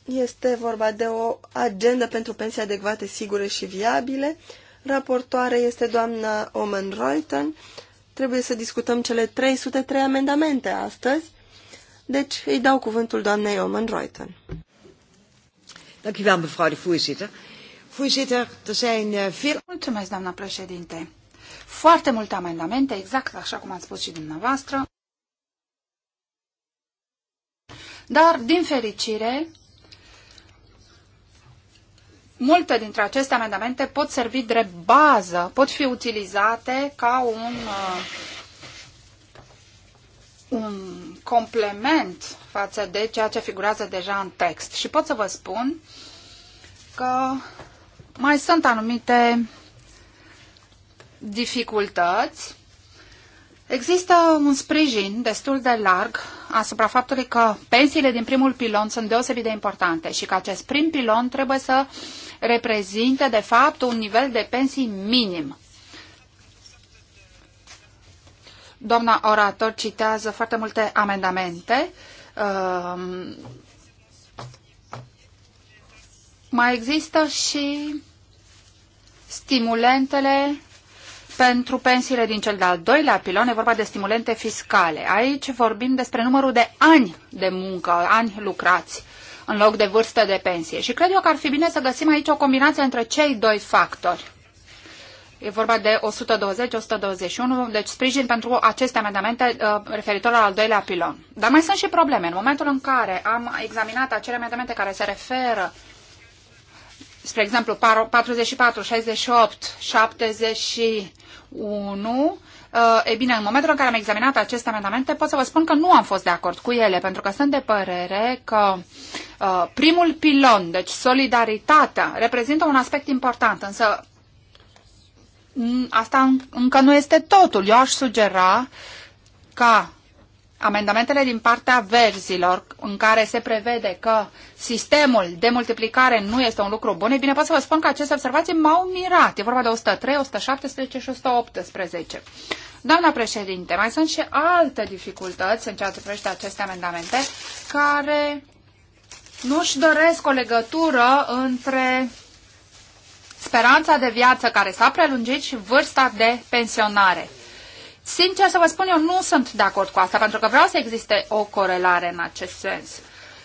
Este vorba de o agendă pentru pensii adecvate, sigure și viabile. Raportoare este doamna Omen Reuton. Trebuie să discutăm cele 303 amendamente astăzi. Deci îi dau cuvântul doamnei Omen Reuton. Dank u wel, mevrouw Er eh, Mulțumesc, doamna președinte. Foarte multe amendamente, exact așa cum ați spus și dumneavoastră. Dar, din fericire, multe dintre aceste amendamente pot servi drept bază, pot fi utilizate ca un, uh, un complement față de ceea ce figurează deja în text. Și pot să vă spun că mai sunt anumite dificultăți. Există un sprijin destul de larg asupra faptului că pensiile din primul pilon sunt deosebit de importante și că acest prim pilon trebuie să reprezinte, de fapt, un nivel de pensii minim. Doamna orator citează foarte multe amendamente. Uh, mai există și stimulentele pentru pensiile din cel de-al doilea pilon, e vorba de stimulente fiscale. Aici vorbim despre numărul de ani de muncă, ani lucrați, în loc de vârstă de pensie. Și cred eu că ar fi bine să găsim aici o combinație între cei doi factori. E vorba de 120-121, deci sprijin pentru aceste amendamente uh, referitor la al doilea pilon. Dar mai sunt și probleme. În momentul în care am examinat acele amendamente care se referă spre exemplu, 44, 68, 71, e bine, în momentul în care am examinat aceste amendamente, pot să vă spun că nu am fost de acord cu ele, pentru că sunt de părere că uh, primul pilon, deci solidaritatea, reprezintă un aspect important, însă mm, asta încă nu este totul. Eu aș sugera ca amendamentele din partea verzilor în care se prevede că sistemul de multiplicare nu este un lucru bun, e bine pot să vă spun că aceste observații m-au mirat. E vorba de 103, 117 și 118. Doamna președinte, mai sunt și alte dificultăți în ceea ce privește aceste amendamente care nu își doresc o legătură între speranța de viață care s-a prelungit și vârsta de pensionare. Sincer să vă spun, eu nu sunt de acord cu asta, pentru că vreau să existe o corelare în acest sens.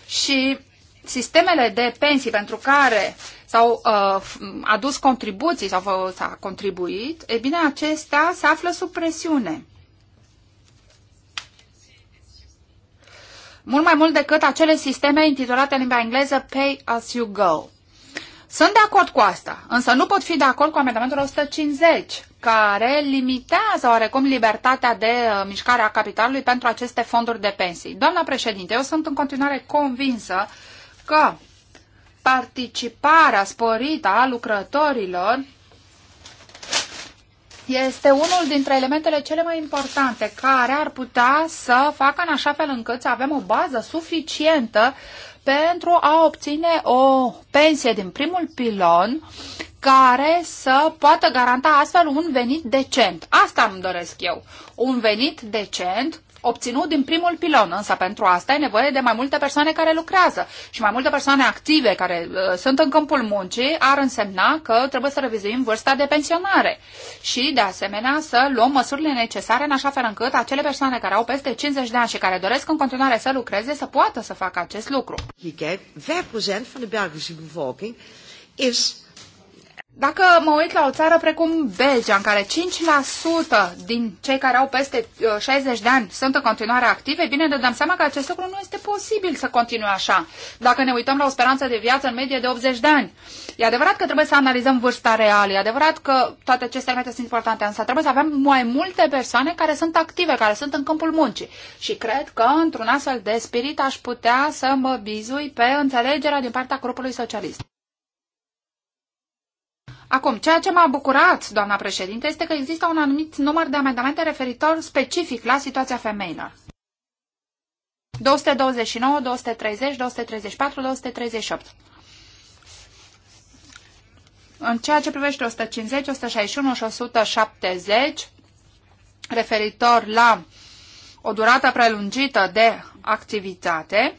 Și sistemele de pensii pentru care s-au uh, adus contribuții sau s-a contribuit, e bine, acestea se află sub presiune. Mult mai mult decât acele sisteme intitulate în limba engleză Pay As You Go. Sunt de acord cu asta, însă nu pot fi de acord cu amendamentul 150 care limitează oarecum libertatea de uh, mișcare a capitalului pentru aceste fonduri de pensii. Doamna președinte, eu sunt în continuare convinsă că participarea sporită a lucrătorilor este unul dintre elementele cele mai importante care ar putea să facă în așa fel încât să avem o bază suficientă pentru a obține o pensie din primul pilon care să poată garanta astfel un venit decent. Asta îmi doresc eu. Un venit decent obținut din primul pilon, însă pentru asta e nevoie de mai multe persoane care lucrează și mai multe persoane active care uh, sunt în câmpul muncii ar însemna că trebuie să revizuim vârsta de pensionare și, de asemenea, să luăm măsurile necesare în așa fel încât acele persoane care au peste 50 de ani și care doresc în continuare să lucreze să poată să facă acest lucru. Je kijkt, 5% van de Belgische bevolking is dacă mă uit la o țară precum Belgia, în care 5% din cei care au peste 60 uh, de ani sunt în continuare active, bine, ne dăm seama că acest lucru nu este posibil să continue așa. Dacă ne uităm la o speranță de viață în medie de 80 de ani, e adevărat că trebuie să analizăm vârsta reală, e adevărat că toate aceste elemente sunt importante, însă trebuie să avem mai multe persoane care sunt active, care sunt în câmpul muncii. Și cred că, într-un astfel de spirit, aș putea să mă bizui pe înțelegerea din partea grupului socialist. Acum, ceea ce m-a bucurat, doamna președinte, este că există un anumit număr de amendamente referitor specific la situația femeilor. 229, 230, 234, 238. În ceea ce privește 150, 161 și 170, referitor la o durată prelungită de activitate,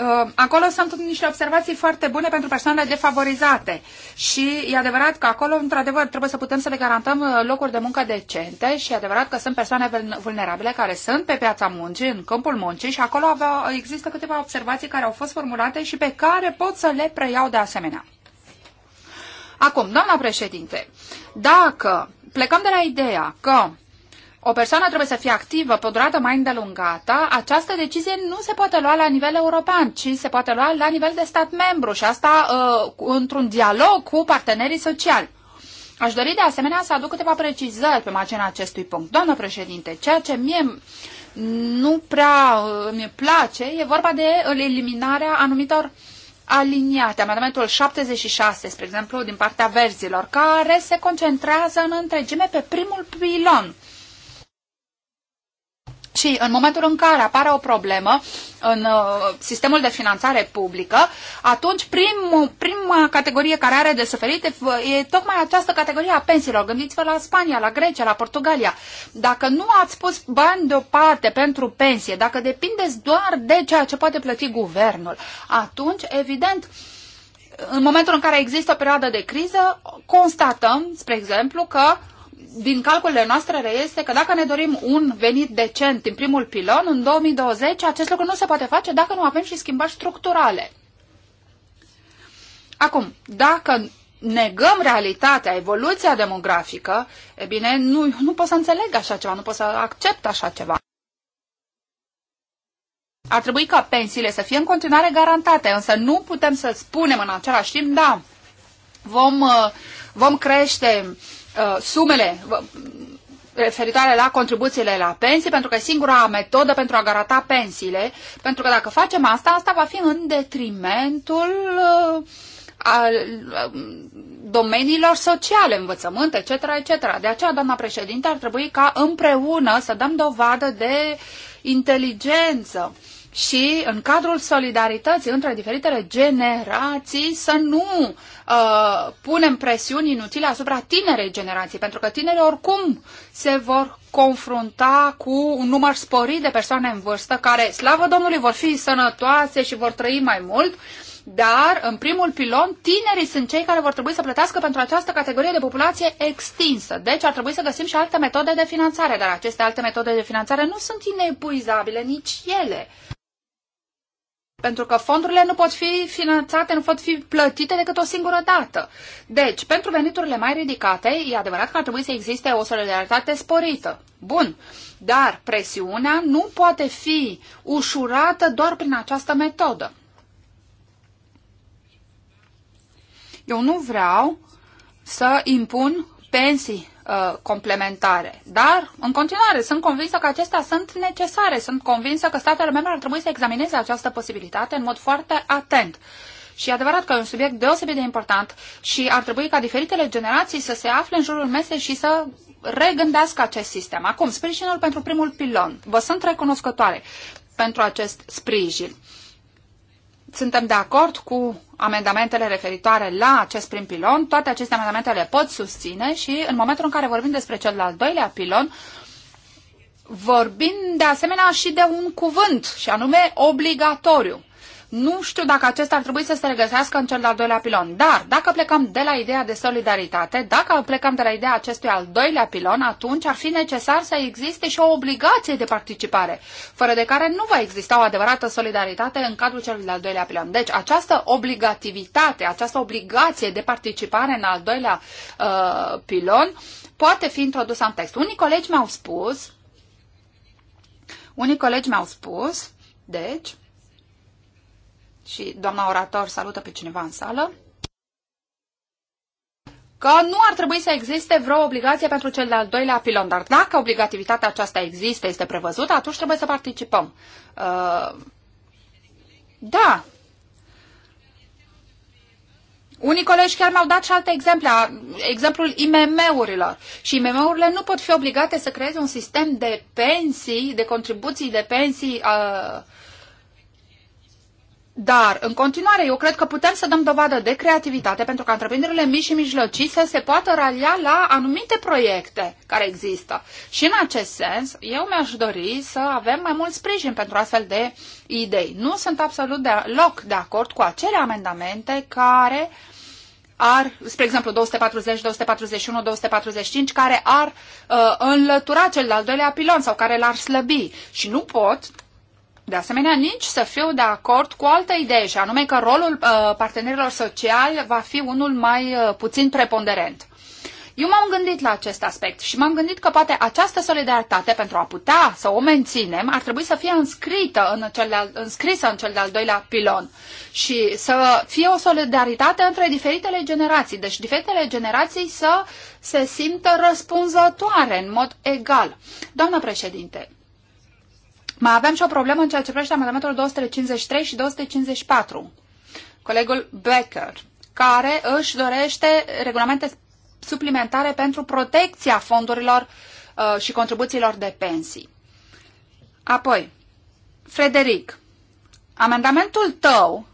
Uh, acolo sunt niște observații foarte bune pentru persoanele defavorizate și e adevărat că acolo, într-adevăr, trebuie să putem să le garantăm uh, locuri de muncă decente și e adevărat că sunt persoane vulnerabile care sunt pe piața muncii, în câmpul muncii și acolo avea, există câteva observații care au fost formulate și pe care pot să le preiau de asemenea. Acum, doamna președinte, dacă plecăm de la ideea că o persoană trebuie să fie activă pe o durată mai îndelungată, această decizie nu se poate lua la nivel european, ci se poate lua la nivel de stat membru și asta uh, într-un dialog cu partenerii sociali. Aș dori de asemenea să aduc câteva precizări pe marginea acestui punct. Doamnă președinte, ceea ce mie nu prea uh, mi place e vorba de eliminarea anumitor aliniate, amendamentul 76, spre exemplu, din partea verzilor, care se concentrează în întregime pe primul pilon ci în momentul în care apare o problemă în uh, sistemul de finanțare publică, atunci prim, prima categorie care are de suferit e, tocmai această categorie a pensiilor. Gândiți-vă la Spania, la Grecia, la Portugalia. Dacă nu ați pus bani deoparte pentru pensie, dacă depindeți doar de ceea ce poate plăti guvernul, atunci, evident, în momentul în care există o perioadă de criză, constatăm, spre exemplu, că din calculele noastre reiese că dacă ne dorim un venit decent din primul pilon, în 2020 acest lucru nu se poate face dacă nu avem și schimbări structurale. Acum, dacă negăm realitatea, evoluția demografică, e bine, nu, nu pot să înțeleg așa ceva, nu pot să accept așa ceva. Ar trebui ca pensiile să fie în continuare garantate, însă nu putem să spunem în același timp, da, vom, uh, vom crește Uh, sumele referitoare la contribuțiile la pensii, pentru că e singura metodă pentru a garanta pensiile, pentru că dacă facem asta, asta va fi în detrimentul uh, al uh, domeniilor sociale, învățământ, etc., etc. De aceea, doamna președinte, ar trebui ca împreună să dăm dovadă de inteligență și în cadrul solidarității între diferitele generații să nu uh, punem presiuni inutile asupra tinerei generații, pentru că tinerii oricum se vor confrunta cu un număr sporit de persoane în vârstă care, slavă Domnului, vor fi sănătoase și vor trăi mai mult, dar în primul pilon tinerii sunt cei care vor trebui să plătească pentru această categorie de populație extinsă. Deci ar trebui să găsim și alte metode de finanțare, dar aceste alte metode de finanțare nu sunt inepuizabile nici ele. Pentru că fondurile nu pot fi finanțate, nu pot fi plătite decât o singură dată. Deci, pentru veniturile mai ridicate, e adevărat că ar trebui să existe o solidaritate sporită. Bun. Dar presiunea nu poate fi ușurată doar prin această metodă. Eu nu vreau să impun pensii Uh, complementare. Dar, în continuare, sunt convinsă că acestea sunt necesare. Sunt convinsă că statele membre ar trebui să examineze această posibilitate în mod foarte atent. Și e adevărat că e un subiect deosebit de important și ar trebui ca diferitele generații să se afle în jurul mesei și să regândească acest sistem. Acum, sprijinul pentru primul pilon. Vă sunt recunoscătoare pentru acest sprijin suntem de acord cu amendamentele referitoare la acest prim pilon. Toate aceste amendamente le pot susține și în momentul în care vorbim despre cel de-al doilea pilon, vorbim de asemenea și de un cuvânt, și anume obligatoriu. Nu știu dacă acesta ar trebui să se regăsească în cel de-al doilea pilon, dar dacă plecăm de la ideea de solidaritate, dacă plecăm de la ideea acestui al doilea pilon, atunci ar fi necesar să existe și o obligație de participare, fără de care nu va exista o adevărată solidaritate în cadrul celui de-al doilea pilon. Deci această obligativitate, această obligație de participare în al doilea uh, pilon poate fi introdusă în text. Unii colegi mi-au spus, unii colegi mi-au spus, deci, și doamna orator salută pe cineva în sală, că nu ar trebui să existe vreo obligație pentru cel de-al doilea pilon, dar dacă obligativitatea aceasta există, este prevăzută, atunci trebuie să participăm. Uh, da, unii colegi chiar mi-au dat și alte exemple, exemplul IMM-urilor. Și IMM-urile nu pot fi obligate să creeze un sistem de pensii, de contribuții de pensii uh, dar, în continuare, eu cred că putem să dăm dovadă de creativitate pentru ca întreprinderile mici și mijlocii să se poată ralia la anumite proiecte care există. Și în acest sens, eu mi-aș dori să avem mai mult sprijin pentru astfel de idei. Nu sunt absolut deloc de acord cu acele amendamente care ar, spre exemplu, 240, 241, 245, care ar uh, înlătura cel de-al doilea pilon sau care l-ar slăbi. Și nu pot de asemenea nici să fiu de acord cu o altă idee, și anume că rolul uh, partenerilor sociali va fi unul mai uh, puțin preponderent. Eu m-am gândit la acest aspect și m-am gândit că poate această solidaritate, pentru a putea să o menținem, ar trebui să fie înscrită în cel de-al, înscrisă în cel de-al doilea pilon și să fie o solidaritate între diferitele generații. Deci diferitele generații să se simtă răspunzătoare în mod egal. Doamna președinte, mai avem și o problemă în ceea ce privește amendamentul 253 și 254. Colegul Becker, care își dorește regulamente suplimentare pentru protecția fondurilor uh, și contribuțiilor de pensii. Apoi, Frederic, amendamentul tău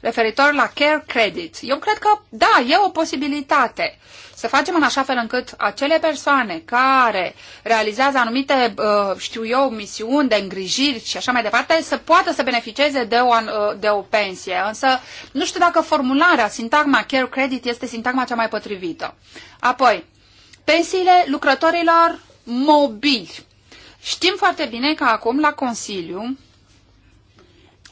referitor la care credit. Eu cred că, da, e o posibilitate. Să facem în așa fel încât acele persoane care realizează anumite, uh, știu eu, misiuni de îngrijiri și așa mai departe, să poată să beneficieze de o, uh, de o pensie. Însă nu știu dacă formularea, sintagma care credit este sintagma cea mai potrivită. Apoi, pensiile lucrătorilor mobili. Știm foarte bine că acum la Consiliu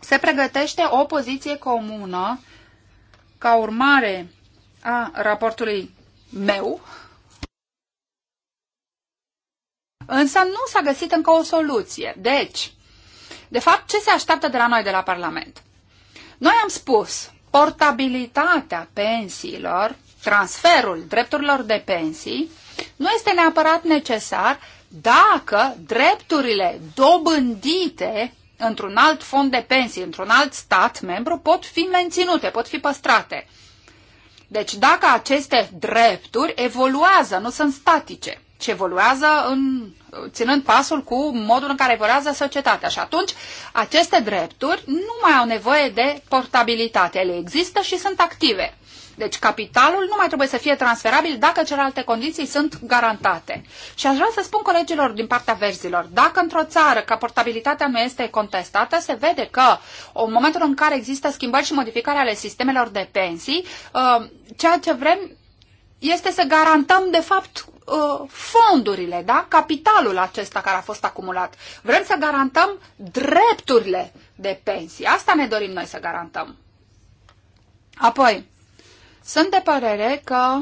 se pregătește o poziție comună ca urmare a raportului meu, însă nu s-a găsit încă o soluție. Deci, de fapt, ce se așteaptă de la noi, de la Parlament? Noi am spus, portabilitatea pensiilor, transferul drepturilor de pensii, nu este neapărat necesar dacă drepturile dobândite într-un alt fond de pensii, într-un alt stat membru, pot fi menținute, pot fi păstrate. Deci dacă aceste drepturi evoluează, nu sunt statice, ci evoluează în, ținând pasul cu modul în care evoluează societatea. Și atunci aceste drepturi nu mai au nevoie de portabilitate. Ele există și sunt active. Deci capitalul nu mai trebuie să fie transferabil dacă celelalte condiții sunt garantate. Și aș vrea să spun colegilor din partea verzilor, dacă într-o țară ca portabilitatea nu este contestată, se vede că în momentul în care există schimbări și modificare ale sistemelor de pensii, uh, ceea ce vrem este să garantăm, de fapt, uh, fondurile, da? capitalul acesta care a fost acumulat. Vrem să garantăm drepturile de pensii. Asta ne dorim noi să garantăm. Apoi, sunt de părere că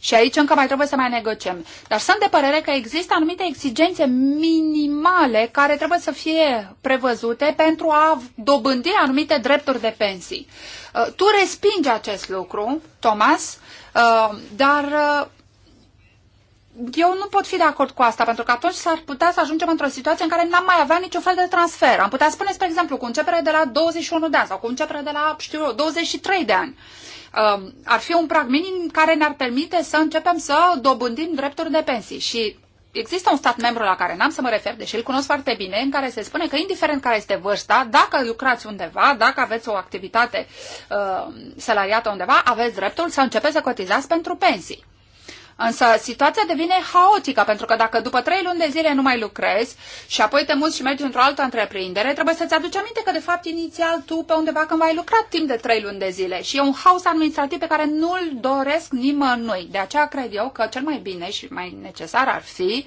și aici încă mai trebuie să mai negociem. Dar sunt de părere că există anumite exigențe minimale care trebuie să fie prevăzute pentru a dobândi anumite drepturi de pensii. Uh, tu respingi acest lucru, Thomas, uh, dar uh, eu nu pot fi de acord cu asta, pentru că atunci s-ar putea să ajungem într-o situație în care n-am mai avea niciun fel de transfer. Am putea spune, spre exemplu, cu începere de la 21 de ani sau cu începere de la, știu eu, 23 de ani. Um, ar fi un prag minim care ne-ar permite să începem să dobândim drepturi de pensii. Și există un stat membru la care n-am să mă refer, deși îl cunosc foarte bine, în care se spune că indiferent care este vârsta, dacă lucrați undeva, dacă aveți o activitate uh, salariată undeva, aveți dreptul să începeți să cotizați pentru pensii. Însă situația devine haotică, pentru că dacă după trei luni de zile nu mai lucrezi și apoi te muți și mergi într-o altă întreprindere, trebuie să-ți aduci aminte că de fapt inițial tu pe undeva când ai lucrat timp de trei luni de zile și e un haos administrativ pe care nu-l doresc nimănui. De aceea cred eu că cel mai bine și mai necesar ar fi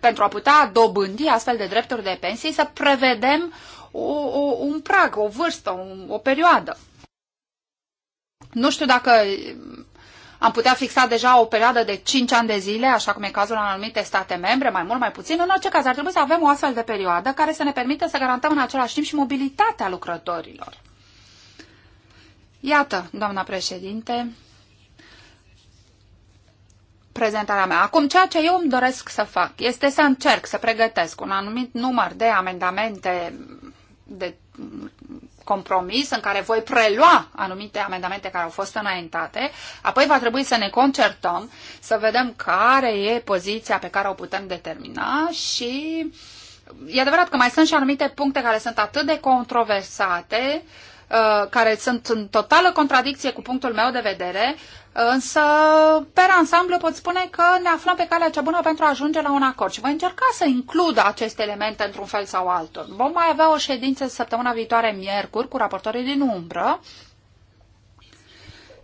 pentru a putea dobândi astfel de drepturi de pensii, să prevedem o, o, un prag, o vârstă, o, o perioadă. Nu știu dacă am putea fixa deja o perioadă de 5 ani de zile, așa cum e cazul în anumite state membre, mai mult, mai puțin. În orice caz, ar trebui să avem o astfel de perioadă care să ne permită să garantăm în același timp și mobilitatea lucrătorilor. Iată, doamna președinte, prezentarea mea. Acum, ceea ce eu îmi doresc să fac este să încerc să pregătesc un anumit număr de amendamente de compromis în care voi prelua anumite amendamente care au fost înaintate, apoi va trebui să ne concertăm, să vedem care e poziția pe care o putem determina și e adevărat că mai sunt și anumite puncte care sunt atât de controversate, uh, care sunt în totală contradicție cu punctul meu de vedere, Însă, per ansamblu, pot spune că ne aflăm pe calea cea bună pentru a ajunge la un acord și voi încerca să includ aceste elemente într-un fel sau altul. Vom mai avea o ședință săptămâna viitoare, miercuri, cu raportorii din umbră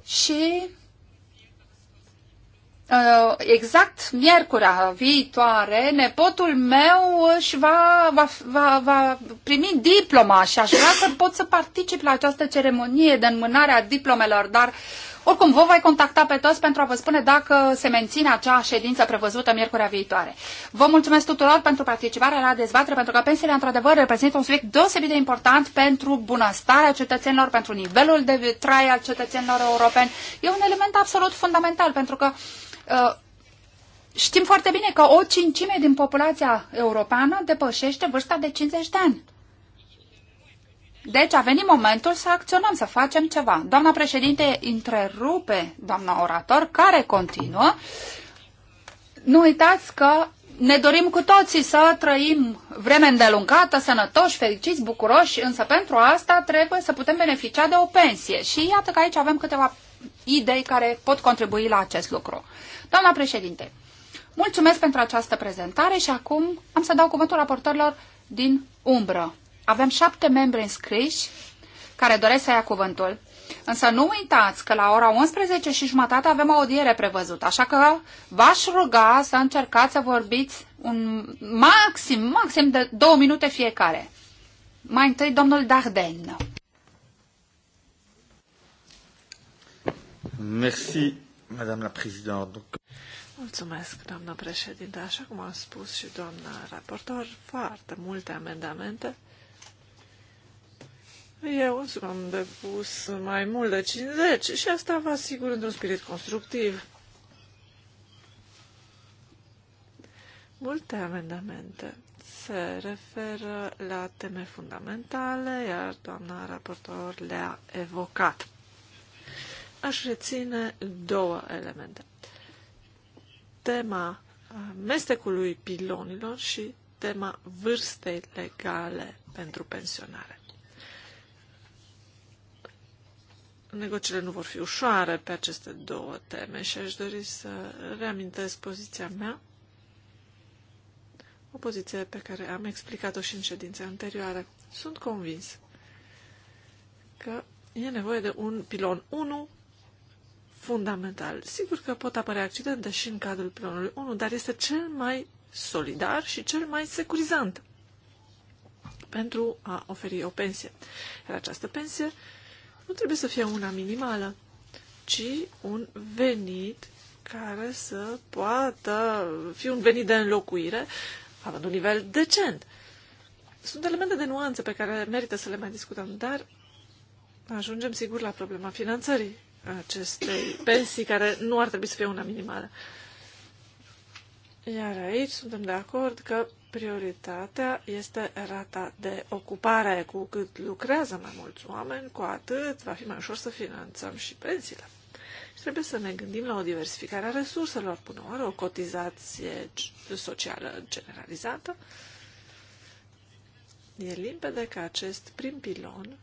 și uh, exact miercurea viitoare, nepotul meu își va, va, va, va primi diploma și aș vrea să pot să particip la această ceremonie de înmânare a diplomelor, dar oricum, vă voi contacta pe toți pentru a vă spune dacă se menține acea ședință prevăzută miercurea viitoare. Vă mulțumesc tuturor pentru participarea la dezbatere, pentru că pensiile, într-adevăr, reprezintă un subiect deosebit de important pentru bunăstarea cetățenilor, pentru nivelul de trai al cetățenilor europeni. E un element absolut fundamental, pentru că uh, Știm foarte bine că o cincime din populația europeană depășește vârsta de 50 de ani. Deci a venit momentul să acționăm, să facem ceva. Doamna președinte întrerupe doamna orator, care continuă. Nu uitați că ne dorim cu toții să trăim vreme îndelungată, sănătoși, fericiți, bucuroși, însă pentru asta trebuie să putem beneficia de o pensie. Și iată că aici avem câteva idei care pot contribui la acest lucru. Doamna președinte, mulțumesc pentru această prezentare și acum am să dau cuvântul raportorilor din umbră. Avem șapte membri înscriși care doresc să ia cuvântul. Însă nu uitați că la ora 11 și jumătate avem o audiere prevăzută, așa că v-aș ruga să încercați să vorbiți un maxim, maxim de două minute fiecare. Mai întâi domnul Darden. Merci, madame la présidente. Mulțumesc, doamnă președinte. Așa cum a spus și doamna raportor, foarte multe amendamente eu am depus mai mult de 50 și asta vă asigur într-un spirit constructiv. Multe amendamente se referă la teme fundamentale, iar doamna raportor le-a evocat. Aș reține două elemente. Tema mestecului pilonilor și tema vârstei legale pentru pensionare. negocierile nu vor fi ușoare pe aceste două teme și aș dori să reamintesc poziția mea, o poziție pe care am explicat-o și în ședințe anterioare. Sunt convins că e nevoie de un pilon 1 fundamental. Sigur că pot apărea accidente și în cadrul pilonului 1, dar este cel mai solidar și cel mai securizant pentru a oferi o pensie. Iar această pensie nu trebuie să fie una minimală, ci un venit care să poată fi un venit de înlocuire, având un nivel decent. Sunt elemente de nuanțe pe care merită să le mai discutăm, dar ajungem sigur la problema finanțării acestei pensii, care nu ar trebui să fie una minimală. Iar aici suntem de acord că prioritatea este rata de ocupare. Cu cât lucrează mai mulți oameni, cu atât va fi mai ușor să finanțăm și pensiile. Și trebuie să ne gândim la o diversificare a resurselor, până oară, o cotizație socială generalizată. E limpede că acest prim pilon,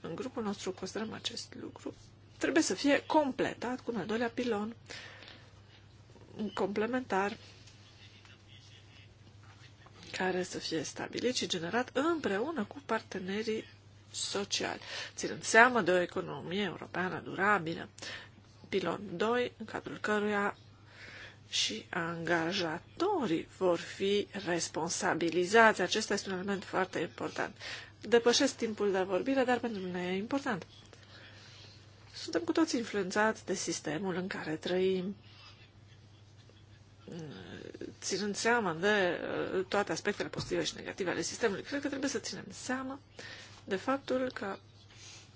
în grupul nostru considerăm acest lucru, trebuie să fie completat cu un al doilea pilon complementar care să fie stabilit și generat împreună cu partenerii sociali, ținând seama de o economie europeană durabilă, pilon 2, în cadrul căruia și angajatorii vor fi responsabilizați. Acesta este un element foarte important. Depășesc timpul de vorbire, dar pentru mine e important. Suntem cu toți influențați de sistemul în care trăim ținând seama de uh, toate aspectele pozitive și negative ale sistemului. Cred că trebuie să ținem seama de faptul că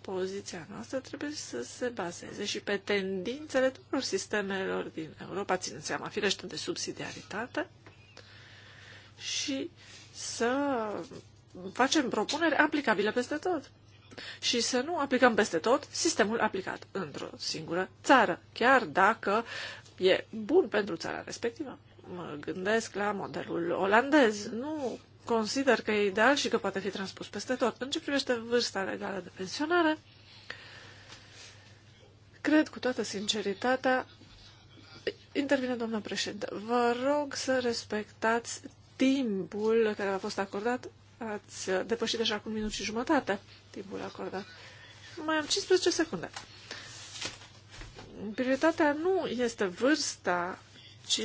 poziția noastră trebuie să se bazeze și pe tendințele tuturor sistemelor din Europa, ținând seama firește de subsidiaritate și să facem propuneri aplicabile peste tot. Și să nu aplicăm peste tot sistemul aplicat într-o singură țară, chiar dacă e bun pentru țara respectivă mă gândesc la modelul olandez. Nu consider că e ideal și că poate fi transpus peste tot. În ce privește vârsta legală de pensionare, cred cu toată sinceritatea, intervine doamna președinte, vă rog să respectați timpul care a fost acordat. Ați depășit deja cu minut și jumătate timpul acordat. Mai am 15 secunde. Prioritatea nu este vârsta ci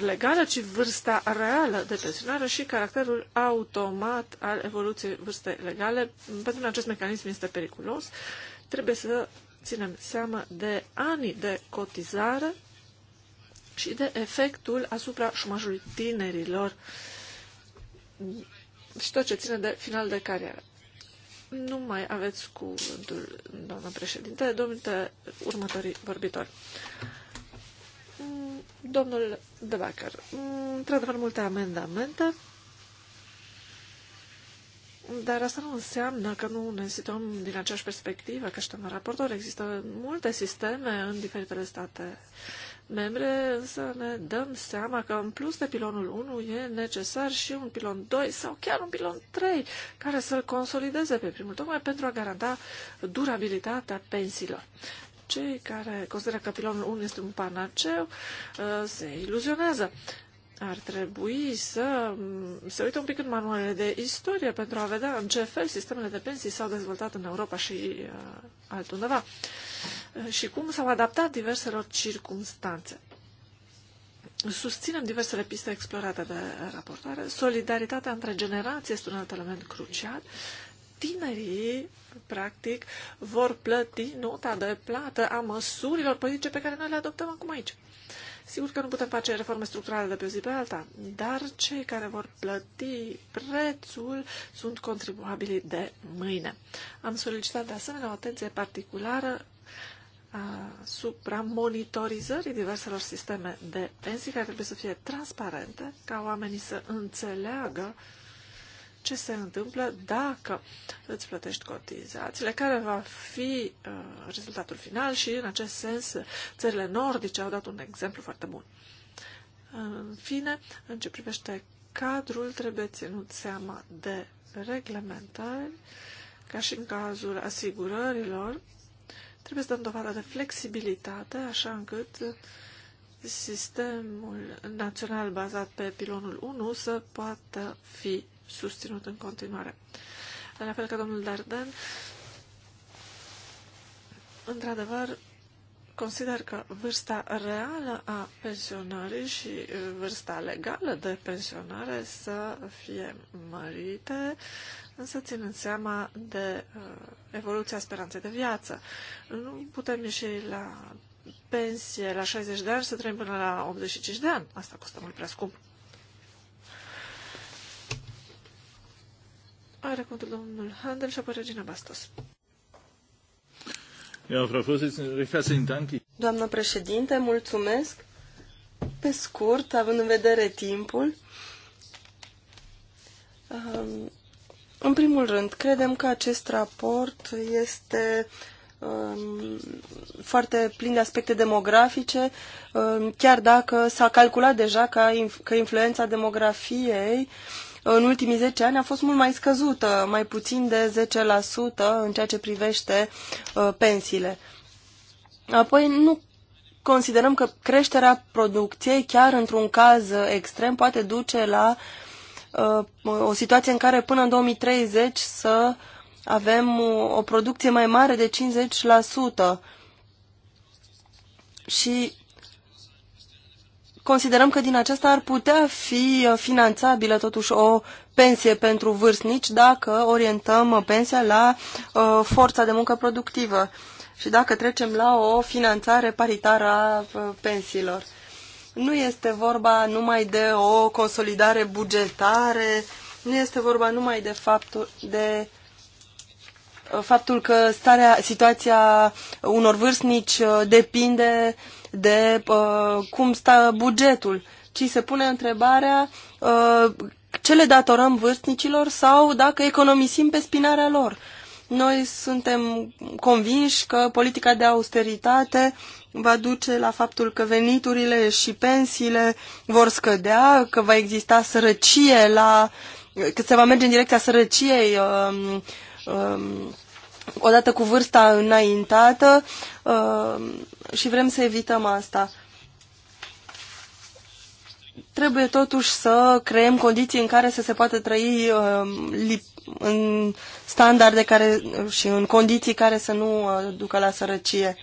legală, ci vârsta reală de pensionare și caracterul automat al evoluției vârstei legale. Pentru că acest mecanism este periculos. Trebuie să ținem seama de ani de cotizare și de efectul asupra șumajului tinerilor și tot ce ține de final de carieră. Nu mai aveți cuvântul, doamna președinte, domnule următorii vorbitori. Domnul Bebacher, într-adevăr multe amendamente, dar asta nu înseamnă că nu ne situăm din aceeași perspectivă, că suntem raportori. Există multe sisteme în diferitele state membre, însă ne dăm seama că în plus de pilonul 1 e necesar și un pilon 2 sau chiar un pilon 3 care să-l consolideze pe primul, tocmai pentru a garanta durabilitatea pensiilor. Cei care consideră că pilonul 1 este un panaceu uh, se iluzionează. Ar trebui să mm, se uite un pic în manualele de istorie pentru a vedea în ce fel sistemele de pensii s-au dezvoltat în Europa și uh, altundeva uh, și cum s-au adaptat diverselor circunstanțe. Susținem diversele piste explorate de raportare. Solidaritatea între generații este un alt element crucial tinerii, practic, vor plăti nota de plată a măsurilor politice pe care noi le adoptăm acum aici. Sigur că nu putem face reforme structurale de pe o zi pe alta, dar cei care vor plăti prețul sunt contribuabili de mâine. Am solicitat de asemenea o atenție particulară asupra monitorizării diverselor sisteme de pensii care trebuie să fie transparente, ca oamenii să înțeleagă ce se întâmplă dacă îți plătești cotizațiile, care va fi uh, rezultatul final și, în acest sens, țările nordice au dat un exemplu foarte bun. În fine, în ce privește cadrul, trebuie ținut seama de reglementări, ca și în cazul asigurărilor, trebuie să dăm dovadă de flexibilitate, așa încât sistemul național bazat pe pilonul 1 să poată fi susținut în continuare. La fel ca domnul Darden, într-adevăr, consider că vârsta reală a pensionării și uh, vârsta legală de pensionare să fie mărite, însă ținând seama de uh, evoluția speranței de viață. Nu putem ieși la pensie la 60 de ani, să trăim până la 85 de ani. Asta costă mult prea scump. Are cuvântul domnul Handel și apoi Regina Bastos. Doamnă președinte, mulțumesc. Pe scurt, având în vedere timpul, um, în primul rând, credem că acest raport este um, foarte plin de aspecte demografice, um, chiar dacă s-a calculat deja că influența demografiei în ultimii 10 ani a fost mult mai scăzută, mai puțin de 10% în ceea ce privește uh, pensiile. Apoi nu considerăm că creșterea producției, chiar într-un caz extrem, poate duce la uh, o situație în care până în 2030 să avem o producție mai mare de 50% și considerăm că din aceasta ar putea fi uh, finanțabilă totuși o pensie pentru vârstnici dacă orientăm uh, pensia la uh, forța de muncă productivă și dacă trecem la o finanțare paritară a uh, pensiilor. Nu este vorba numai de o consolidare bugetare, nu este vorba numai de faptul, de faptul că starea, situația unor vârstnici depinde uh, de uh, cum stă bugetul, ci se pune întrebarea uh, ce le datorăm vârstnicilor sau dacă economisim pe spinarea lor. Noi suntem convinși că politica de austeritate va duce la faptul că veniturile și pensiile vor scădea, că va exista sărăcie la că se va merge în direcția sărăciei uh, odată cu vârsta înaintată uh, și vrem să evităm asta. Trebuie totuși să creăm condiții în care să se poată trăi uh, în standarde care, și în condiții care să nu uh, ducă la sărăcie.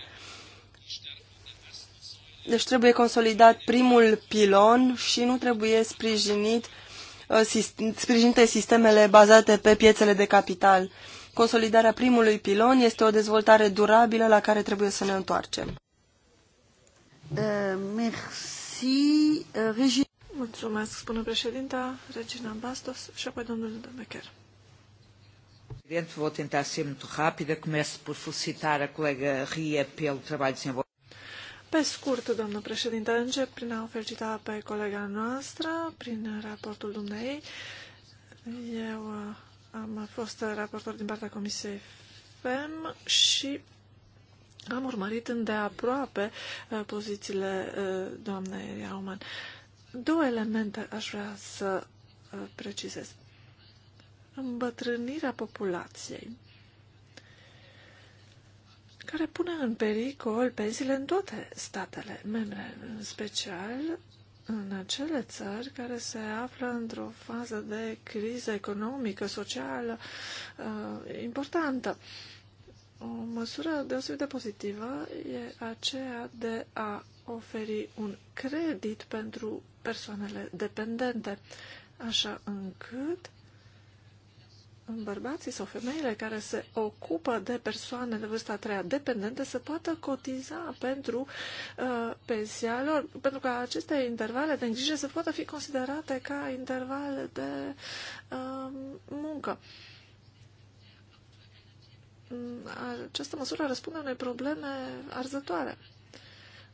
Deci trebuie consolidat primul pilon și nu trebuie sprijinit, sprijinite sistemele bazate pe piețele de capital. Consolidarea primului pilon este o dezvoltare durabilă la care trebuie să ne întoarcem. Eh, merci, eh, Mulțumesc, spune președinta Regina Bastos și apoi domnul Demecher. Presidente, vou tentar ser muito rápida. Começo por felicitar a colega Ria pelo trabalho desenvolvido. Pe scurt, doamnă președinte, încep prin a o felicita pe colega noastră, prin raportul dumneei. Eu eh, am fost uh, raportor din partea Comisiei FEM și am urmărit îndeaproape uh, pozițiile uh, doamnei Rauman. Două elemente aș vrea să precizez. Îmbătrânirea populației care pune în pericol pensiile în toate statele membre, în special în acele țări care se află într-o fază de criză economică, socială uh, importantă. O măsură deosebit de pozitivă e aceea de a oferi un credit pentru persoanele dependente, așa încât în bărbații sau femeile care se ocupă de persoane de vârsta a treia dependente să poată cotiza pentru uh, pensia lor, pentru că aceste intervale de îngrijire să poată fi considerate ca intervale de uh, muncă. Mm, această măsură răspunde unei probleme arzătoare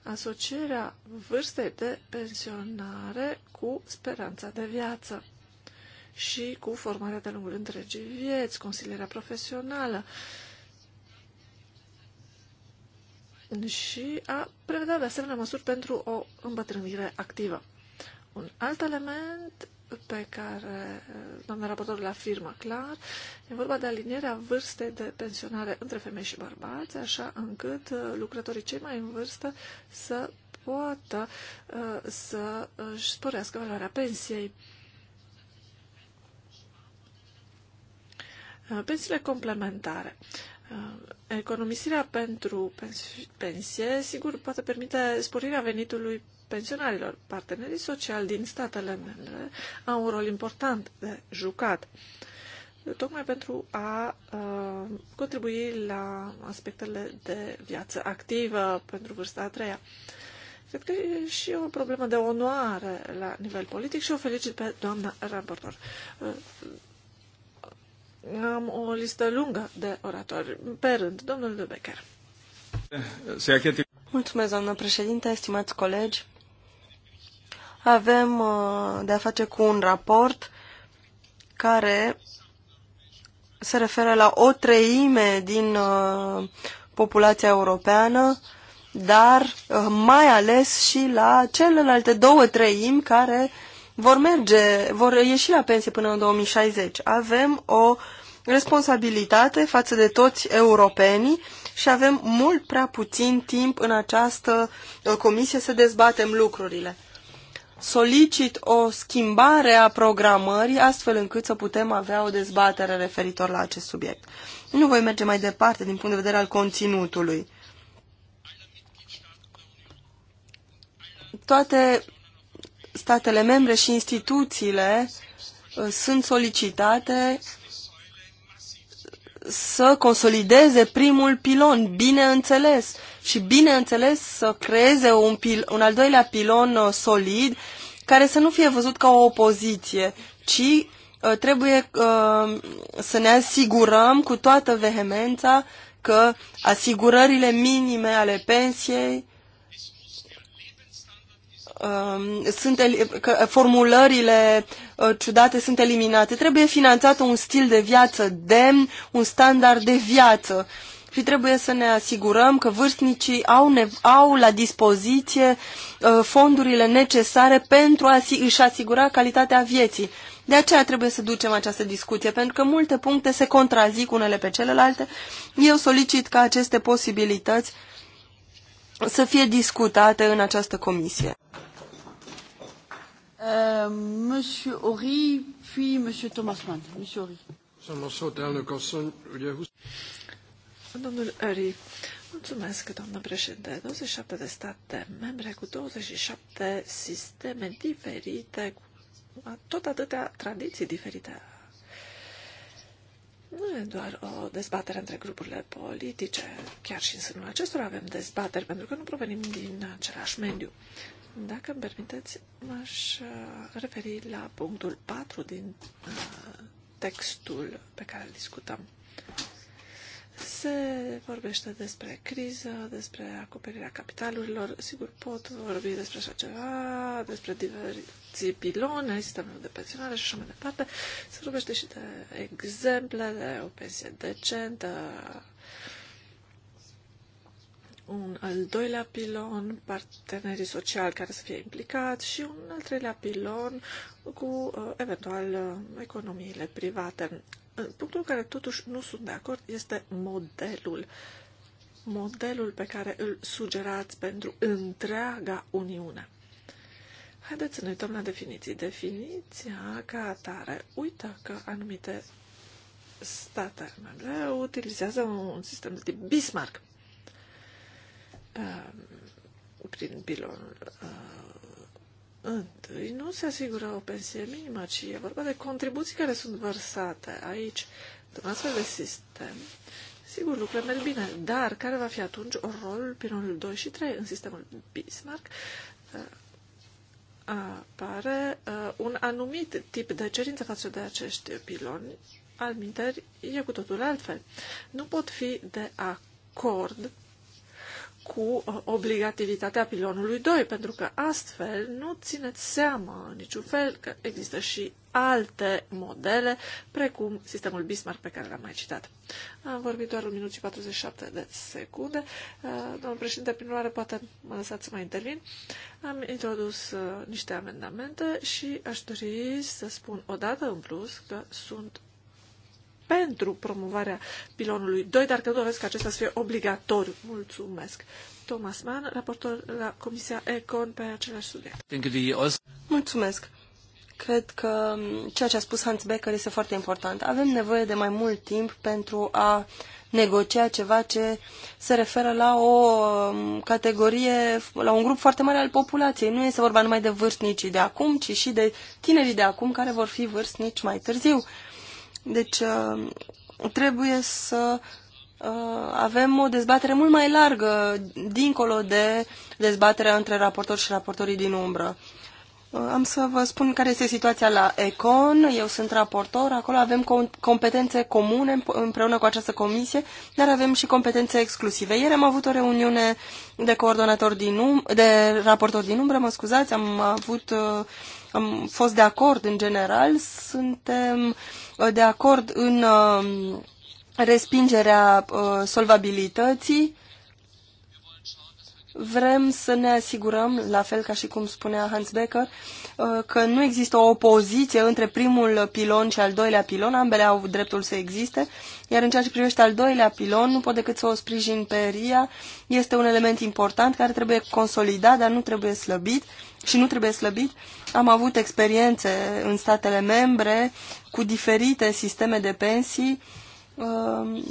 asocierea vârstei de pensionare cu speranța de viață și cu formarea de-a lungul întregii vieți, consilierea profesională și a prevedea de asemenea măsuri pentru o îmbătrânire activă. Un alt element pe care doamna raportor la afirmă clar, e vorba de alinierea vârstei de pensionare între femei și bărbați, așa încât uh, lucrătorii cei mai în vârstă să poată uh, să își sporească valoarea pensiei. Uh, pensiile complementare. Uh, economisirea pentru pensie, sigur, poate permite sporirea venitului pensionarilor. Partenerii sociali din statele membre au un rol important de jucat, tocmai pentru a uh, contribui la aspectele de viață activă pentru vârsta a treia. Cred că e și o problemă de onoare la nivel politic și o felicit pe doamna raportor. Uh, am o listă lungă de oratori. Pe rând, domnul de Becker. Mulțumesc, doamnă președinte, estimați colegi. Avem uh, de-a face cu un raport care se referă la o treime din uh, populația europeană, dar uh, mai ales și la celelalte două treimi care uh, vor merge, vor ieși la pensie până în 2060. Avem o responsabilitate față de toți europenii și avem mult prea puțin timp în această uh, comisie să dezbatem lucrurile. Solicit o schimbare a programării astfel încât să putem avea o dezbatere referitor la acest subiect. Nu voi merge mai departe din punct de vedere al conținutului. Toate statele membre și instituțiile uh, sunt solicitate să consolideze primul pilon, bineînțeles, și bineînțeles să creeze un, pil, un al doilea pilon uh, solid, care să nu fie văzut ca o opoziție, ci uh, trebuie să ne asigurăm cu toată vehemența că asigurările minime ale pensiei Um, sunt că formulările uh, ciudate sunt eliminate. Trebuie finanțat un stil de viață demn, un standard de viață. Și trebuie să ne asigurăm că vârstnicii au, au la dispoziție uh, fondurile necesare pentru a își asigura calitatea vieții. De aceea trebuie să ducem această discuție, pentru că multe puncte se contrazic unele pe celelalte. Eu solicit ca aceste posibilități să fie discutate în această comisie. Uh, Monsieur Ori, puis Monsieur Ori. Domnul Ori, mulțumesc, doamnă președinte. 27 de state membre cu 27 sisteme diferite, cu tot atâtea tradiții diferite. Nu e doar o dezbatere între grupurile politice, chiar și în sânul acestora avem dezbateri, pentru că nu provenim din același mediu. Dacă îmi permiteți, m-aș uh, referi la punctul 4 din uh, textul pe care îl discutăm. Se vorbește despre criză, despre acoperirea capitalurilor. Sigur, pot vorbi despre așa ceva, despre diversi piloni sistemul de pensionare și așa mai departe. Se vorbește și de exemple, de o pensie decentă, un al doilea pilon, partenerii sociali care să fie implicați și un al treilea pilon cu uh, eventual uh, economiile private. Punctul în care totuși nu sunt de acord este modelul. Modelul pe care îl sugerați pentru întreaga Uniune. Haideți să ne uităm la definiții. Definiția ca atare uită că anumite state membre utilizează un sistem de tip Bismarck Uh, prin pilonul uh, întâi nu se asigură o pensie minimă, ci e vorba de contribuții care sunt vărsate aici, într-un astfel de sistem. Sigur, lucrurile merg bine, dar care va fi atunci rolul pilonului 2 și 3 în sistemul Bismarck? Uh, apare un anumit tip de cerință față de acești piloni, al minteri, e cu totul altfel. Nu pot fi de acord cu uh, obligativitatea pilonului 2, pentru că astfel nu țineți seama în niciun fel că există și alte modele, precum sistemul Bismarck pe care l-am mai citat. Am vorbit doar 1 minut și 47 de secunde. Uh, domnul președinte, prin urmare, poate mă lăsați să mai intervin. Am introdus uh, niște amendamente și aș dori să spun odată în plus că sunt pentru promovarea pilonului 2, dar că doresc ca acesta să fie obligatoriu. Mulțumesc! Thomas Mann, raportor la Comisia Econ pe același subiect. Mulțumesc! Cred că ceea ce a spus Hans Becker este foarte important. Avem nevoie de mai mult timp pentru a negocia ceva ce se referă la o um, categorie, la un grup foarte mare al populației. Nu este vorba numai de vârstnicii de acum, ci și de tinerii de acum care vor fi vârstnici mai târziu. Deci uh, trebuie să uh, avem o dezbatere mult mai largă, dincolo de dezbaterea între raportori și raportorii din umbră. Am să vă spun care este situația la Econ. Eu sunt raportor. Acolo avem competențe comune împreună cu această comisie, dar avem și competențe exclusive. Ieri am avut o reuniune de coordonator din um, de raportor din umbră, mă scuzați, am avut uh, am fost de acord în general, suntem uh, de acord în uh, respingerea solvabilității Vrem să ne asigurăm, la fel ca și cum spunea Hans Becker, uh, că nu există o opoziție între primul pilon și al doilea pilon, ambele au dreptul să existe, iar în ceea ce privește al doilea pilon, nu pot decât să o sprijin pe RIA, este un element important care trebuie consolidat, dar nu trebuie slăbit și nu trebuie slăbit. Am avut experiențe în statele membre cu diferite sisteme de pensii, uh,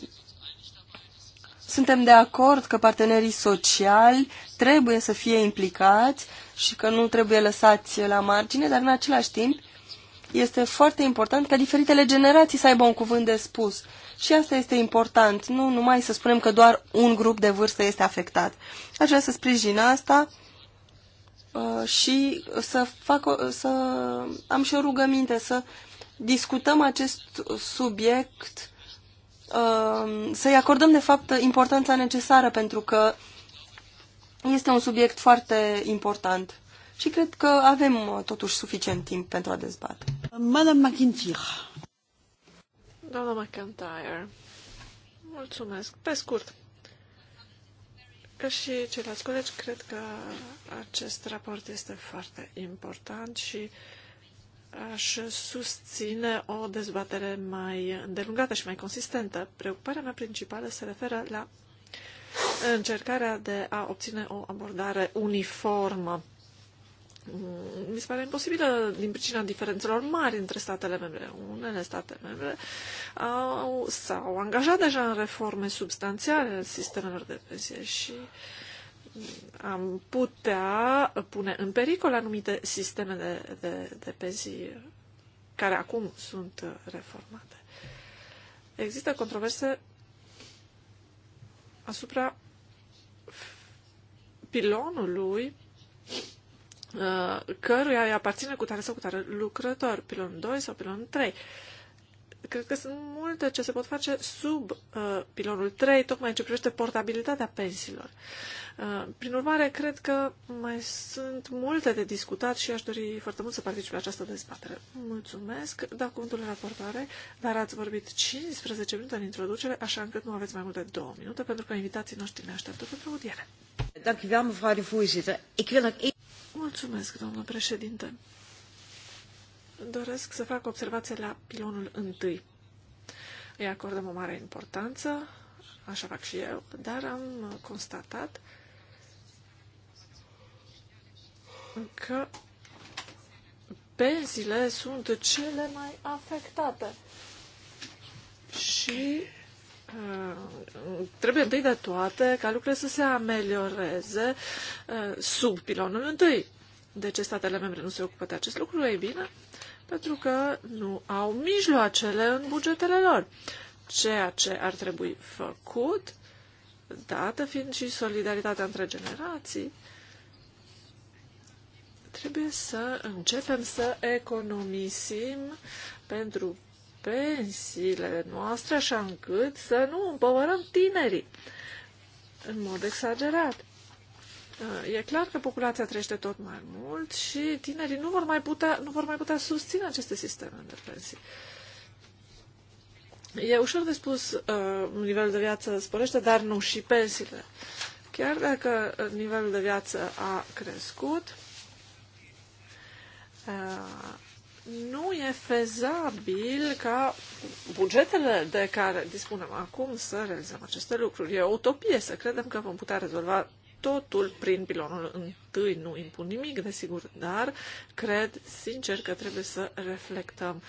suntem de acord că partenerii sociali trebuie să fie implicați și că nu trebuie lăsați la margine, dar în același timp este foarte important ca diferitele generații să aibă un cuvânt de spus. Și asta este important, nu numai să spunem că doar un grup de vârstă este afectat. Aș vrea să sprijin asta uh, și să, fac o, să am și o rugăminte, să discutăm acest subiect Um, să-i acordăm, de fapt, importanța necesară, pentru că este un subiect foarte important. Și cred că avem, uh, totuși, suficient timp pentru a dezbate. Madame McIntyre. Doamna McIntyre, mulțumesc. Pe scurt, ca și ceilalți colegi, cred că acest raport este foarte important și uh, aș susține o dezbatere mai îndelungată și mai consistentă. Preocuparea mea principală se referă la încercarea de a obține o abordare uniformă. Mi se pare imposibilă din pricina diferențelor mari între statele membre. Unele state membre au, s-au angajat deja în reforme substanțiale în sistemelor de pensie și uh, am putea pune în pericol anumite sisteme de, de, de pensii care acum sunt reformate. Există controverse asupra pilonului uh, căruia îi aparține cu tare sau cu tare lucrător, pilonul 2 sau pilonul 3. Cred că sunt multe ce se pot face sub uh, pilonul 3, tocmai ce privește portabilitatea pensiilor. Uh, prin urmare, cred că mai sunt multe de discutat și aș dori foarte mult să particip la această dezbatere. Mulțumesc, da cuvântul de raportare, dar ați vorbit 15 minute în introducere, așa încât nu aveți mai mult de 2 minute, pentru că invitații noștri ne așteaptă pentru audiere. Mulțumesc, domnul președinte. Doresc să fac observație la pilonul întâi. Îi acordăm o mare importanță, așa fac și eu, dar am constatat că pensiile sunt cele mai afectate. Și uh, trebuie întâi de toate ca lucrurile să se amelioreze uh, sub pilonul întâi. De ce statele membre nu se ocupă de acest lucru? Ei bine, pentru că nu au mijloacele în bugetele lor. Ceea ce ar trebui făcut, dată fiind și solidaritatea între generații, Trebuie să începem să economisim pentru pensiile noastre așa încât să nu împovărăm tinerii în mod exagerat. E clar că populația crește tot mai mult și tinerii nu vor mai putea, nu vor mai putea susține aceste sisteme de pensii. E ușor de spus, uh, nivelul de viață sporește, dar nu și pensiile. Chiar dacă nivelul de viață a crescut, Uh, nu e fezabil ca bugetele de care dispunem acum să realizăm aceste lucruri. E o utopie să credem că vom putea rezolva totul prin pilonul întâi. Nu impun nimic, desigur, dar cred sincer că trebuie să reflectăm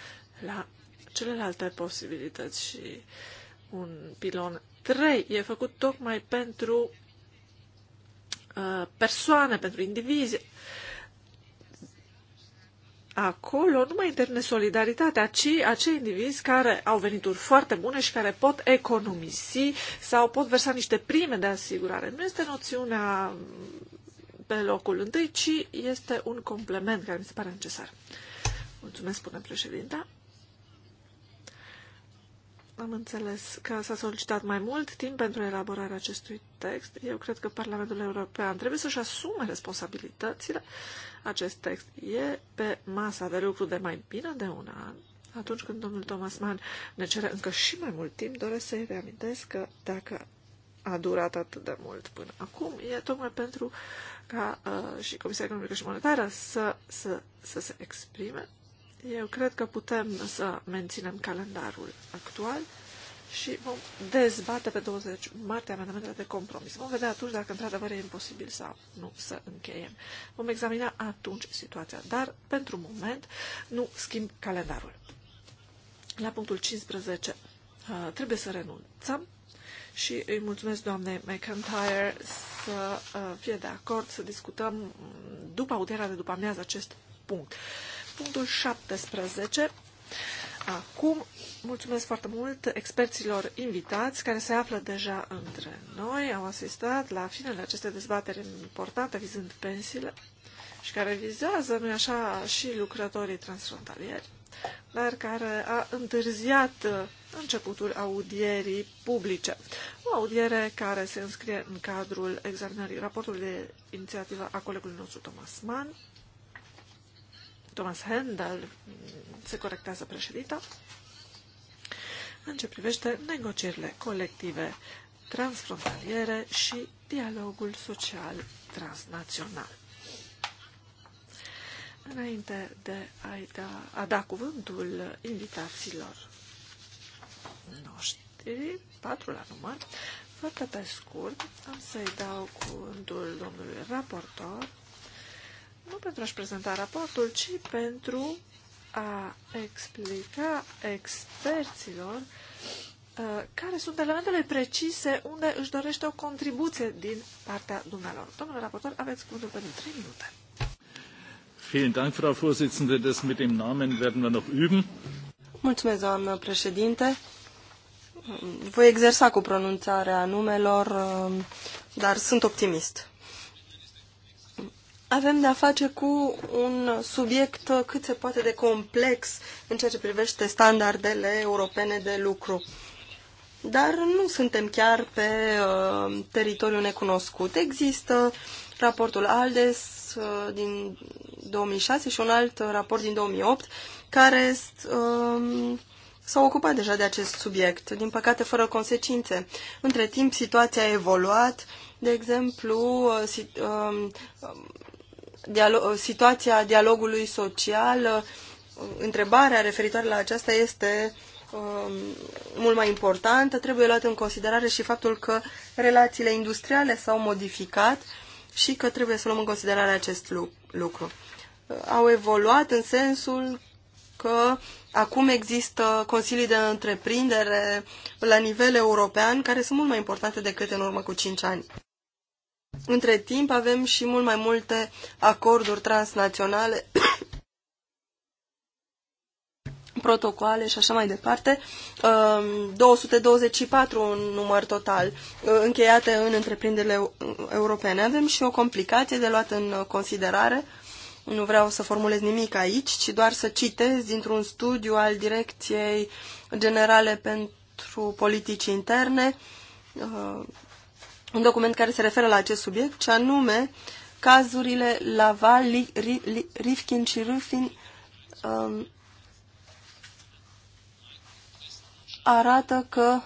la celelalte posibilități și un pilon 3 e făcut tocmai pentru uh, persoane, pentru indivizi Acolo nu mai interne solidaritatea, ci acei indivizi care au venituri foarte bune și care pot economisi sau pot versa niște prime de asigurare. Nu este noțiunea pe locul întâi, ci este un complement care mi se pare necesar. Mulțumesc, spune președinta. Am înțeles că s-a solicitat mai mult timp pentru elaborarea acestui text. Eu cred că Parlamentul European trebuie să-și asume responsabilitățile. Acest text e pe masa de lucru de mai bine de un an. Atunci când domnul Thomas Mann ne cere încă și mai mult timp, doresc să-i reamintesc că dacă a durat atât de mult până acum, e tocmai pentru ca uh, și Comisia Economică și Monetară să, să, să se exprime eu cred că putem să menținem calendarul actual și vom dezbate pe 20 martie amendamentele de compromis. Vom vedea atunci dacă într-adevăr e imposibil sau nu să încheiem. Vom examina atunci situația, dar pentru moment nu schimb calendarul. La punctul 15 uh, trebuie să renunțăm și îi mulțumesc doamnei McIntyre să uh, fie de acord să discutăm după audierea de după amiază acest punct punctul 17. Acum, mulțumesc foarte mult experților invitați care se află deja între noi. Au asistat la finele acestei dezbateri importante vizând pensiile și care vizează, nu așa, și lucrătorii transfrontalieri, dar care a întârziat începutul audierii publice. O audiere care se înscrie în cadrul examinării raportului de inițiativă a colegului nostru Thomas Mann, Thomas Handel, se corectează președinta, în ce privește negocierile colective transfrontaliere și dialogul social transnațional. Înainte de a da, a da cuvântul invitaților noștri, patru la număr, foarte pe scurt, am să-i dau cuvântul domnului raportor, nu pentru a-și prezenta raportul, ci pentru a explica experților uh, care sunt elementele precise unde își dorește o contribuție din partea dumnealor. Domnule raportor, aveți cuvântul pentru 3 minute. Vielen Dank, Frau Vorsitzende. Das mit dem Namen werden wir noch üben. Mulțumesc, doamnă președinte. Voi exersa cu pronunțarea numelor, uh, dar sunt optimist avem de-a face cu un subiect cât se poate de complex în ceea ce privește standardele europene de lucru. Dar nu suntem chiar pe uh, teritoriul necunoscut. Există raportul ALDES uh, din 2006 și un alt raport din 2008 care um, s-au ocupat deja de acest subiect, din păcate fără consecințe. Între timp, situația a evoluat, de exemplu, uh, um, situația dialogului social, uh, întrebarea referitoare la aceasta este um, mult mai importantă. Trebuie luat în considerare și faptul că relațiile industriale s-au modificat și că trebuie să luăm în considerare acest lucru. Uh, au evoluat în sensul că acum există consilii de întreprindere la nivel european care sunt mult mai importante decât în urmă cu 5 ani. Între timp avem și mult mai multe acorduri transnaționale, protocoale și așa mai departe, 224 ehm, în număr total, uh, încheiate în întreprinderile europene. Avem și o complicație de luat în considerare, nu vreau să formulez nimic aici, ci doar să citez dintr-un studiu al Direcției Generale pentru Politici Interne, ehm, un document care se referă la acest subiect, ce anume cazurile Laval, Rifkin și Rufin um, arată că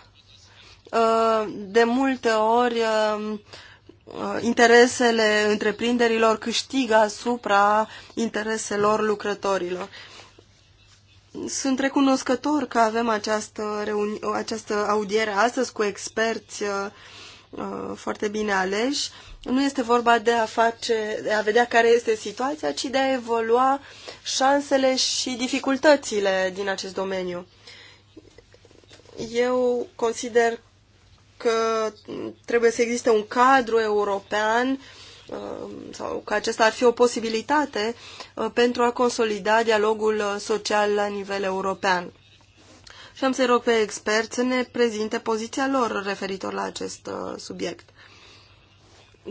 uh, de multe ori um, uh, interesele întreprinderilor câștigă asupra intereselor lucrătorilor. Sunt recunoscător că avem această, această audiere astăzi cu experți uh, Uh, foarte bine aleși. Nu este vorba de a, face, de a vedea care este situația, ci de a evolua șansele și dificultățile din acest domeniu. Eu consider că trebuie să existe un cadru european uh, sau că acesta ar fi o posibilitate uh, pentru a consolida dialogul social la nivel european și am să rog pe experți să ne prezinte poziția lor referitor la acest uh, subiect.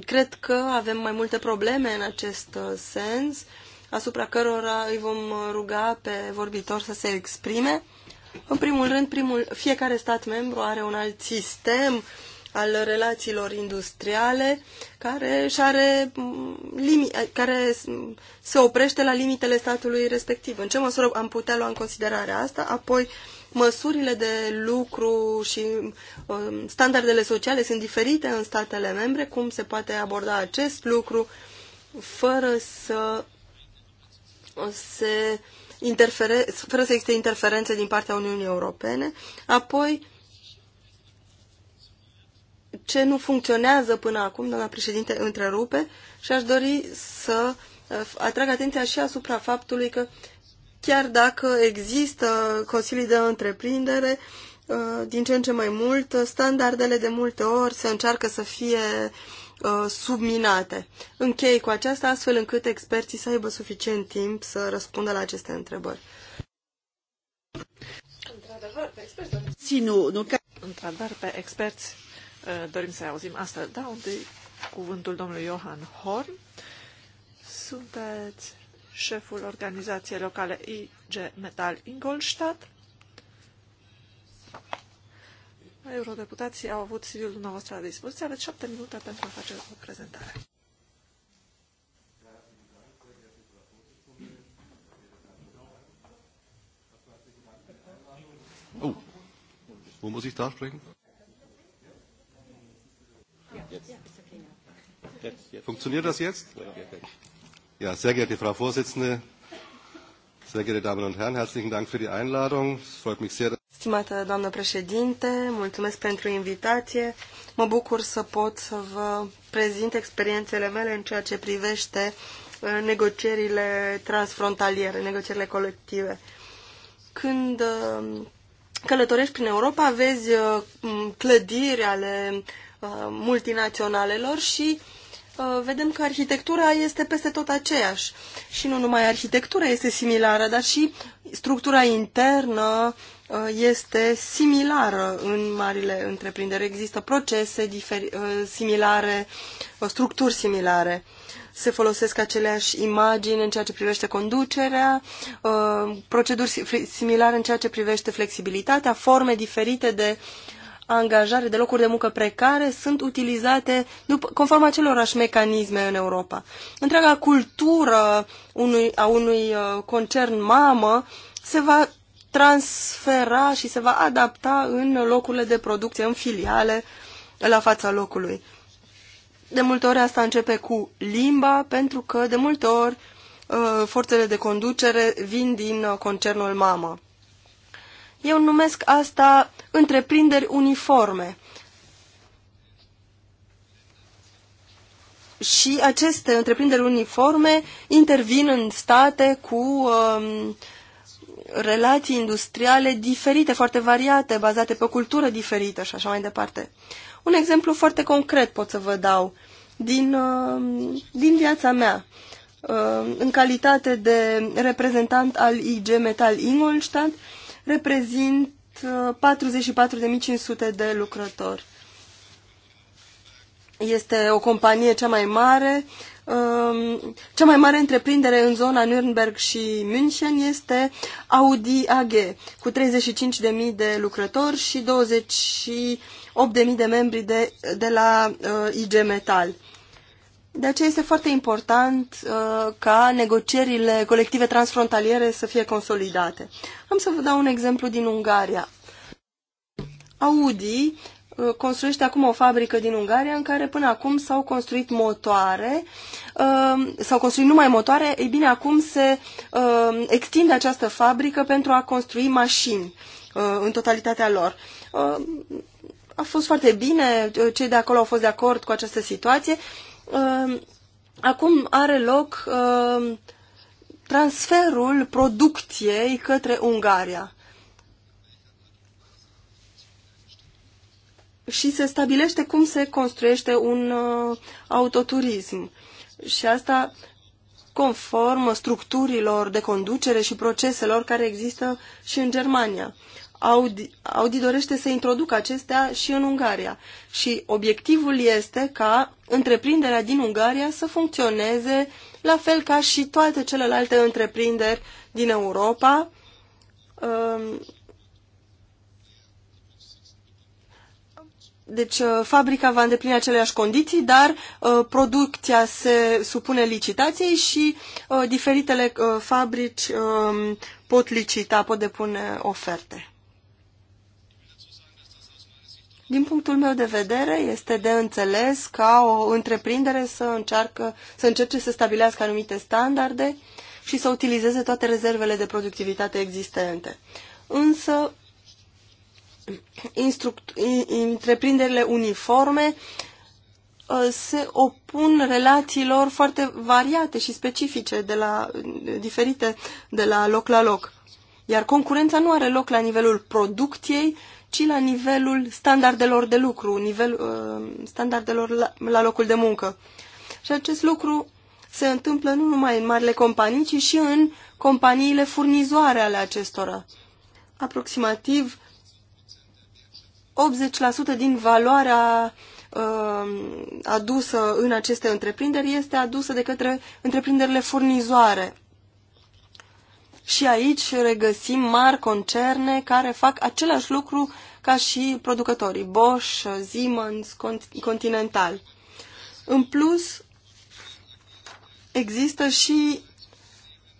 Cred că avem mai multe probleme în acest uh, sens, asupra cărora îi vom uh, ruga pe vorbitor să se exprime. În primul rând, primul, fiecare stat membru are un alt sistem al relațiilor industriale care, și are mm, limi, care se oprește la limitele statului respectiv. În ce măsură am putea lua în considerare asta? Apoi, uh, măsurile de lucru și um, standardele sociale sunt diferite în statele membre, cum se poate aborda acest lucru fără să se interfere, fără să existe interferențe din partea Uniunii Europene. Apoi, ce nu funcționează până acum, doamna președinte, întrerupe și aș dori să uh, atrag atenția și asupra faptului că uh, chiar dacă există consilii de întreprindere, uh, din ce în ce mai mult, standardele de multe ori se încearcă să fie uh, subminate. Închei cu aceasta astfel încât experții să aibă suficient timp să răspundă la aceste întrebări. Într-adevăr, pe experți dorim, nu, nu, ca... Într-adevăr, pe experți uh, dorim să auzim asta. Da, unde cuvântul domnului Johan Horn. Sunteți șeful organizației locale IG Metal Ingolstadt. Eurodeputații au avut civilul dumneavoastră la dispoziție. Aveți șapte minute pentru a face o prezentare. Oh, wo muss ich da sprechen? Funktioniert das jetzt? Ja, sehr geehrte Frau Vorsitzende, sehr geehrte Damen und Herren, herzlichen Dank für die Einladung. Es freut mich sehr. Stimată doamnă președinte, mulțumesc pentru invitație. Mă bucur să pot să vă prezint experiențele mele în ceea ce privește uh, negocierile transfrontaliere, negocierile colective. Când uh, călătorești prin Europa, vezi uh, clădiri ale multinaționalelor și uh, Uh, vedem că arhitectura este peste tot aceeași. Și nu numai arhitectura este similară, dar și structura internă uh, este similară în marile întreprinderi. Există procese uh, similare, structuri similare. Se folosesc aceleași imagini în ceea ce privește conducerea, proceduri similare în ceea ce privește flexibilitatea, forme diferite de uh, angajare, de locuri de muncă precare sunt utilizate după, conform acelorași mecanisme în Europa. Întreaga cultură unui, a unui uh, concern mamă se va transfera și se va adapta în locurile de producție, în filiale, la fața locului. De multe ori asta începe cu limba, pentru că de multe ori uh, forțele de conducere vin din uh, concernul mamă. Eu numesc asta întreprinderi uniforme. Și aceste întreprinderi uniforme intervin în state cu um, relații industriale diferite, foarte variate, bazate pe o cultură diferită și așa mai departe. Un exemplu foarte concret pot să vă dau din, um, din viața mea. Um, în calitate de reprezentant al IG Metal Ingolstadt, reprezint 44.500 uh, de lucrători. Este o companie cea mai mare. Um, cea mai mare întreprindere în zona Nürnberg și München este Audi AG, cu 35.000 de lucrători și 28.000 de membri de, de la uh, IG Metal. De aceea este foarte important uh, ca negocierile colective transfrontaliere să fie consolidate. Am să vă dau un exemplu din Ungaria. Audi uh, construiește acum o fabrică din Ungaria în care până acum s-au construit motoare, uh, s-au construit numai motoare, ei bine, acum se uh, extinde această fabrică pentru a construi mașini în totalitatea lor a fost foarte bine, cei de acolo au fost de acord cu această situație Ehm, acum are loc ehm, transferul producției către Ungaria. Și se stabilește cum se construiește un uh, autoturism. Și asta conform structurilor de conducere și proceselor care există și în Germania. Audi, Audi dorește să introducă acestea și în Ungaria. Și obiectivul este ca întreprinderea din Ungaria să funcționeze la fel ca și toate celelalte întreprinderi din Europa. Um, deci uh, fabrica va îndeplini aceleași condiții, dar uh, producția se supune licitației și uh, diferitele fabrici um, pot licita, pot depune oferte. Din punctul meu de vedere, este de înțeles ca o întreprindere să, încearcă, să încerce să stabilească anumite standarde și să utilizeze toate rezervele de productivitate existente. Însă, întreprinderile uniforme uh, se opun relațiilor foarte variate și specifice, de la, diferite de la loc la loc. Iar concurența nu are loc la nivelul producției, ci la nivelul standardelor de lucru, nivel, uh, standardelor la, la locul de muncă. Și acest lucru se întâmplă nu numai în marile companii, ci și în companiile furnizoare ale acestora. Aproximativ 80% din valoarea uh, adusă în aceste întreprinderi este adusă de către întreprinderile furnizoare. Și aici regăsim mari concerne care fac același lucru ca și producătorii Bosch, Siemens, Continental. În plus, există și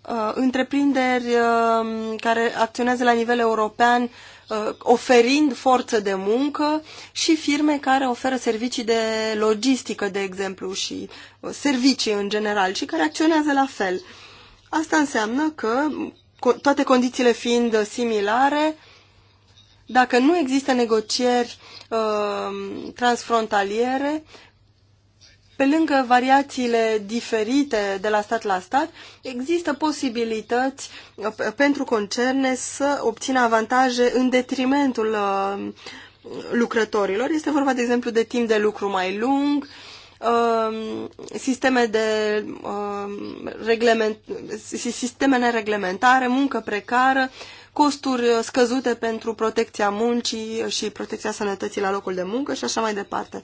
uh, întreprinderi uh, care acționează la nivel european uh, oferind forță de muncă și firme care oferă servicii de logistică, de exemplu, și uh, servicii în general și care acționează la fel. Uh, Asta înseamnă că, toate condițiile fiind similare, dacă nu există negocieri uh, transfrontaliere, pe lângă variațiile diferite de la stat la stat, există posibilități uh, pentru concerne să obțină avantaje în detrimentul uh, lucrătorilor. Este vorba, de exemplu, de timp de lucru mai lung, Um, sisteme de um, reglement, sisteme nereglementare, muncă precară, costuri uh, scăzute pentru protecția muncii și protecția sănătății la locul de muncă și așa mai departe.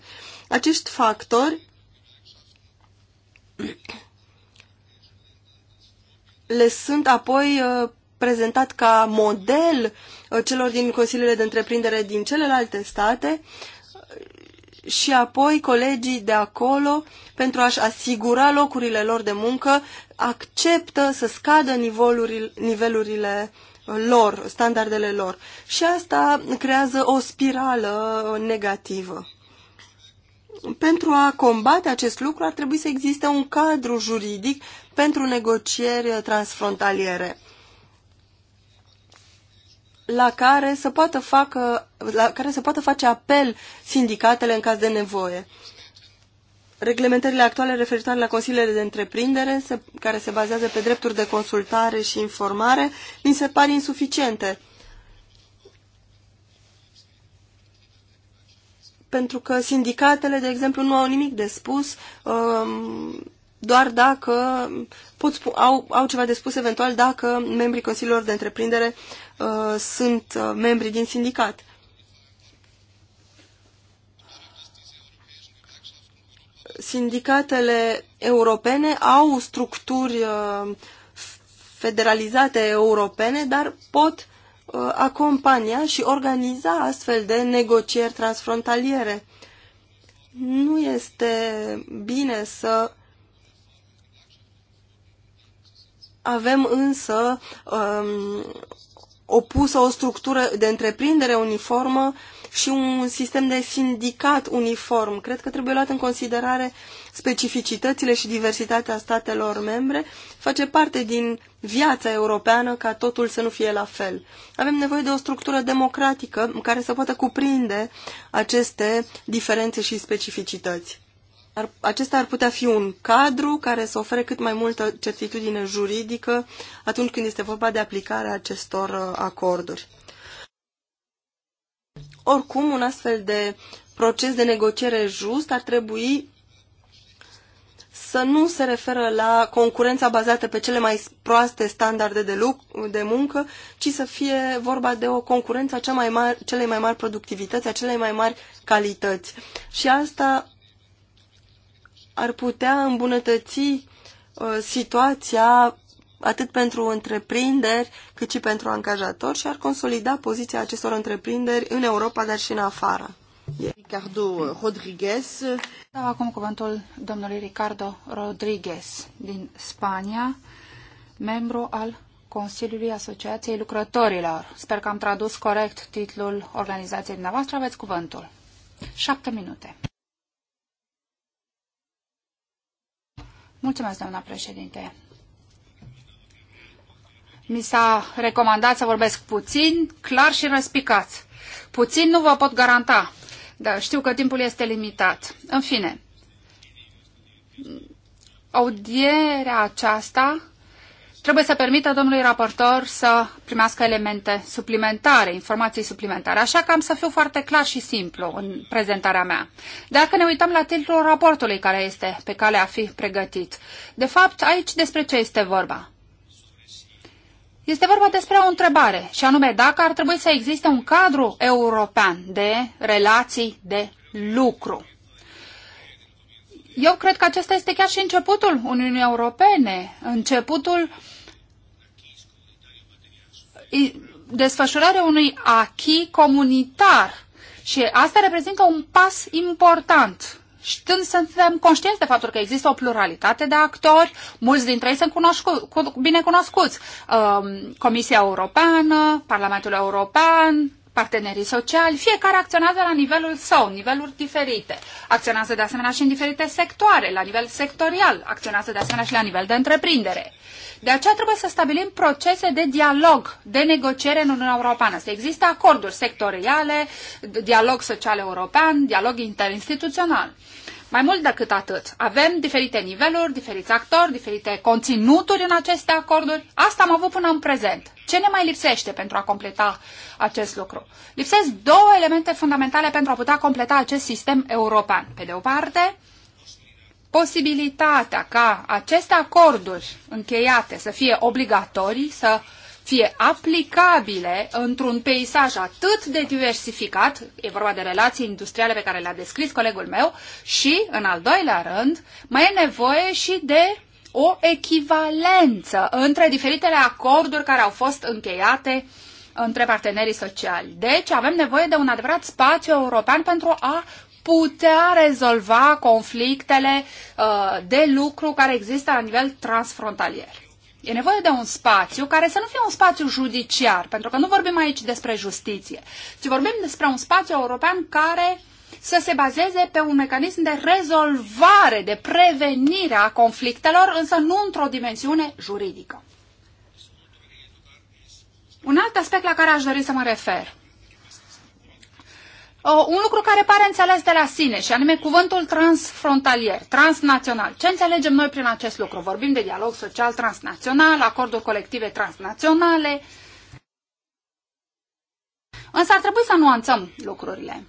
Acești factori le sunt apoi uh, prezentat ca model uh, celor din consiliile de întreprindere din celelalte state și apoi colegii de acolo, pentru a-și asigura locurile lor de muncă, acceptă să scadă nivelurile, lor, standardele lor. Și asta creează o spirală negativă. Pentru a combate acest lucru ar trebui să existe un cadru juridic pentru negocieri transfrontaliere la care să poată, facă, la care să poată face apel sindicatele în caz de nevoie. Reglementările actuale referitoare la consiliile de întreprindere, se, care se bazează pe drepturi de consultare și informare, mi se par insuficiente. Pentru că sindicatele, de exemplu, nu au nimic de spus um, doar dacă pot, spune au, au ceva de spus eventual dacă membrii consiliilor de întreprindere uh, sunt uh, membri din sindicat. Sindicatele europene au structuri uh, federalizate europene, dar pot uh, acompania și organiza astfel de negocieri transfrontaliere. Nu este bine să Avem însă um, opusă o structură de întreprindere uniformă și un sistem de sindicat uniform. Cred că trebuie luat în considerare specificitățile și diversitatea statelor membre. Face parte din viața europeană ca totul să nu fie la fel. Avem nevoie de o structură democratică care să poată cuprinde aceste diferențe și specificități ar, acesta ar putea fi un cadru care să ofere cât mai multă certitudine juridică atunci când este vorba de aplicarea acestor uh, acorduri. Oricum, un astfel de proces de negociere just ar trebui să nu se referă la concurența bazată pe cele mai proaste standarde de, luc- de muncă, ci să fie vorba de o concurență a cea mai mari, celei mai mari productivități, a celei mai mari calități. Și asta ar putea îmbunătăți uh, situația atât pentru întreprinderi cât și pentru angajatori și ar consolida poziția acestor întreprinderi în Europa, dar și în afară. Ricardo Rodriguez. Dau acum cuvântul domnului Ricardo Rodriguez din Spania, membru al Consiliului Asociației Lucrătorilor. Sper că am tradus corect titlul organizației dumneavoastră. Aveți cuvântul. Șapte minute. Mulțumesc, doamna președinte. Mi s-a recomandat să vorbesc puțin, clar și răspicat. Puțin nu vă pot garanta, dar știu că timpul este limitat. În fine, audierea aceasta trebuie să permită domnului raportor să primească elemente suplimentare, informații suplimentare. Așa că am să fiu foarte clar și simplu în prezentarea mea. Dacă ne uităm la titlul raportului care este pe cale a fi pregătit, de fapt aici despre ce este vorba? Este vorba despre o întrebare, și anume dacă ar trebui să existe un cadru european de relații de lucru. Eu cred că acesta este chiar și începutul Uniunii Europene, începutul desfășurarea unui achi comunitar. Și asta reprezintă un pas important. Știind, suntem conștienți de faptul că există o pluralitate de actori, mulți dintre ei sunt cunoscu- cu, bine cunoscuți. Um, Comisia Europeană, Parlamentul European, partenerii sociali, fiecare acționează la nivelul său, niveluri diferite. Acționează de asemenea și în diferite sectoare, la nivel sectorial, acționează de asemenea și la nivel de întreprindere. De aceea trebuie să stabilim procese de dialog, de negociere în Uniunea Europeană. Să există acorduri sectoriale, dialog social european, dialog interinstituțional. Mai mult decât atât, avem diferite niveluri, diferiți actori, diferite conținuturi în aceste acorduri. Asta am avut până în prezent. Ce ne mai lipsește pentru a completa acest lucru? Lipsesc două elemente fundamentale pentru a putea completa acest sistem european. Pe de o parte, posibilitatea ca aceste acorduri încheiate să fie obligatorii, să uh, fie aplicabile într-un peisaj atât de diversificat, e vorba de relații industriale pe care le-a descris colegul meu, și, în al doilea rând, mai e nevoie și de o echivalență între diferitele acorduri care au fost încheiate între partenerii sociali. Deci avem nevoie de un adevărat spațiu european pentru a putea rezolva conflictele uh, de lucru care există la nivel transfrontalier. E nevoie de un spațiu care să nu fie un spațiu judiciar, pentru că nu vorbim aici despre justiție, ci vorbim despre un spațiu european care să se bazeze pe un mecanism de rezolvare, de prevenire a conflictelor, însă nu într-o dimensiune juridică. Un alt aspect la care aș dori să mă refer un lucru care pare înțeles de la sine, și anume cuvântul transfrontalier, transnațional. Ce înțelegem noi prin acest lucru? Vorbim de dialog social transnațional, acorduri colective transnaționale. Însă ar trebui să nuanțăm lucrurile.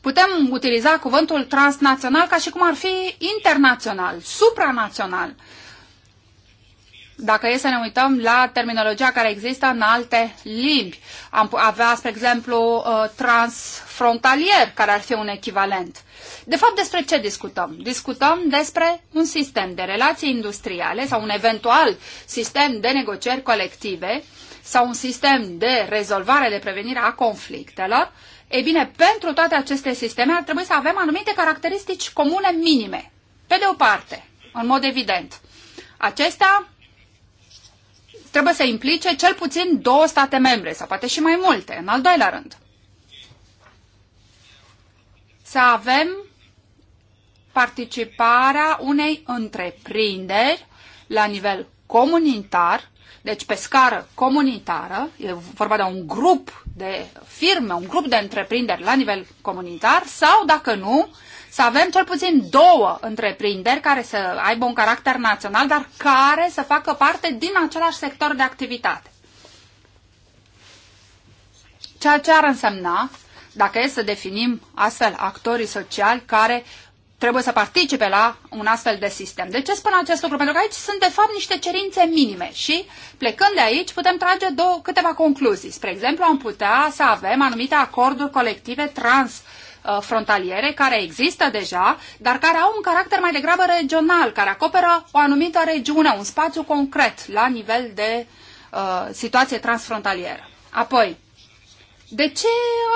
Putem utiliza cuvântul transnațional ca și cum ar fi internațional, supranațional dacă e să ne uităm la terminologia care există în alte limbi. Am avea, spre exemplu, uh, transfrontalier, care ar fi un echivalent. De fapt, despre ce discutăm? Discutăm despre un sistem de relații industriale sau un eventual sistem de negocieri colective sau un sistem de rezolvare, de prevenire a conflictelor. Ei bine, pentru toate aceste sisteme ar trebui să avem anumite caracteristici comune minime. Pe de o parte, în mod evident, acestea trebuie să implice cel puțin două state membre, sau poate și mai multe, în al doilea rând. Să avem participarea unei întreprinderi la nivel comunitar, deci pe scară comunitară, e vorba de un grup de firme, un grup de întreprinderi la nivel comunitar, sau, dacă nu, să avem cel puțin două întreprinderi care să aibă un caracter național, dar care să facă parte din același sector de activitate. Ceea ce ar însemna, dacă e să definim astfel actorii sociali care trebuie să participe la un astfel de sistem. De ce spun acest lucru? Pentru că aici sunt, de fapt, niște cerințe minime și, plecând de aici, putem trage două, câteva concluzii. Spre exemplu, am putea să avem anumite acorduri colective trans- Uh, frontaliere care există deja, dar care au un caracter mai degrabă regional, care acoperă o anumită regiune, un spațiu concret la nivel de uh, situație transfrontalieră. Apoi, de ce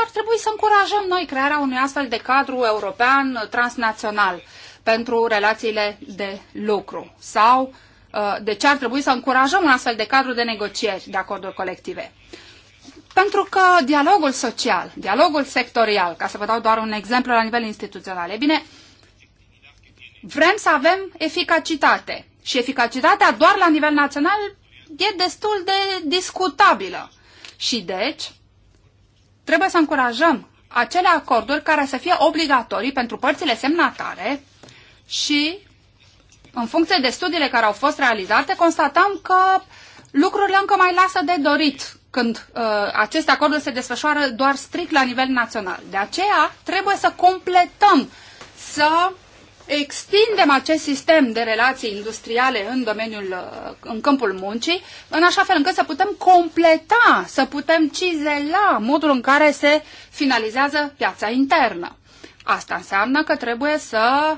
ar trebui să încurajăm noi crearea unui astfel de cadru european transnațional pentru relațiile de lucru? Sau uh, de ce ar trebui să încurajăm un astfel de cadru de negocieri de acorduri colective? Pentru că dialogul social, dialogul sectorial, ca să vă dau doar un exemplu la nivel instituțional, e bine, vrem să avem eficacitate. Și eficacitatea doar la nivel național e destul de discutabilă. Și deci, trebuie să încurajăm acele acorduri care să fie obligatorii pentru părțile semnatare și, în funcție de studiile care au fost realizate, constatăm că lucrurile încă mai lasă de dorit când uh, aceste acorduri se desfășoară doar strict la nivel național. De aceea trebuie să completăm, să extindem acest sistem de relații industriale în domeniul, uh, în câmpul muncii, în așa fel încât să putem completa, să putem cizela modul în care se finalizează piața internă. Asta înseamnă că trebuie să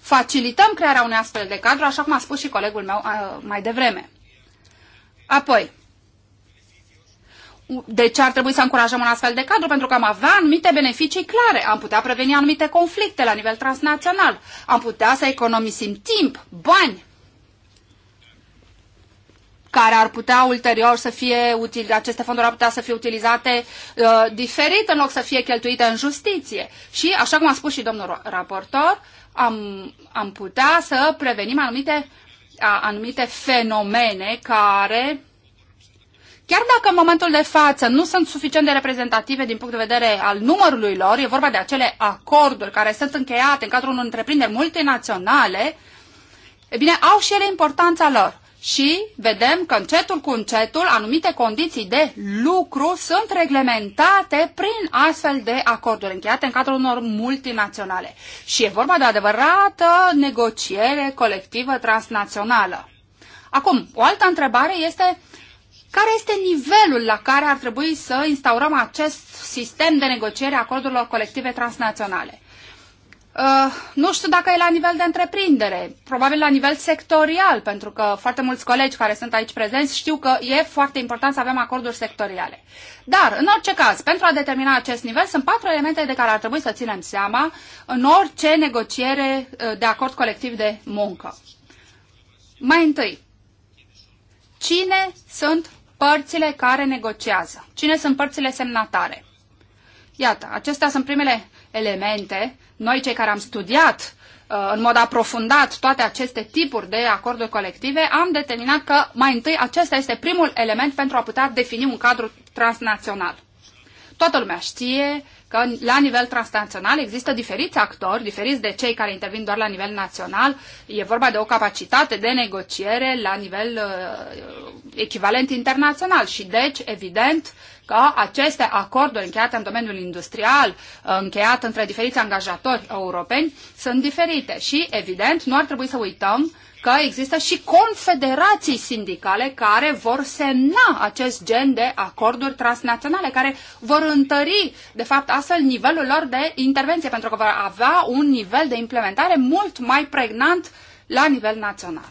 facilităm crearea unei astfel de cadru, așa cum a spus și colegul meu uh, mai devreme. Apoi, de ce ar trebui să încurajăm un astfel de cadru? Pentru că am avea anumite beneficii clare, am putea preveni anumite conflicte la nivel transnațional, am putea să economisim timp, bani, care ar putea ulterior să fie util, aceste fonduri ar putea să fie utilizate uh, diferit în loc să fie cheltuite în justiție. Și, așa cum a spus și domnul raportor, am, am putea să prevenim anumite a anumite fenomene care Chiar dacă în momentul de față nu sunt suficient de reprezentative din punct de vedere al numărului lor, e vorba de acele acorduri care sunt încheiate în cadrul unor întreprinderi multinaționale, e bine, au și ele importanța lor și vedem că încetul cu încetul anumite condiții de lucru sunt reglementate prin astfel de acorduri încheiate în cadrul unor multinaționale. Și e vorba de adevărată negociere colectivă transnațională. Acum, o altă întrebare este care este nivelul la care ar trebui să instaurăm acest sistem de negociere a acordurilor colective transnaționale? Uh, nu știu dacă e la nivel de întreprindere, probabil la nivel sectorial, pentru că foarte mulți colegi care sunt aici prezenți știu că e foarte important să avem acorduri sectoriale. Dar, în orice caz, pentru a determina acest nivel, sunt patru elemente de care ar trebui să ținem seama în orice negociere uh, de acord colectiv de muncă. Mai întâi, cine sunt părțile care negociază? Cine sunt părțile semnatare? Iată, acestea sunt primele elemente noi, cei care am studiat uh, în mod aprofundat toate aceste tipuri de acorduri colective, am determinat că mai întâi acesta este primul element pentru a putea defini un cadru transnațional. Toată lumea știe că la nivel transnațional există diferiți actori, diferiți de cei care intervin doar la nivel național. E vorba de o capacitate de negociere la nivel uh, echivalent internațional și deci, evident, ca aceste acorduri încheiate în domeniul industrial, uh, încheiate între diferiți angajatori europeni, sunt diferite și, evident, nu ar trebui să uităm că există și confederații sindicale care vor semna acest gen de acorduri transnaționale, care vor întări, de fapt, astfel nivelul lor de intervenție, pentru că vor avea un nivel de implementare mult mai pregnant la nivel național.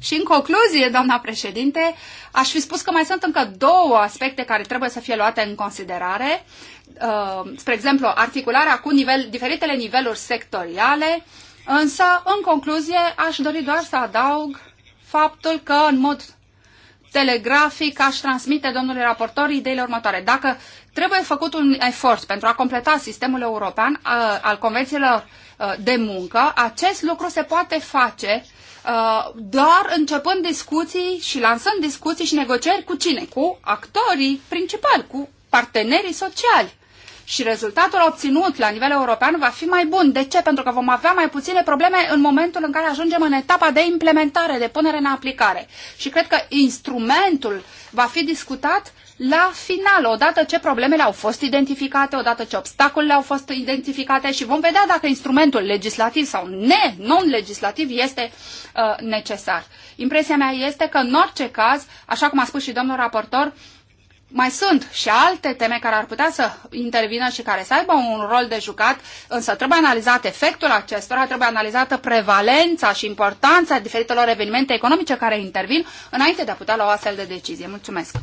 Și în concluzie, doamna președinte, aș fi spus că mai sunt încă două aspecte care trebuie să fie luate în considerare. Uh, spre exemplu, articularea cu nivel, diferitele niveluri sectoriale, însă, în concluzie, aș dori doar să adaug faptul că, în mod telegrafic, aș transmite domnului raportor ideile următoare. Dacă trebuie făcut un efort pentru a completa sistemul european uh, al convențiilor uh, de muncă, acest lucru se poate face uh, Uh, doar începând discuții și lansând discuții și negocieri cu cine? Cu actorii principali, cu partenerii sociali. Și rezultatul obținut la nivel european va fi mai bun. De ce? Pentru că vom avea mai puține probleme în momentul în care ajungem în etapa de implementare, de punere în aplicare. Și cred că instrumentul va fi discutat la final, odată ce problemele au fost identificate, odată ce obstacolele au fost identificate și vom vedea dacă instrumentul legislativ sau ne, non-legislativ este uh, necesar. Impresia mea este că, în orice caz, așa cum a spus și domnul raportor, mai sunt și alte teme care ar putea să intervină și care să aibă un rol de jucat, însă trebuie analizat efectul acestora, trebuie analizată prevalența și importanța diferitelor evenimente economice care intervin înainte de a putea lua o astfel de decizie. Mulțumesc!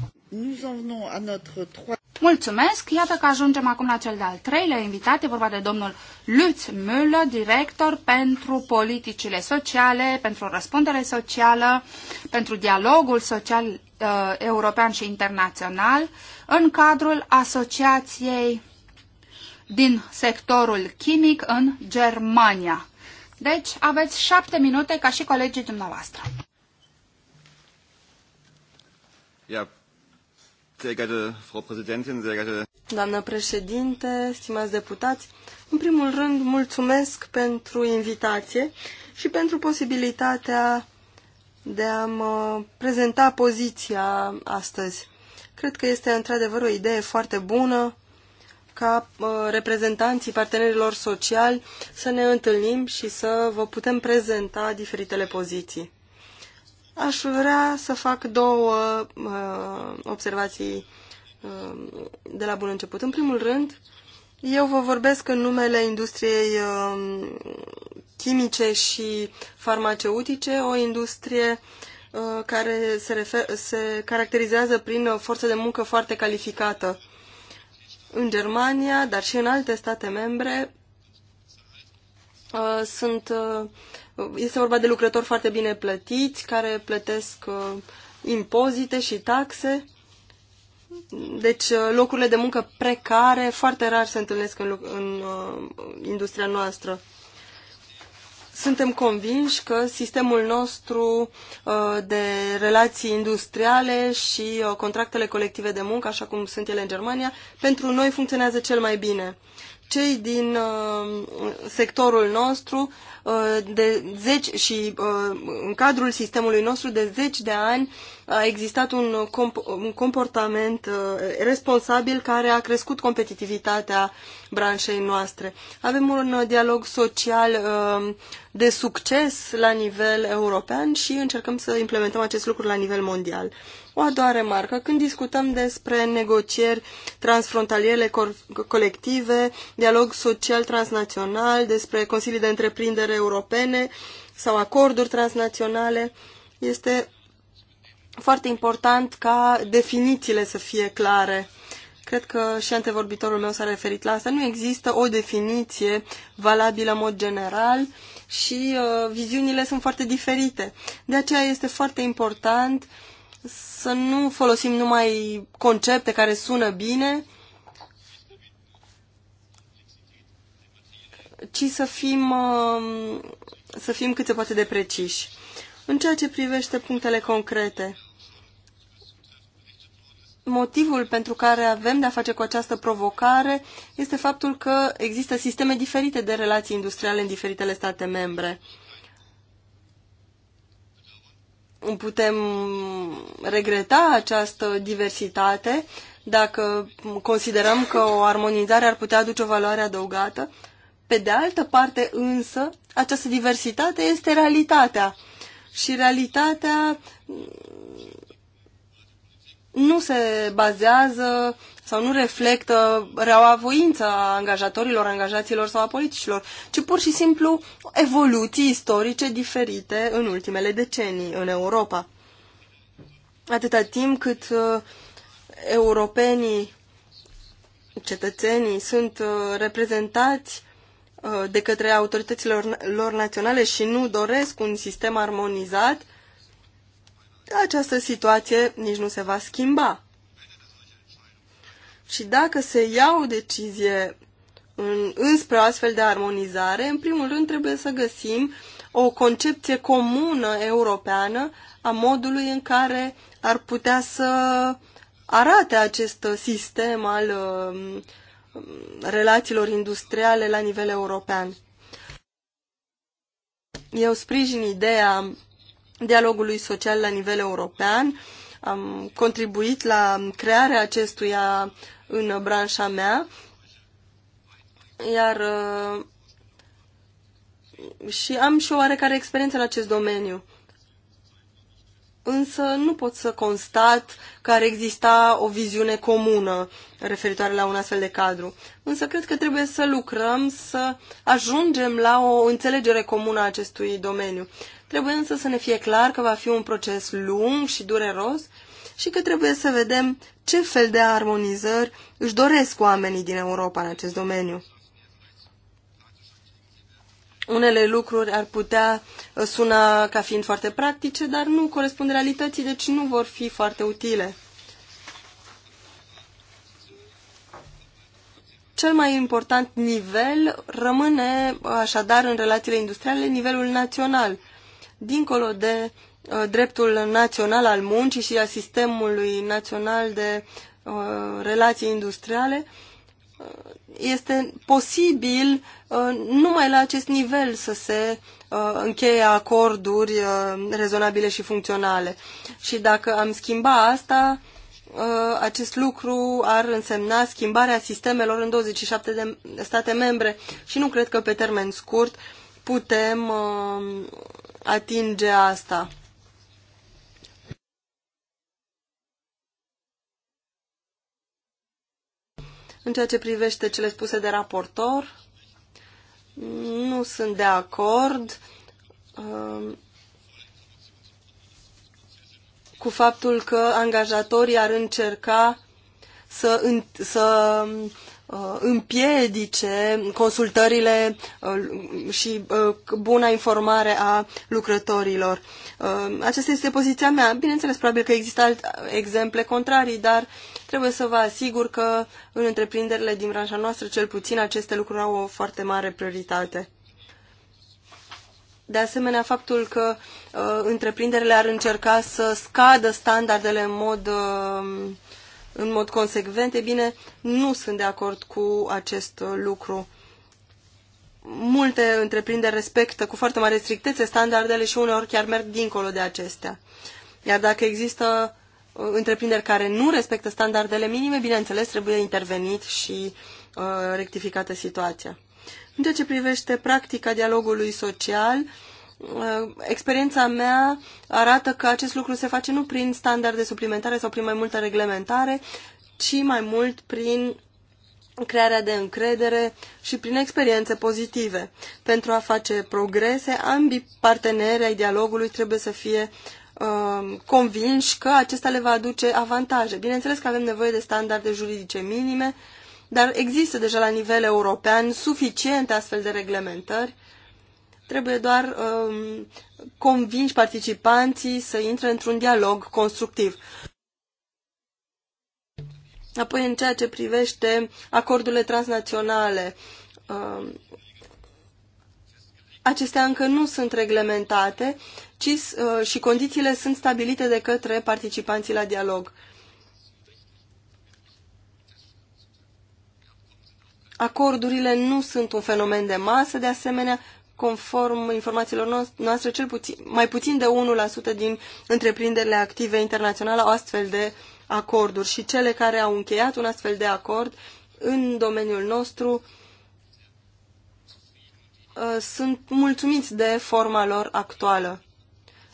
Mulțumesc! Iată că ajungem acum la cel de-al treilea invitat. E vorba de domnul Lutz Müller, director pentru politicile sociale, pentru răspundere socială, pentru dialogul social uh, european și internațional, în cadrul Asociației din sectorul chimic în Germania. Deci aveți șapte minute ca și colegii dumneavoastră. Yeah. Doamnă președinte, stimați deputați, în primul rând mulțumesc pentru invitație și pentru posibilitatea de a mă prezenta poziția astăzi. Cred că este într-adevăr o idee foarte bună ca reprezentanții partenerilor sociali să ne întâlnim și să vă putem prezenta diferitele poziții. Aș vrea să fac două uh, observații uh, de la bun început. În primul rând, eu vă vorbesc în numele industriei uh, chimice și farmaceutice, o industrie uh, care se, refer- se caracterizează prin forță de muncă foarte calificată. În Germania, dar și în alte state membre, uh, sunt uh, este vorba de lucrători foarte bine plătiți, care plătesc uh, impozite și taxe. Deci uh, locurile de muncă precare foarte rar se întâlnesc în, în uh, industria noastră suntem convinși că sistemul nostru de relații industriale și contractele colective de muncă, așa cum sunt ele în Germania, pentru noi funcționează cel mai bine. Cei din sectorul nostru Uh, de zeci și uh, în cadrul sistemului nostru de zeci de ani a existat un, un comportament uh, responsabil care a crescut competitivitatea branșei noastre. Avem un dialog social de succes la nivel european și încercăm să implementăm acest lucru la nivel mondial. O a doua remarcă, când discutăm despre negocieri transfrontaliere co- colective, dialog social transnațional, despre consilii de întreprindere europene sau acorduri transnaționale, este foarte important ca definițiile să fie clare. Cred că și antevorbitorul meu s-a referit la asta. Nu există o definiție valabilă în mod general și uh, viziunile sunt foarte diferite. De aceea este foarte important să nu folosim numai concepte care sună bine, ci să fim, um, să fim cât se poate de preciși. În ceea ce privește punctele concrete, motivul pentru care avem de-a face cu această provocare este faptul că există sisteme diferite de relații industriale în diferitele state membre. Putem regreta această diversitate dacă considerăm că o armonizare ar putea aduce o valoare adăugată, pe de altă parte însă, această diversitate este realitatea și realitatea nu se bazează sau nu reflectă reaua voință a angajatorilor, angajaților sau a politicilor, ci pur și simplu evoluții istorice diferite în ultimele decenii în Europa. Atâta timp cât uh, europenii, cetățenii sunt uh, reprezentați Uh, de către autoritățile lor naționale și nu doresc un sistem armonizat, această situație nici nu se va schimba. Și dacă se ia o decizie în, înspre o astfel de armonizare, în primul rând trebuie să găsim o concepție comună europeană a modului în care ar putea să arate acest sistem al uh, Um, relațiilor industriale la nivel european. Eu sprijin ideea dialogului social la nivel european. Am contribuit la crearea acestuia în branșa mea, iar uh, și am și o oarecare experiență în acest domeniu însă nu pot să constat că ar exista o viziune comună referitoare la un astfel de cadru. Însă cred că trebuie să lucrăm, să ajungem la o înțelegere comună a acestui domeniu. Trebuie însă să ne fie clar că va fi un proces lung și dureros și că trebuie să vedem ce fel de armonizări își doresc oamenii din Europa în acest domeniu unele lucruri ar putea uh, suna ca fiind foarte practice, dar nu corespund realității, deci nu vor fi foarte utile. Cel mai important nivel rămâne uh, așadar în relațiile industriale nivelul național. Dincolo de uh, dreptul național al muncii și a sistemului național de uh, relații industriale, uh, este posibil uh, numai la acest nivel să se uh, încheie acorduri uh, rezonabile și funcționale. Și dacă am schimba asta, acest lucru ar însemna schimbarea sistemelor în 27 de state membre și nu cred că pe termen scurt putem atinge asta. În ceea ce privește cele spuse de raportor, nu sunt de acord um, cu faptul că angajatorii ar încerca să, să Uh, împiedice consultările uh, și uh, buna informare a lucrătorilor. Aceasta este poziția mea. Bineînțeles, probabil că există alte exemple contrarii, dar trebuie să vă asigur că în întreprinderile din branșa noastră, cel puțin, aceste lucruri au o foarte mare prioritate. De asemenea, faptul că uh, întreprinderile ar încerca să scadă standardele în mod uh, în mod consecvent, e bine, nu sunt de acord cu acest lucru. Multe întreprinderi respectă cu foarte mare strictețe standardele și uneori chiar merg dincolo de acestea. Iar dacă există uh, întreprinderi care nu respectă standardele minime, bineînțeles, trebuie intervenit și uh, rectificată situația. În ceea ce privește practica dialogului social, uh, Uh, experiența mea arată că acest lucru se face nu prin standarde suplimentare sau prin mai multă reglementare, ci mai mult prin crearea de încredere și prin experiențe pozitive. Pentru a face progrese, ambii parteneri ai dialogului trebuie să fie uh, convinși că acesta le va aduce avantaje. Bineînțeles că avem nevoie de standarde juridice minime, dar există deja la nivel european suficiente astfel de reglementări Trebuie doar um, convinși participanții să intre într-un dialog constructiv. Apoi, în ceea ce privește acordurile transnaționale, um, acestea încă nu sunt reglementate ci, uh, și condițiile sunt stabilite de către participanții la dialog. Acordurile nu sunt un fenomen de masă, de asemenea, conform informațiilor noastre, cel puțin, mai puțin de 1% din întreprinderile active internaționale au astfel de acorduri și cele care au încheiat un astfel de acord în domeniul nostru uh, sunt mulțumiți de forma lor actuală.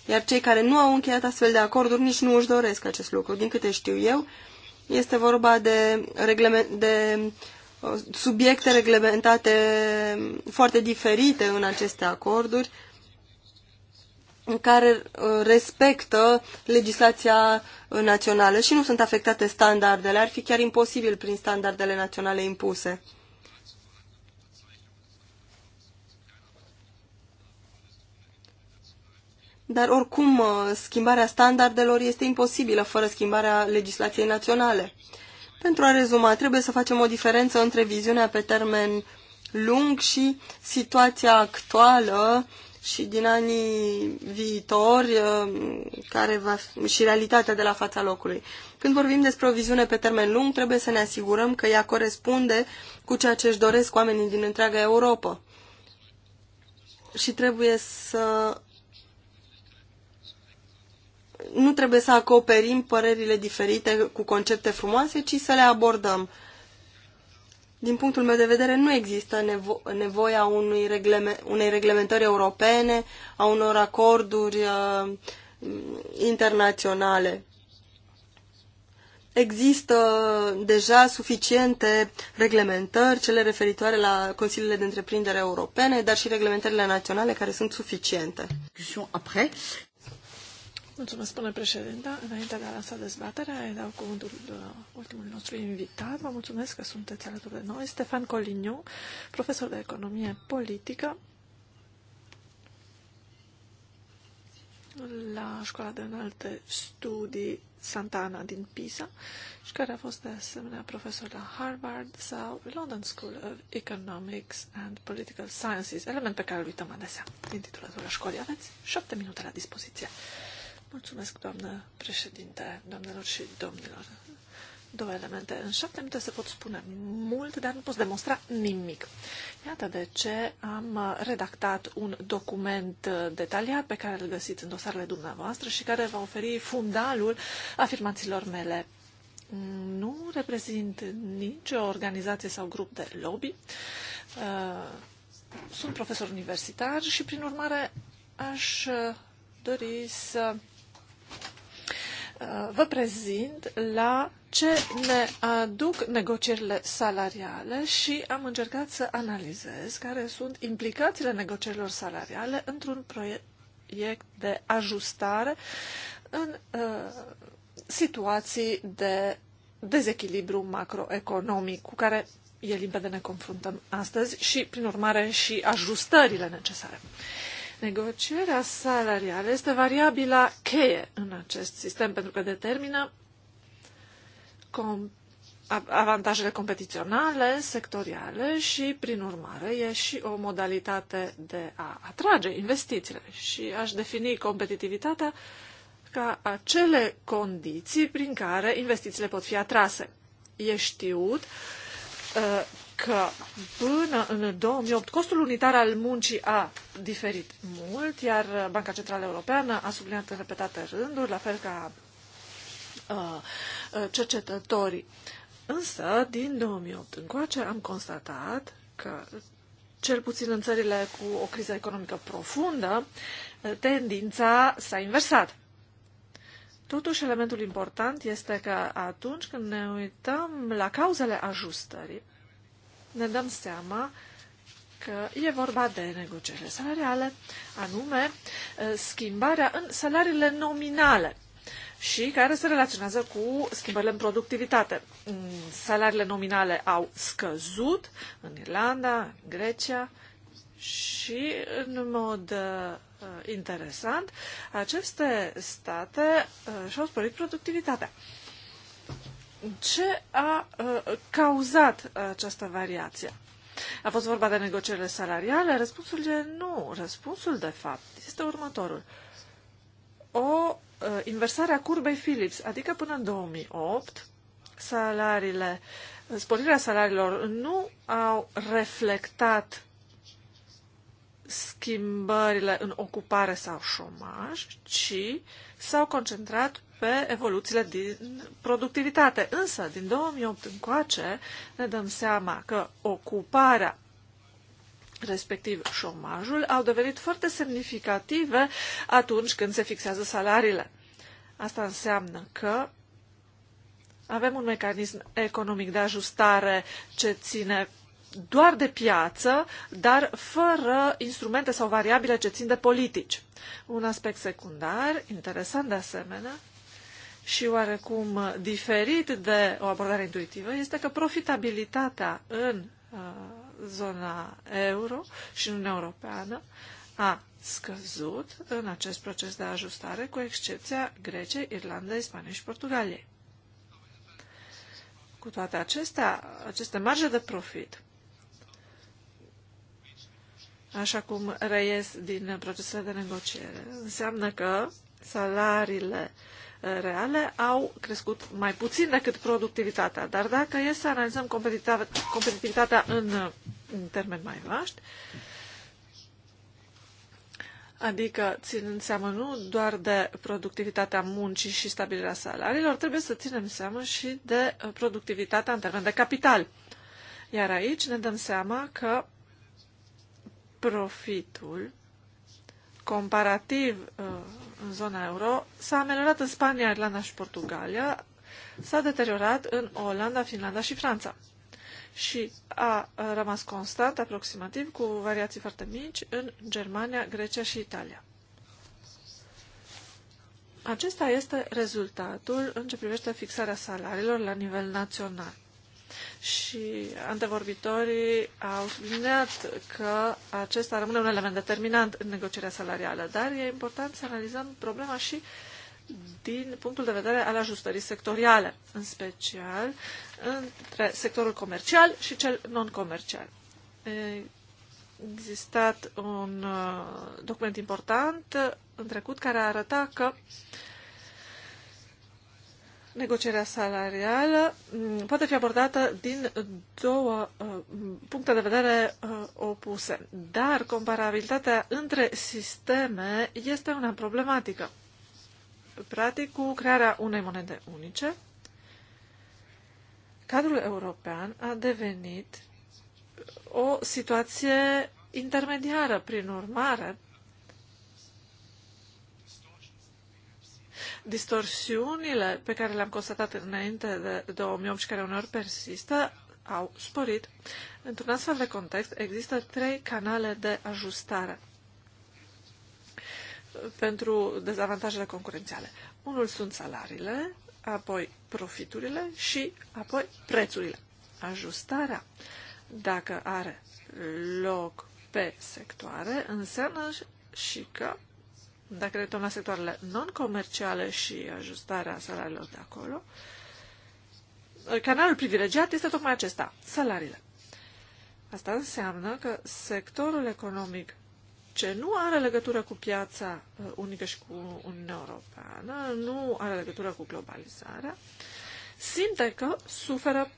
Iar cei care nu au încheiat astfel de acorduri nici nu își doresc acest lucru. Din câte știu eu, este vorba de, de subiecte reglementate foarte diferite în aceste acorduri, care uh, respectă legislația națională și nu sunt afectate standardele. Ar fi chiar imposibil prin standardele naționale impuse. Dar oricum, uh, schimbarea standardelor este imposibilă fără schimbarea legislației naționale. Pentru a rezuma, trebuie să facem o diferență între viziunea pe termen lung și situația actuală și din anii viitori uh, care va, și realitatea de la fața locului. Când vorbim despre o viziune pe termen lung, trebuie să ne asigurăm că ea corespunde cu ceea ce își doresc oamenii din întreaga Europa. Și trebuie să nu trebuie să acoperim părerile diferite cu concepte frumoase, ci să le abordăm. Din punctul meu de vedere, nu există nevo- nevoia unui regleme- unei reglementări europene, a unor acorduri uh, internaționale. Există deja suficiente reglementări, cele referitoare la Consiliile de Întreprindere Europene, dar și reglementările naționale care sunt suficiente. Mulțumesc, spune președinta. Înainte de a lansa dezbaterea, îi dau cuvântul uh, ultimului nostru invitat. Vă mulțumesc că sunteți alături de noi. Stefan Coliniu, profesor de economie politică la Școala de Înalte Studii Ana din Pisa și care a fost de asemenea profesor la Harvard sau London School of Economics and Political Sciences, element pe care îl uităm adesea din titulatura școlii. Aveți șapte minute la dispoziție. Mulțumesc, doamnă președinte, doamnelor și domnilor. Două elemente. În șapte minute se pot spune mult, dar nu pot demonstra nimic. Iată de ce am redactat un document detaliat pe care îl găsiți în dosarele dumneavoastră și care va oferi fundalul afirmațiilor mele nu reprezint nicio organizație sau grup de lobby. Uh, sunt profesor universitar și, prin urmare, aș dori să Uh, vă prezint la ce ne aduc negocierile salariale și am încercat să analizez care sunt implicațiile negocierilor salariale într-un proiect de ajustare în uh, situații de dezechilibru macroeconomic cu care e limpede ne confruntăm astăzi și, prin urmare, și ajustările necesare. Uh, Negocierea salarială este variabila cheie în acest sistem pentru că determină com- avantajele competiționale, sectoriale și, prin urmare, e și o modalitate de a atrage investițiile. Și aș defini competitivitatea ca acele condiții prin care investițiile pot fi atrase. E știut uh, că până în 2008 costul unitar al muncii a diferit mult, iar Banca Centrală Europeană a subliniat în repetate rânduri, la fel ca uh, uh, cercetătorii. Însă, din 2008 încoace, am constatat că, cel puțin în țările cu o criză economică profundă, uh, tendința s-a inversat. Totuși, elementul important este că atunci când ne uităm la cauzele ajustării, ne dăm seama că e vorba de negocierile salariale, anume eh, schimbarea în salariile nominale și care se relaționează cu schimbările în productivitate. Mm, salariile nominale au scăzut în Irlanda, în Grecia și, în mod eh, interesant, aceste state eh, și-au sporit productivitatea. Ce a uh, cauzat această variație? A fost vorba de negocierile salariale? Răspunsul e nu. Răspunsul, de fapt, este următorul. O uh, inversare a curbei Philips, adică până în 2008, salariile, sporirea salariilor nu au reflectat schimbările în ocupare sau șomaj, ci s-au concentrat pe evoluțiile din productivitate. Însă, din 2008 încoace, ne dăm seama că ocuparea respectiv șomajul, au devenit foarte semnificative atunci când se fixează salariile. Asta înseamnă că avem un mecanism economic de ajustare ce ține doar de piață, dar fără instrumente sau variabile ce țin de politici. Un aspect secundar, interesant de asemenea, și oarecum diferit de o abordare intuitivă este că profitabilitatea în uh, zona euro și în Uniunea Europeană a scăzut în acest proces de ajustare, cu excepția Greciei, Irlandei, Spaniei și Portugaliei. Cu toate acestea, aceste marje de profit, așa cum reies din procesele de negociere, înseamnă că salariile uh, reale au crescut mai puțin decât productivitatea. Dar dacă e să analizăm competitivitatea în, în termeni mai vaști, adică ținând seama nu doar de productivitatea muncii și stabilirea salariilor, trebuie să ținem seama și de productivitatea în termen de capital. Iar aici ne dăm seama că profitul comparativ uh, în zona euro s-a ameliorat în Spania, Irlanda și Portugalia, s-a deteriorat în Olanda, Finlanda și Franța și a rămas constant aproximativ cu variații foarte mici în Germania, Grecia și Italia. Acesta este rezultatul în ce privește fixarea salariilor la nivel național și antevorbitorii au subliniat că acesta rămâne un element determinant în negocierea salarială, dar e important să analizăm problema și din punctul de vedere al ajustării sectoriale, în special între sectorul comercial și cel non-comercial. Existat un uh, document important în trecut care arăta că uh, negocierea salarială mm, poate fi abordată din două uh, puncte de vedere uh, opuse, dar comparabilitatea între sisteme este una problematică. Practic, cu crearea unei monede unice, cadrul european a devenit o situație intermediară. Prin urmare, Distorsiunile pe care le-am constatat înainte de 2008 și care uneori persistă au sporit. Într-un astfel de context există trei canale de ajustare pentru dezavantajele concurențiale. Unul sunt salariile, apoi profiturile și apoi prețurile. Ajustarea, dacă are loc pe sectoare, înseamnă și că dacă ne uităm la sectoarele non-comerciale și ajustarea salariilor de acolo, canalul privilegiat este tocmai acesta, salariile. Asta înseamnă că sectorul economic ce nu are legătură cu piața uh, unică și cu Uniunea Europeană, nu are legătură cu globalizarea, simte că suferă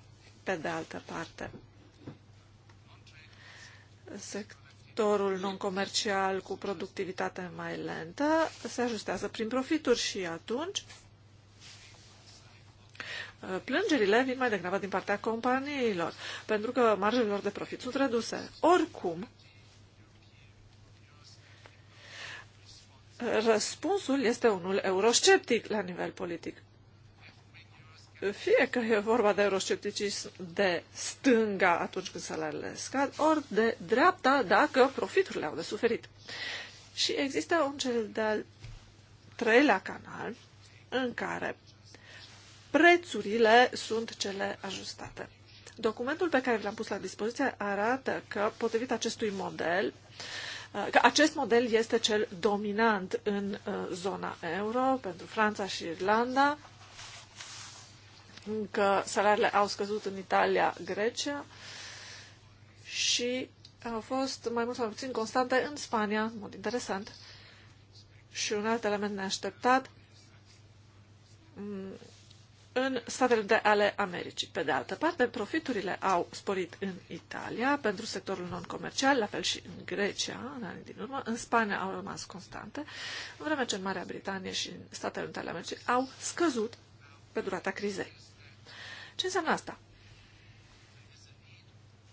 pe de altă parte. Sectorul sectorul non-comercial cu productivitate mai lentă se ajustează prin profituri și atunci uh, plângerile vin mai degrabă din partea companiilor, pentru că marjele lor de profit sunt reduse. Oricum, uh, răspunsul este unul eurosceptic la nivel politic. Fie că e vorba de euroscepticism de stânga atunci când salariile scad, ori de dreapta dacă profiturile au de suferit. Și există un cel de-al treilea canal în care prețurile sunt cele ajustate. Documentul pe care l-am pus la dispoziție arată că, potrivit acestui model, uh, că acest model este cel dominant în uh, zona euro pentru Franța și Irlanda, că salariile au scăzut în Italia, Grecia și au fost mai mult sau mai puțin constante în Spania, în mod interesant. Și un alt element neașteptat, mm, în Statele Unite ale Americii. Pe de altă parte, profiturile au sporit în Italia pentru sectorul non-comercial, la fel și în Grecia, în anii din urmă. În Spania au rămas constante, în vreme ce în Marea Britanie și în Statele Unite ale Americii au scăzut pe durata crizei. Ce înseamnă asta?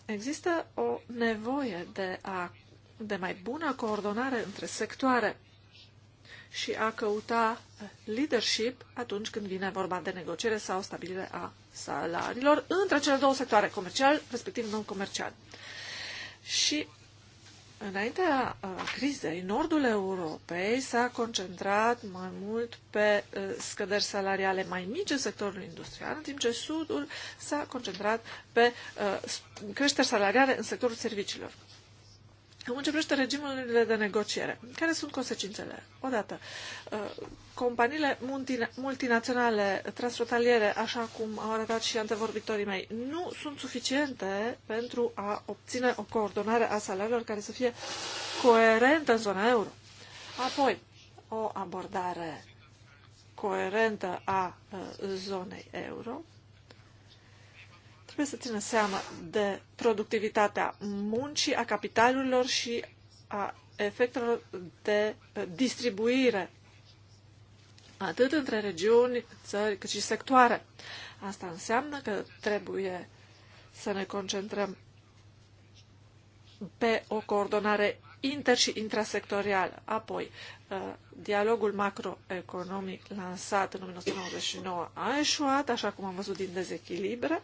Există o nevoie de, a, de mai bună coordonare între sectoare și a căuta leadership atunci când vine vorba de negociere sau stabilire a salariilor între cele două sectoare, comercial respectiv non-comercial. Și Înaintea uh, crizei, nordul Europei s-a concentrat mai mult pe uh, scăderi salariale mai mici în sectorul industrial, în timp ce sudul s-a concentrat pe uh, creșteri salariale în sectorul serviciilor ce privește regimurile de negociere? Care sunt consecințele? Odată, uh, companiile multinaționale transfrontaliere, așa cum au arătat și antevorbitorii mei, nu sunt suficiente pentru a obține o coordonare a salariilor care să fie coerentă în zona euro. Apoi, o abordare coerentă a uh, zonei euro trebuie să țină seama de productivitatea muncii, a capitalurilor și a efectelor de uh, distribuire atât între regiuni, țări, cât și sectoare. Asta înseamnă că trebuie să ne concentrăm pe o coordonare inter- și intrasectorială. Apoi, uh, dialogul macroeconomic lansat în 1999 a eșuat, așa cum am văzut din dezechilibre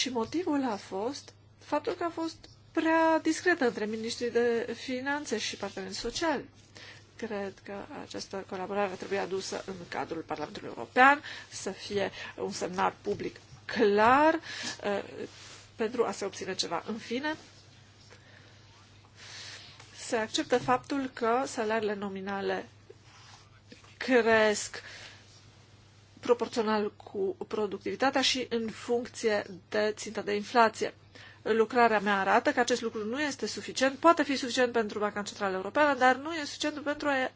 și motivul a fost faptul că a fost prea discretă între ministrii de finanțe și partenerii sociali. Cred că această colaborare trebuie adusă în cadrul Parlamentului European, să fie un semnal public clar uh, pentru a se obține ceva. În fine, se acceptă faptul că salariile nominale cresc uh, proporțional cu productivitatea și în funcție de ținta de inflație. Lucrarea mea arată că acest lucru nu este suficient, poate fi suficient pentru Banca Centrală Europeană, dar nu este suficient pentru a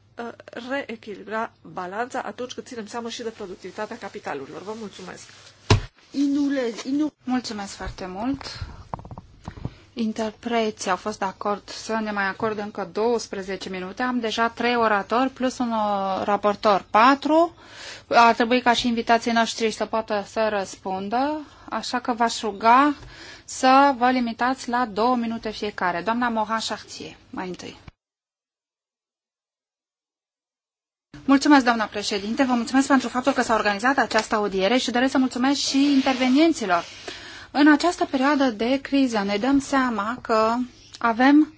reechilibra balanța atunci când ținem seama și de productivitatea capitalurilor. Vă mulțumesc! Inule, inu... Mulțumesc foarte mult! Interpreții au fost de acord să ne mai acordă încă 12 minute. Am deja trei oratori plus un uh, raportor 4. Ar trebui ca și invitații noștri să poată să răspundă, așa că v-aș ruga să vă limitați la două minute fiecare. Doamna Mohan Chartier, mai întâi. Mulțumesc, doamna președinte, vă mulțumesc pentru faptul că s-a organizat această audiere și doresc să mulțumesc și intervenienților în această perioadă de criză ne dăm seama că avem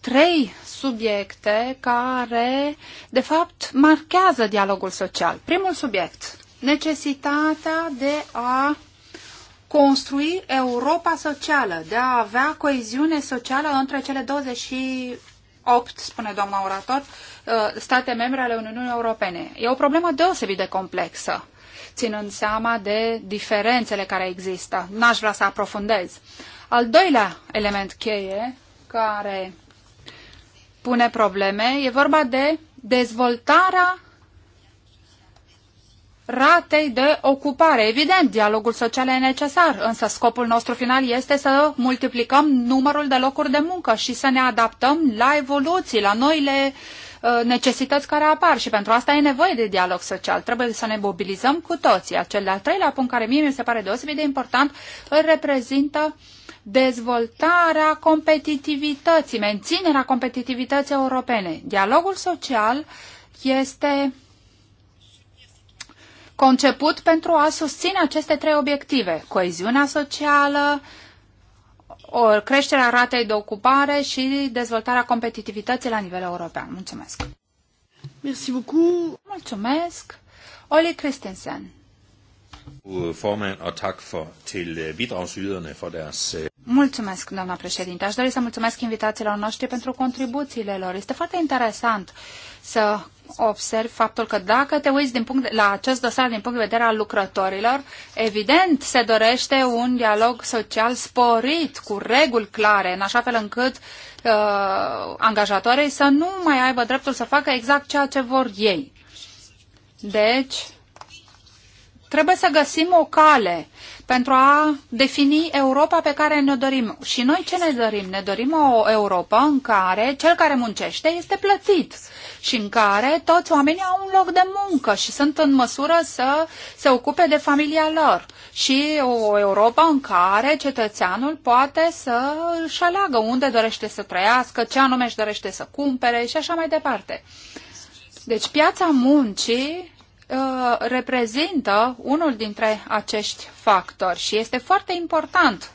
trei subiecte care, de fapt, marchează dialogul social. Primul subiect, necesitatea de a construi Europa socială, de a avea coeziune socială între cele 28, spune doamna orator, uh, state membre ale Uniunii Europene. E o problemă deosebit de complexă ținând seama de diferențele care există. N-aș vrea să aprofundez. Al doilea element cheie care pune probleme e vorba de dezvoltarea ratei de ocupare. Evident, dialogul social e necesar, însă scopul nostru final este să multiplicăm numărul de locuri de muncă și să ne adaptăm la evoluții, la noile uh, Uh, necesități care apar și pentru asta e nevoie de dialog social. Trebuie să ne mobilizăm cu toții. Acel de-al treilea punct care mie mi se pare deosebit de important îl reprezintă dezvoltarea competitivității, menținerea competitivității europene. Dialogul social este conceput pentru a susține aceste trei obiective. Coeziunea socială, o creșterea ratei de ocupare și dezvoltarea competitivității la nivel european. Mulțumesc! Merci beaucoup. Mulțumesc! Ole Christensen. Uh, formand, og for, til uh, bidragsyderne for deres... Uh, mulțumesc, doamna președinte. Aș dori să mulțumesc invitațiilor noștri pentru contribuțiile lor. Este foarte interesant să observ faptul că dacă te uiți din punct de, la acest dosar din punct de vedere al lucrătorilor, evident se dorește un dialog social sporit, cu reguli clare, în așa fel încât uh, angajatorii să nu mai aibă dreptul să facă exact ceea ce vor ei. Deci, trebuie să găsim o cale pentru a defini Europa pe care ne dorim. Și noi ce ne dorim? Ne dorim o Europa în care cel care muncește este plătit și în care toți oamenii au un loc de muncă și sunt în măsură să se ocupe de familia lor. Și o Europa în care cetățeanul poate să își aleagă unde dorește să trăiască, ce anume își dorește să cumpere și așa mai departe. Deci piața muncii Uh, reprezintă unul dintre acești factori și este foarte important.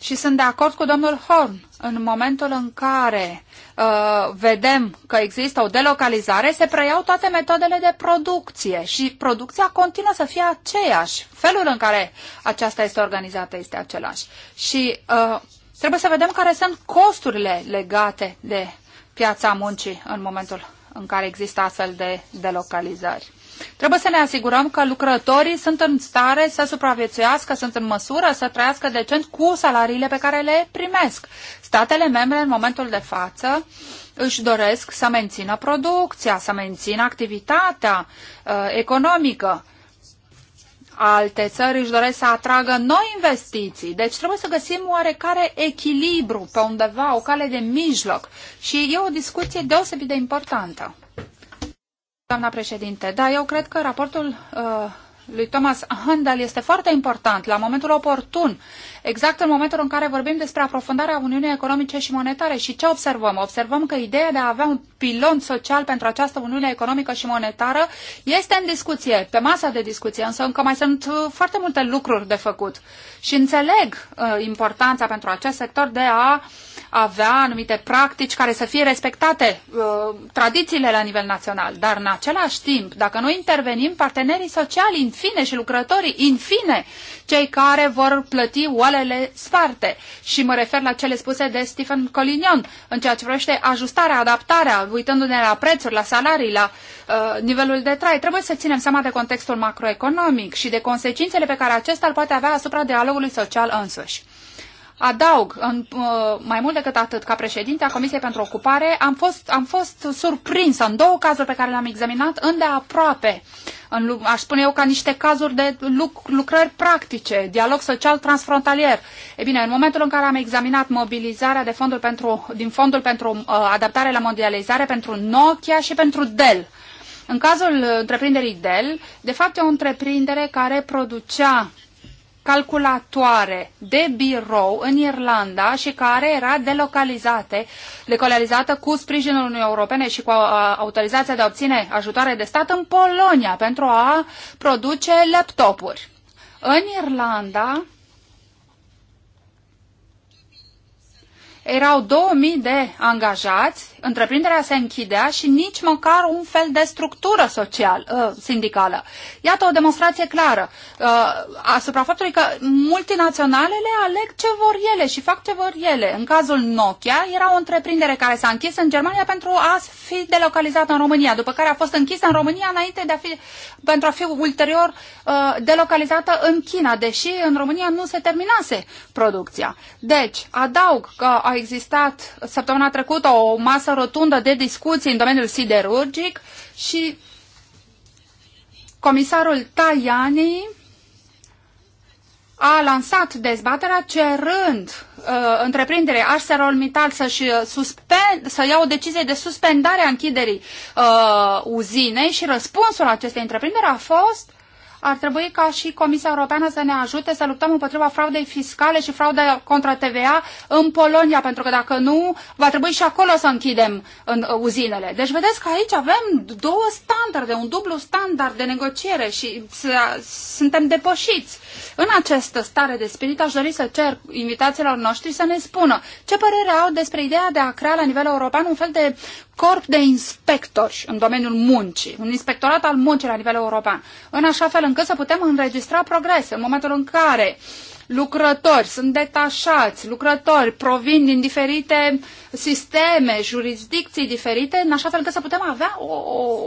Și sunt de acord cu domnul Horn. În momentul în care uh, vedem că există o delocalizare, se preiau toate metodele de producție și producția continuă să fie aceeași. Felul în care aceasta este organizată este același. Și uh, trebuie să vedem care sunt costurile legate de piața muncii în momentul în care există astfel de delocalizări. Trebuie să ne asigurăm că lucrătorii sunt în stare să supraviețuiască, sunt în măsură să trăiască decent cu salariile pe care le primesc. Statele membre, în momentul de față, își doresc să mențină producția, să mențină activitatea uh, economică alte țări își doresc să atragă noi investiții. Deci trebuie să găsim oarecare echilibru pe undeva, o cale de mijloc. Și e o discuție deosebit de importantă. Doamna președinte, da, eu cred că raportul uh, lui Thomas Handel este foarte important la momentul oportun, exact în momentul în care vorbim despre aprofundarea Uniunii Economice și Monetare. Și ce observăm? Observăm că ideea de a avea un pilon social pentru această Uniune Economică și Monetară este în discuție, pe masa de discuție, însă încă mai sunt uh, foarte multe lucruri de făcut. Și înțeleg uh, importanța pentru acest sector de a uh, avea anumite practici care să fie respectate uh, tradițiile la nivel național. Dar în același timp, dacă noi intervenim, partenerii sociali, în fine, și lucrătorii, în fine, cei care vor plăti oalele sparte. Și mă refer la cele spuse de Stephen Collignon în ceea ce privește ajustarea, adaptarea, uitându-ne la prețuri, la salarii, la uh, nivelul de trai. Trebuie să ținem seama de contextul macroeconomic și de consecințele pe care acesta îl poate avea asupra dialogului social însuși. Adaug, în, uh, mai mult decât atât, ca președinte a Comisiei pentru Ocupare, am fost, am fost surprinsă în două cazuri pe care le-am examinat îndeaproape. În, aș spune eu ca niște cazuri de luc, lucrări practice, dialog social transfrontalier. E bine, în momentul în care am examinat mobilizarea de fonduri pentru, din fondul pentru uh, adaptare la mondializare pentru Nokia și pentru Dell. În cazul întreprinderii Dell, de fapt e o întreprindere care producea calculatoare de birou în Irlanda și care era delocalizate, delocalizată cu sprijinul Uniunii Europene și cu uh, autorizația de a obține ajutoare de stat în Polonia pentru a produce laptopuri. În Irlanda, erau 2000 de angajați, întreprinderea se închidea și nici măcar un fel de structură social, ă, sindicală. Iată o demonstrație clară ă, asupra faptului că multinaționalele aleg ce vor ele și fac ce vor ele. În cazul Nokia era o întreprindere care s-a închis în Germania pentru a fi delocalizată în România, după care a fost închisă în România înainte de a fi pentru a fi ulterior uh, delocalizată în China, deși în România nu se terminase producția. Deci, adaug că a existat săptămâna trecută o masă rotundă de discuții în domeniul siderurgic și comisarul Tajani a lansat dezbaterea cerând uh, întreprinderea ArcelorMittal să-și uh, suspend, să ia o decizie de suspendare a închiderii uh, uzinei și răspunsul acestei întreprinderi a fost ar trebui ca și Comisia Europeană să ne ajute să luptăm împotriva fraudei fiscale și fraudei contra TVA în Polonia, pentru că dacă nu, va trebui și acolo să închidem în uh, uzinele. Deci vedeți că aici avem două standarde, un dublu standard de negociere și suntem depășiți. În această stare de spirit aș dori să cer invitațiilor noștri să ne spună ce părere au despre ideea de a crea la nivel european un fel de corp de inspectori în domeniul muncii, un inspectorat al muncii la nivel european, în așa fel încât să putem înregistra progrese în momentul în care lucrători sunt detașați, lucrători provin din diferite sisteme, jurisdicții diferite, în așa fel încât să putem avea o,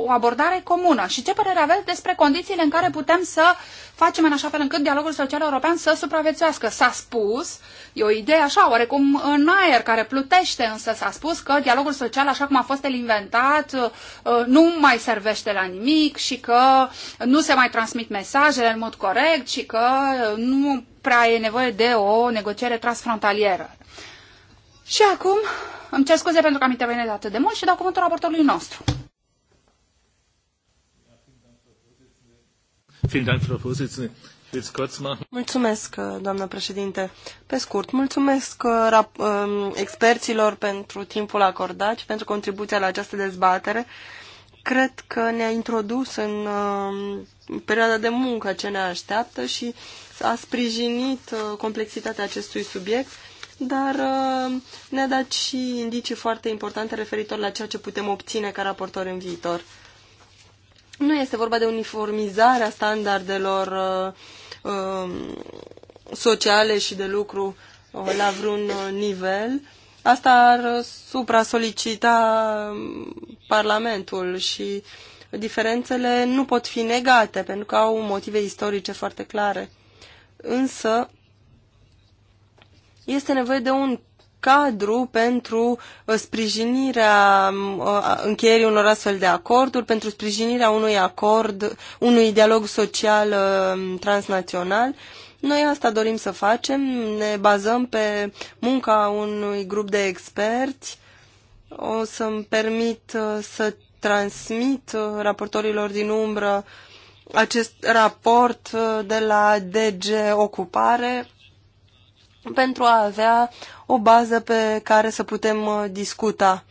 o abordare comună. Și ce părere aveți despre condițiile în care putem să uh, facem în așa fel încât dialogul social european să supraviețuiască. S-a spus, e o idee așa, oarecum în aer, care plutește, însă s-a spus că dialogul social, așa cum a fost el inventat, uh, uh, nu mai servește la nimic și că nu se mai transmit mesajele în mod corect și că uh, nu prea e nevoie de o negociere transfrontalieră. Și acum, îmi cer scuze pentru că am intervenit atât de mult și dau cuvântul raportorului nostru. Mulțumesc, uh, doamnă președinte. Pe scurt, mulțumesc uh, um, experților pentru timpul acordat și pentru contribuția la această dezbatere. Cred că ne-a introdus în um, perioada de muncă ce ne așteaptă și a sprijinit uh, complexitatea acestui subiect, dar ne-a dat și indicii foarte importante referitor la ceea ce putem obține ca raportor în viitor. Nu este vorba de uniformizarea standardelor uh, um, sociale și de lucru uh, la vreun uh, nivel. Asta ar supra-solicita um, Parlamentul și diferențele nu pot fi negate pentru că au motive istorice foarte clare. Însă este nevoie de un cadru pentru uh, sprijinirea mm, uh, încheierii unor astfel de acorduri, pentru sprijinirea unui acord, unui dialog social mm, transnațional. Noi asta dorim să facem, ne bazăm pe munca unui grup de experți. O să-mi permit uh, să transmit raportorilor din umbră acest raport de la DG Ocupare pentru a avea o bază pe care să putem uh, discuta.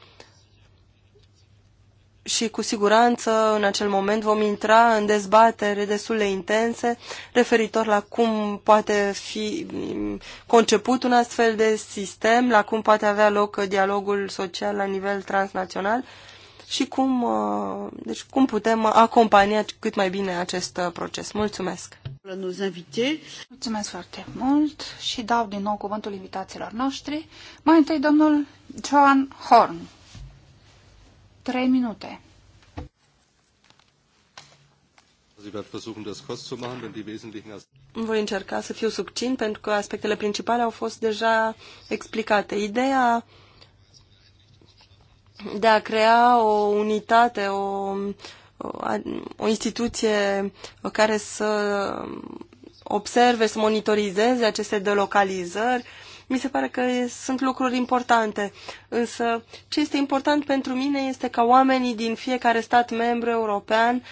Și cu siguranță în acel moment vom intra în dezbatere destul de intense referitor la cum poate fi mm, conceput un astfel de sistem, la cum poate avea loc dialogul social la nivel transnațional și cum, uh, deci cum putem acompania cât mai bine acest uh, proces. Mulțumesc! Mulțumesc foarte mult și dau din nou cuvântul invitațiilor noștri. Mai întâi domnul Joan Horn. Trei minute. Voi încerca să fiu succint pentru că aspectele principale au fost deja explicate. Ideea de a crea o unitate, o o instituție care să observe, să monitorizeze aceste delocalizări. Mi se pare că sunt lucruri importante, însă ce este important pentru mine este ca oamenii din fiecare stat membru european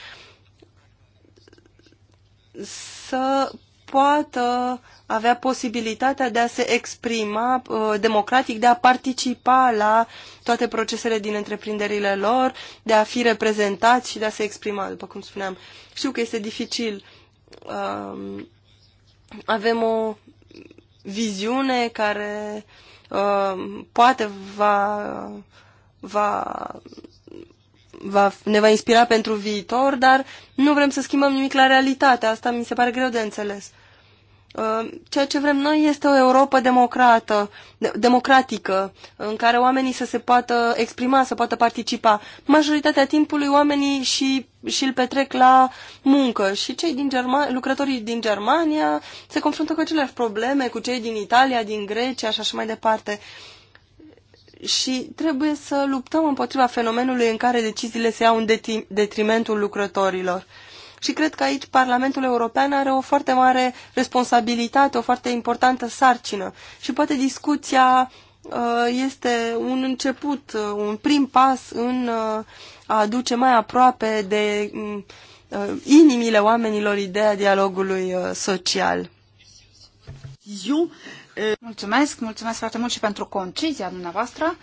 să poată avea posibilitatea de a se exprima uh, democratic, de a participa la toate procesele din întreprinderile lor, de a fi reprezentați și de a se exprima, după cum spuneam. Știu că este dificil. Um, avem o viziune care um, poate va, va va, ne va inspira pentru viitor, dar nu vrem să schimbăm nimic la realitate. Asta mi se pare greu de înțeles. Uh, ceea ce vrem noi este o Europa democrată, democratică, în care oamenii să se poată exprima, să poată participa. Majoritatea timpului oamenii și, și îl petrec la muncă și cei din Germa- lucrătorii din Germania se confruntă cu aceleași probleme, cu cei din Italia, din Grecia și așa mai departe. Uh, și trebuie să luptăm împotriva fenomenului în care deciziile se iau în detrimentul lucrătorilor. Și cred că aici Parlamentul European are o foarte mare responsabilitate, o foarte importantă sarcină. Și poate discuția uh, este un început, uh, un prim pas în uh, a aduce mai aproape de mm, inimile oamenilor ideea dialogului social. Mulțumesc, mulțumesc foarte mult și pentru concizia dumneavoastră.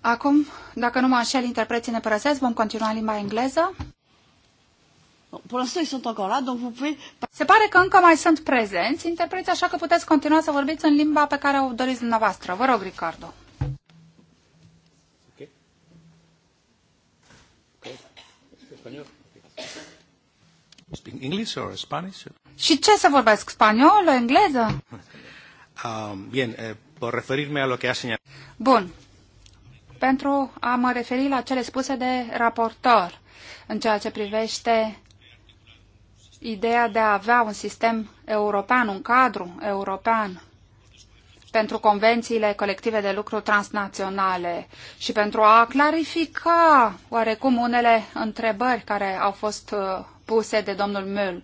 Acum, dacă nu mă înșel, interpreții ne părăsesc, vom continua în limba engleză. Se pare că încă mai sunt prezenți interpreți, așa că puteți continua să vorbiți în limba pe care o doriți dumneavoastră. Vă rog, Ricardo. Okay. Okay. Speak English or Și ce să vorbesc? Spaniolă, engleză? Ah, bien, eh, por referirme a lo que ha señalado. Bun. Pentru a mă referi la cele spuse de raportor în ceea ce privește ideea de a avea un sistem european, un cadru european pentru convențiile colective de lucru transnaționale și pentru a clarifica oarecum unele întrebări care au fost uh, puse de domnul Müll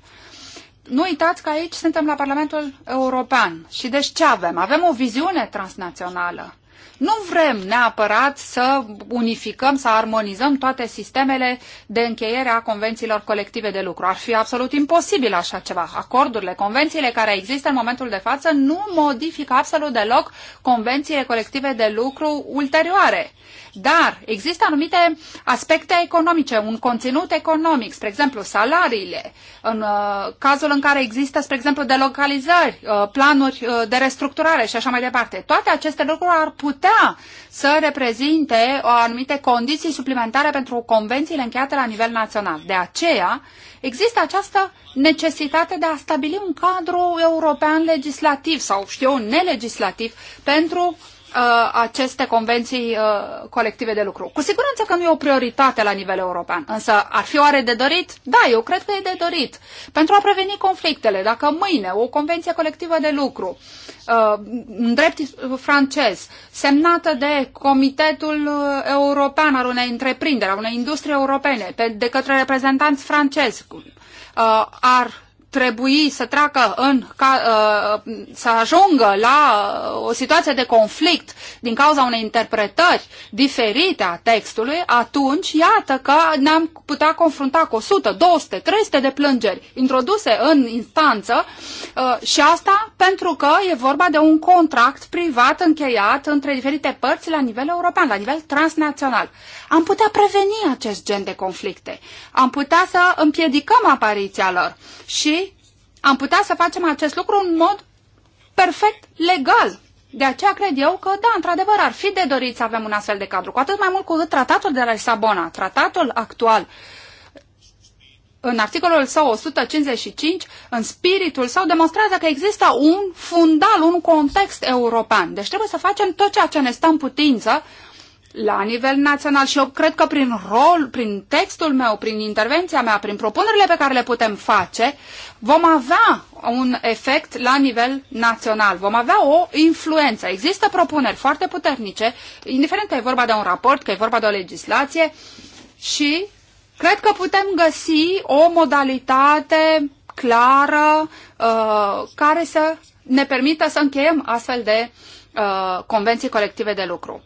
nu uitați că aici suntem la Parlamentul European și deci ce avem? Avem o viziune transnațională nu vrem neapărat să unificăm, să armonizăm toate sistemele de încheiere a convențiilor colective de lucru. Ar fi absolut imposibil așa ceva. Acordurile, convențiile care există în momentul de față nu modifică absolut deloc convențiile colective de lucru ulterioare. Dar există anumite aspecte economice, un conținut economic, spre exemplu salariile, în uh, cazul în care există, spre exemplu, delocalizări, uh, planuri uh, de restructurare și așa mai departe. Toate aceste lucruri ar putea putea să reprezinte o anumite condiții suplimentare pentru convențiile încheiate la nivel național. De aceea, există această necesitate de a stabili un cadru european legislativ sau, știu eu, nelegislativ pentru uh, aceste convenții uh, colective de lucru. Cu siguranță că nu e o prioritate la nivel european, însă ar fi oare de dorit? Da, eu cred că e de dorit. Pentru a preveni conflictele, dacă mâine o convenție colectivă de lucru uh, în drept francez, semnată de Comitetul uh, European al unei întreprinderi, a unei industrie europene, pe, de către reprezentanți francezi, uh, ar trebui să treacă în, ca, uh, să ajungă la uh, o situație de conflict din cauza unei interpretări diferite a textului, atunci iată că ne-am putea confrunta cu 100, 200, 300 de plângeri introduse în instanță uh, și asta pentru că e vorba de un contract privat încheiat între diferite părți la nivel european, la nivel transnațional. Am putea preveni acest gen de conflicte. Am putea să împiedicăm apariția lor și am putea să facem acest lucru în mod perfect legal. De aceea cred eu că, da, într-adevăr, ar fi de dorit să avem un astfel de cadru, cu atât mai mult cu tratatul de la Lisabona, tratatul actual, în articolul său 155, în spiritul său, demonstrează că există un fundal, un context european. Deci trebuie să facem tot ceea ce ne stă în putință la nivel național și eu cred că prin rol, prin textul meu, prin intervenția mea, prin propunerile pe care le putem face, vom avea un efect la nivel național, vom avea o influență. Există propuneri foarte puternice, indiferent că e vorba de un raport, că e vorba de o legislație și cred că putem găsi o modalitate clară uh, care să ne permită să încheiem astfel de uh, convenții colective de lucru.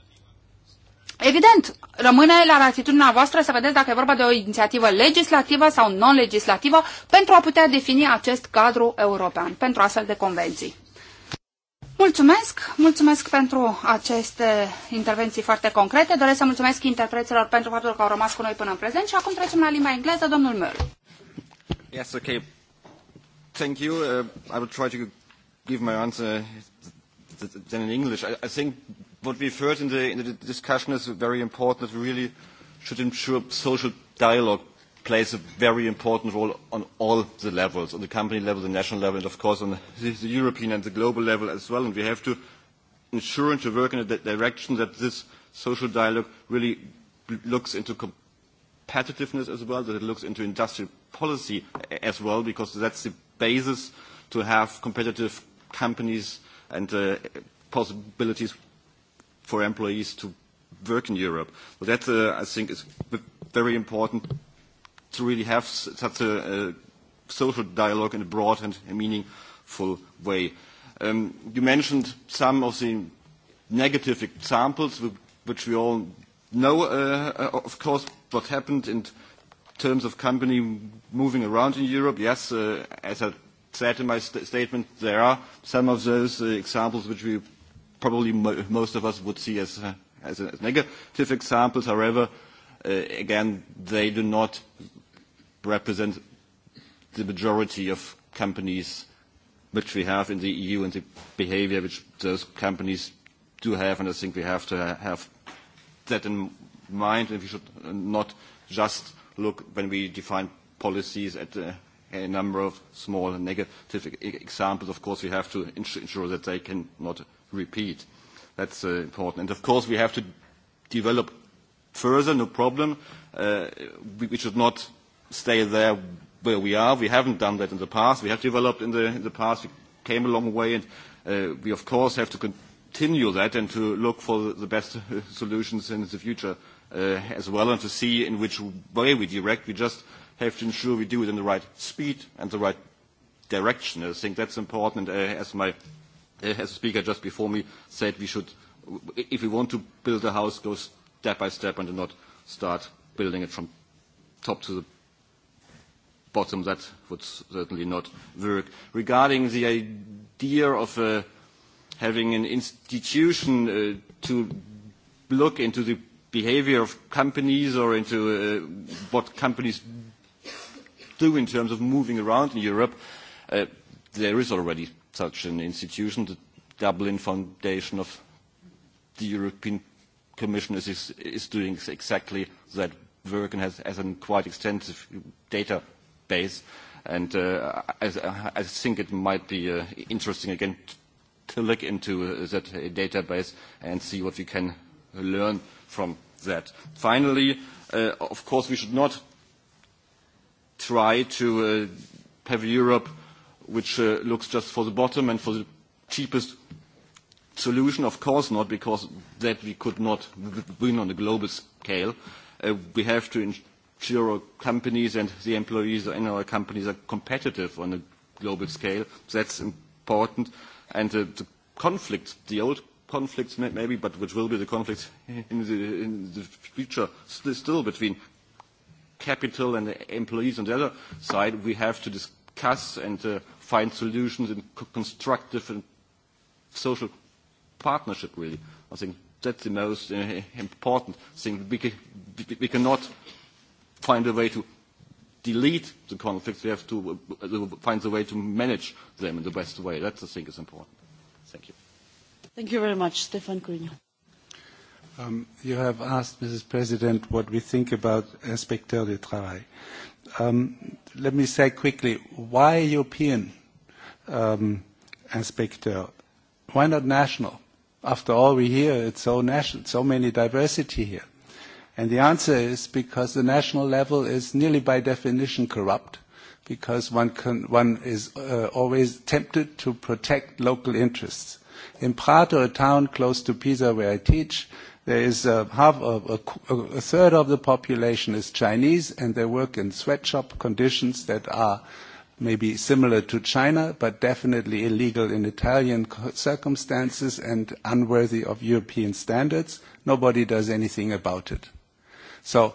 Evident, rămâne la latitudinea voastră să vedeți dacă e vorba de o inițiativă legislativă sau non-legislativă pentru a putea defini acest cadru european pentru astfel de convenții. Mulțumesc, mulțumesc pentru aceste intervenții foarte concrete. Doresc să mulțumesc interpreților pentru faptul că au rămas cu noi până în prezent și acum trecem la limba engleză, domnul Möll. Yes, okay. Thank you. Uh, I will try to give my answer then in English. I, I think what we've heard in the, in the discussion is very important. That we really should ensure social dialogue plays a very important role on all the levels, on the company level, the national level, and of course on the, the European and the global level as well. And we have to ensure and to work in a direction that this social dialogue really looks into competitiveness as well, that it looks into industrial policy as well, because that's the basis to have competitive companies and uh, possibilities for employees to work in Europe. So that, uh, I think, is very important to really have such a, a social dialogue in a broad and a meaningful way. Um, you mentioned some of the negative examples which we all know, uh, uh, of course, what happened in terms of company moving around in Europe. Yes, uh, as I said in my st statement, there are some of those uh, examples which we probably most of us would see as, uh, as, a, as negative examples. However, uh, again, they do not represent the majority of companies which we have in the EU and the behavior which those companies do have, and I think we have to have that in mind, and we should not just look when we define policies at uh, a number of small negative examples. Of course, we have to ensure that they cannot repeat. That's uh, important. And of course, we have to develop further, no problem. Uh, we, we should not stay there where we are. We haven't done that in the past. We have developed in the, in the past. We came a long way, and uh, we, of course, have to continue that and to look for the best solutions in the future uh, as well and to see in which way we direct. We just have to ensure we do it in the right speed and the right direction. I think that's important. uh, as my Uh, as the speaker just before me said, we should, if we want to build a house, go step by step and not start building it from top to the bottom. That would certainly not work. Regarding the idea of uh, having an institution uh, to look into the behavior of companies or into uh, what companies do in terms of moving around in Europe, uh, there is already such an institution. The Dublin Foundation of the European Commission is, is, doing exactly that work and has, has a quite extensive database. And uh, I, uh, I think it might be uh, interesting again to look into uh, that uh, database and see what we can learn from that. Finally, uh, of course, we should not try to uh, have Europe – which uh, looks just for the bottom and for the cheapest solution? Of course not, because that we could not win on a global scale. Uh, we have to ensure our companies and the employees in our companies are competitive on a global scale. That's important. And uh, the conflicts, the old conflicts maybe, but which will be the conflicts in the, in the future still between capital and the employees on the other side, we have to discuss discuss and uh, find solutions in constructive and social partnership, really. I think that's the most uh, important thing. We, can, we cannot find a way to delete the conflicts. We have to uh, uh, find a way to manage them in the best way. That, I think, is important. Thank you. Thank you very much. Stefan Grignon. Um, you have asked, Mrs. President, what we think about Inspecteur du Travail um, let me say quickly, why European um, inspector? Why not national? After all, we hear it's so national, so many diversity here. And the answer is because the national level is nearly by definition corrupt, because one, can, one is uh, always tempted to protect local interests. In Prato, a town close to Pisa where I teach, There is a, half, of a, a third of the population is Chinese, and they work in sweatshop conditions that are maybe similar to China, but definitely illegal in Italian circumstances and unworthy of European standards. Nobody does anything about it. So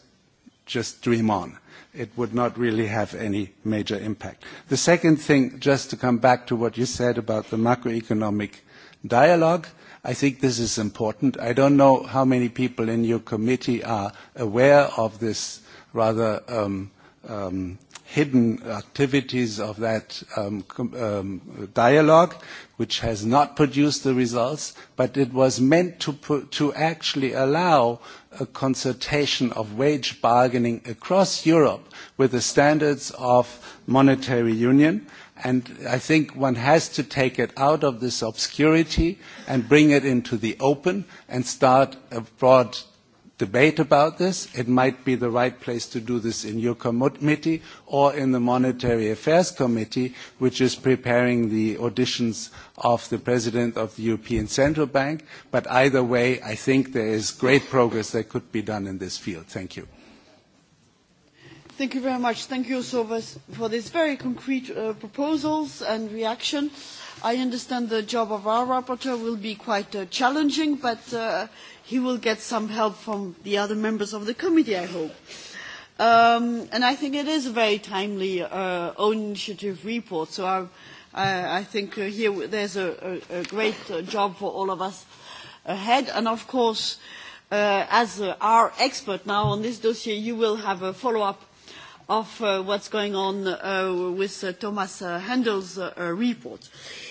just dream on. It would not really have any major impact. The second thing, just to come back to what you said about the macroeconomic dialogue, I think this is important. I don't know how many people in your committee are aware of this rather um, um, hidden activities of that um, um, dialogue, which has not produced the results, but it was meant to, put, to actually allow a concertation of wage bargaining across Europe with the standards of monetary union. And I think one has to take it out of this obscurity and bring it into the open and start a broad debate about this. It might be the right place to do this in your committee or in the Monetary Affairs Committee, which is preparing the auditions of the President of the European Central Bank. But either way, I think there is great progress that could be done in this field. Thank you. Thank you very much. Thank you, Sovas, for these very concrete uh, proposals and reaction. I understand the job of our rapporteur will be quite uh, challenging, but uh, he will get some help from the other members of the committee, I hope. Um, and I think it is a very timely uh, own initiative report, so I, I, I think uh, here there's a, a, a great uh, job for all of us ahead. And of course, uh, as uh, our expert now on this dossier, you will have a follow-up of uh, what's going on uh, with uh, Thomas uh, Handel's uh, report. Uh,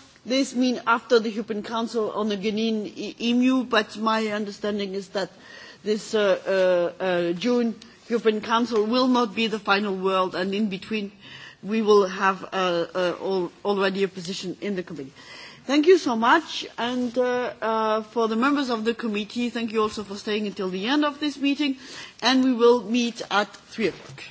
this means after the european council on the guinean emu but my understanding is that this uh, uh, uh, june european council will not be the final word and in between we will have uh, uh, already a position in the committee. thank you so much and uh, for the members of the committee thank you also for staying until the end of this meeting and we will meet at three o'clock.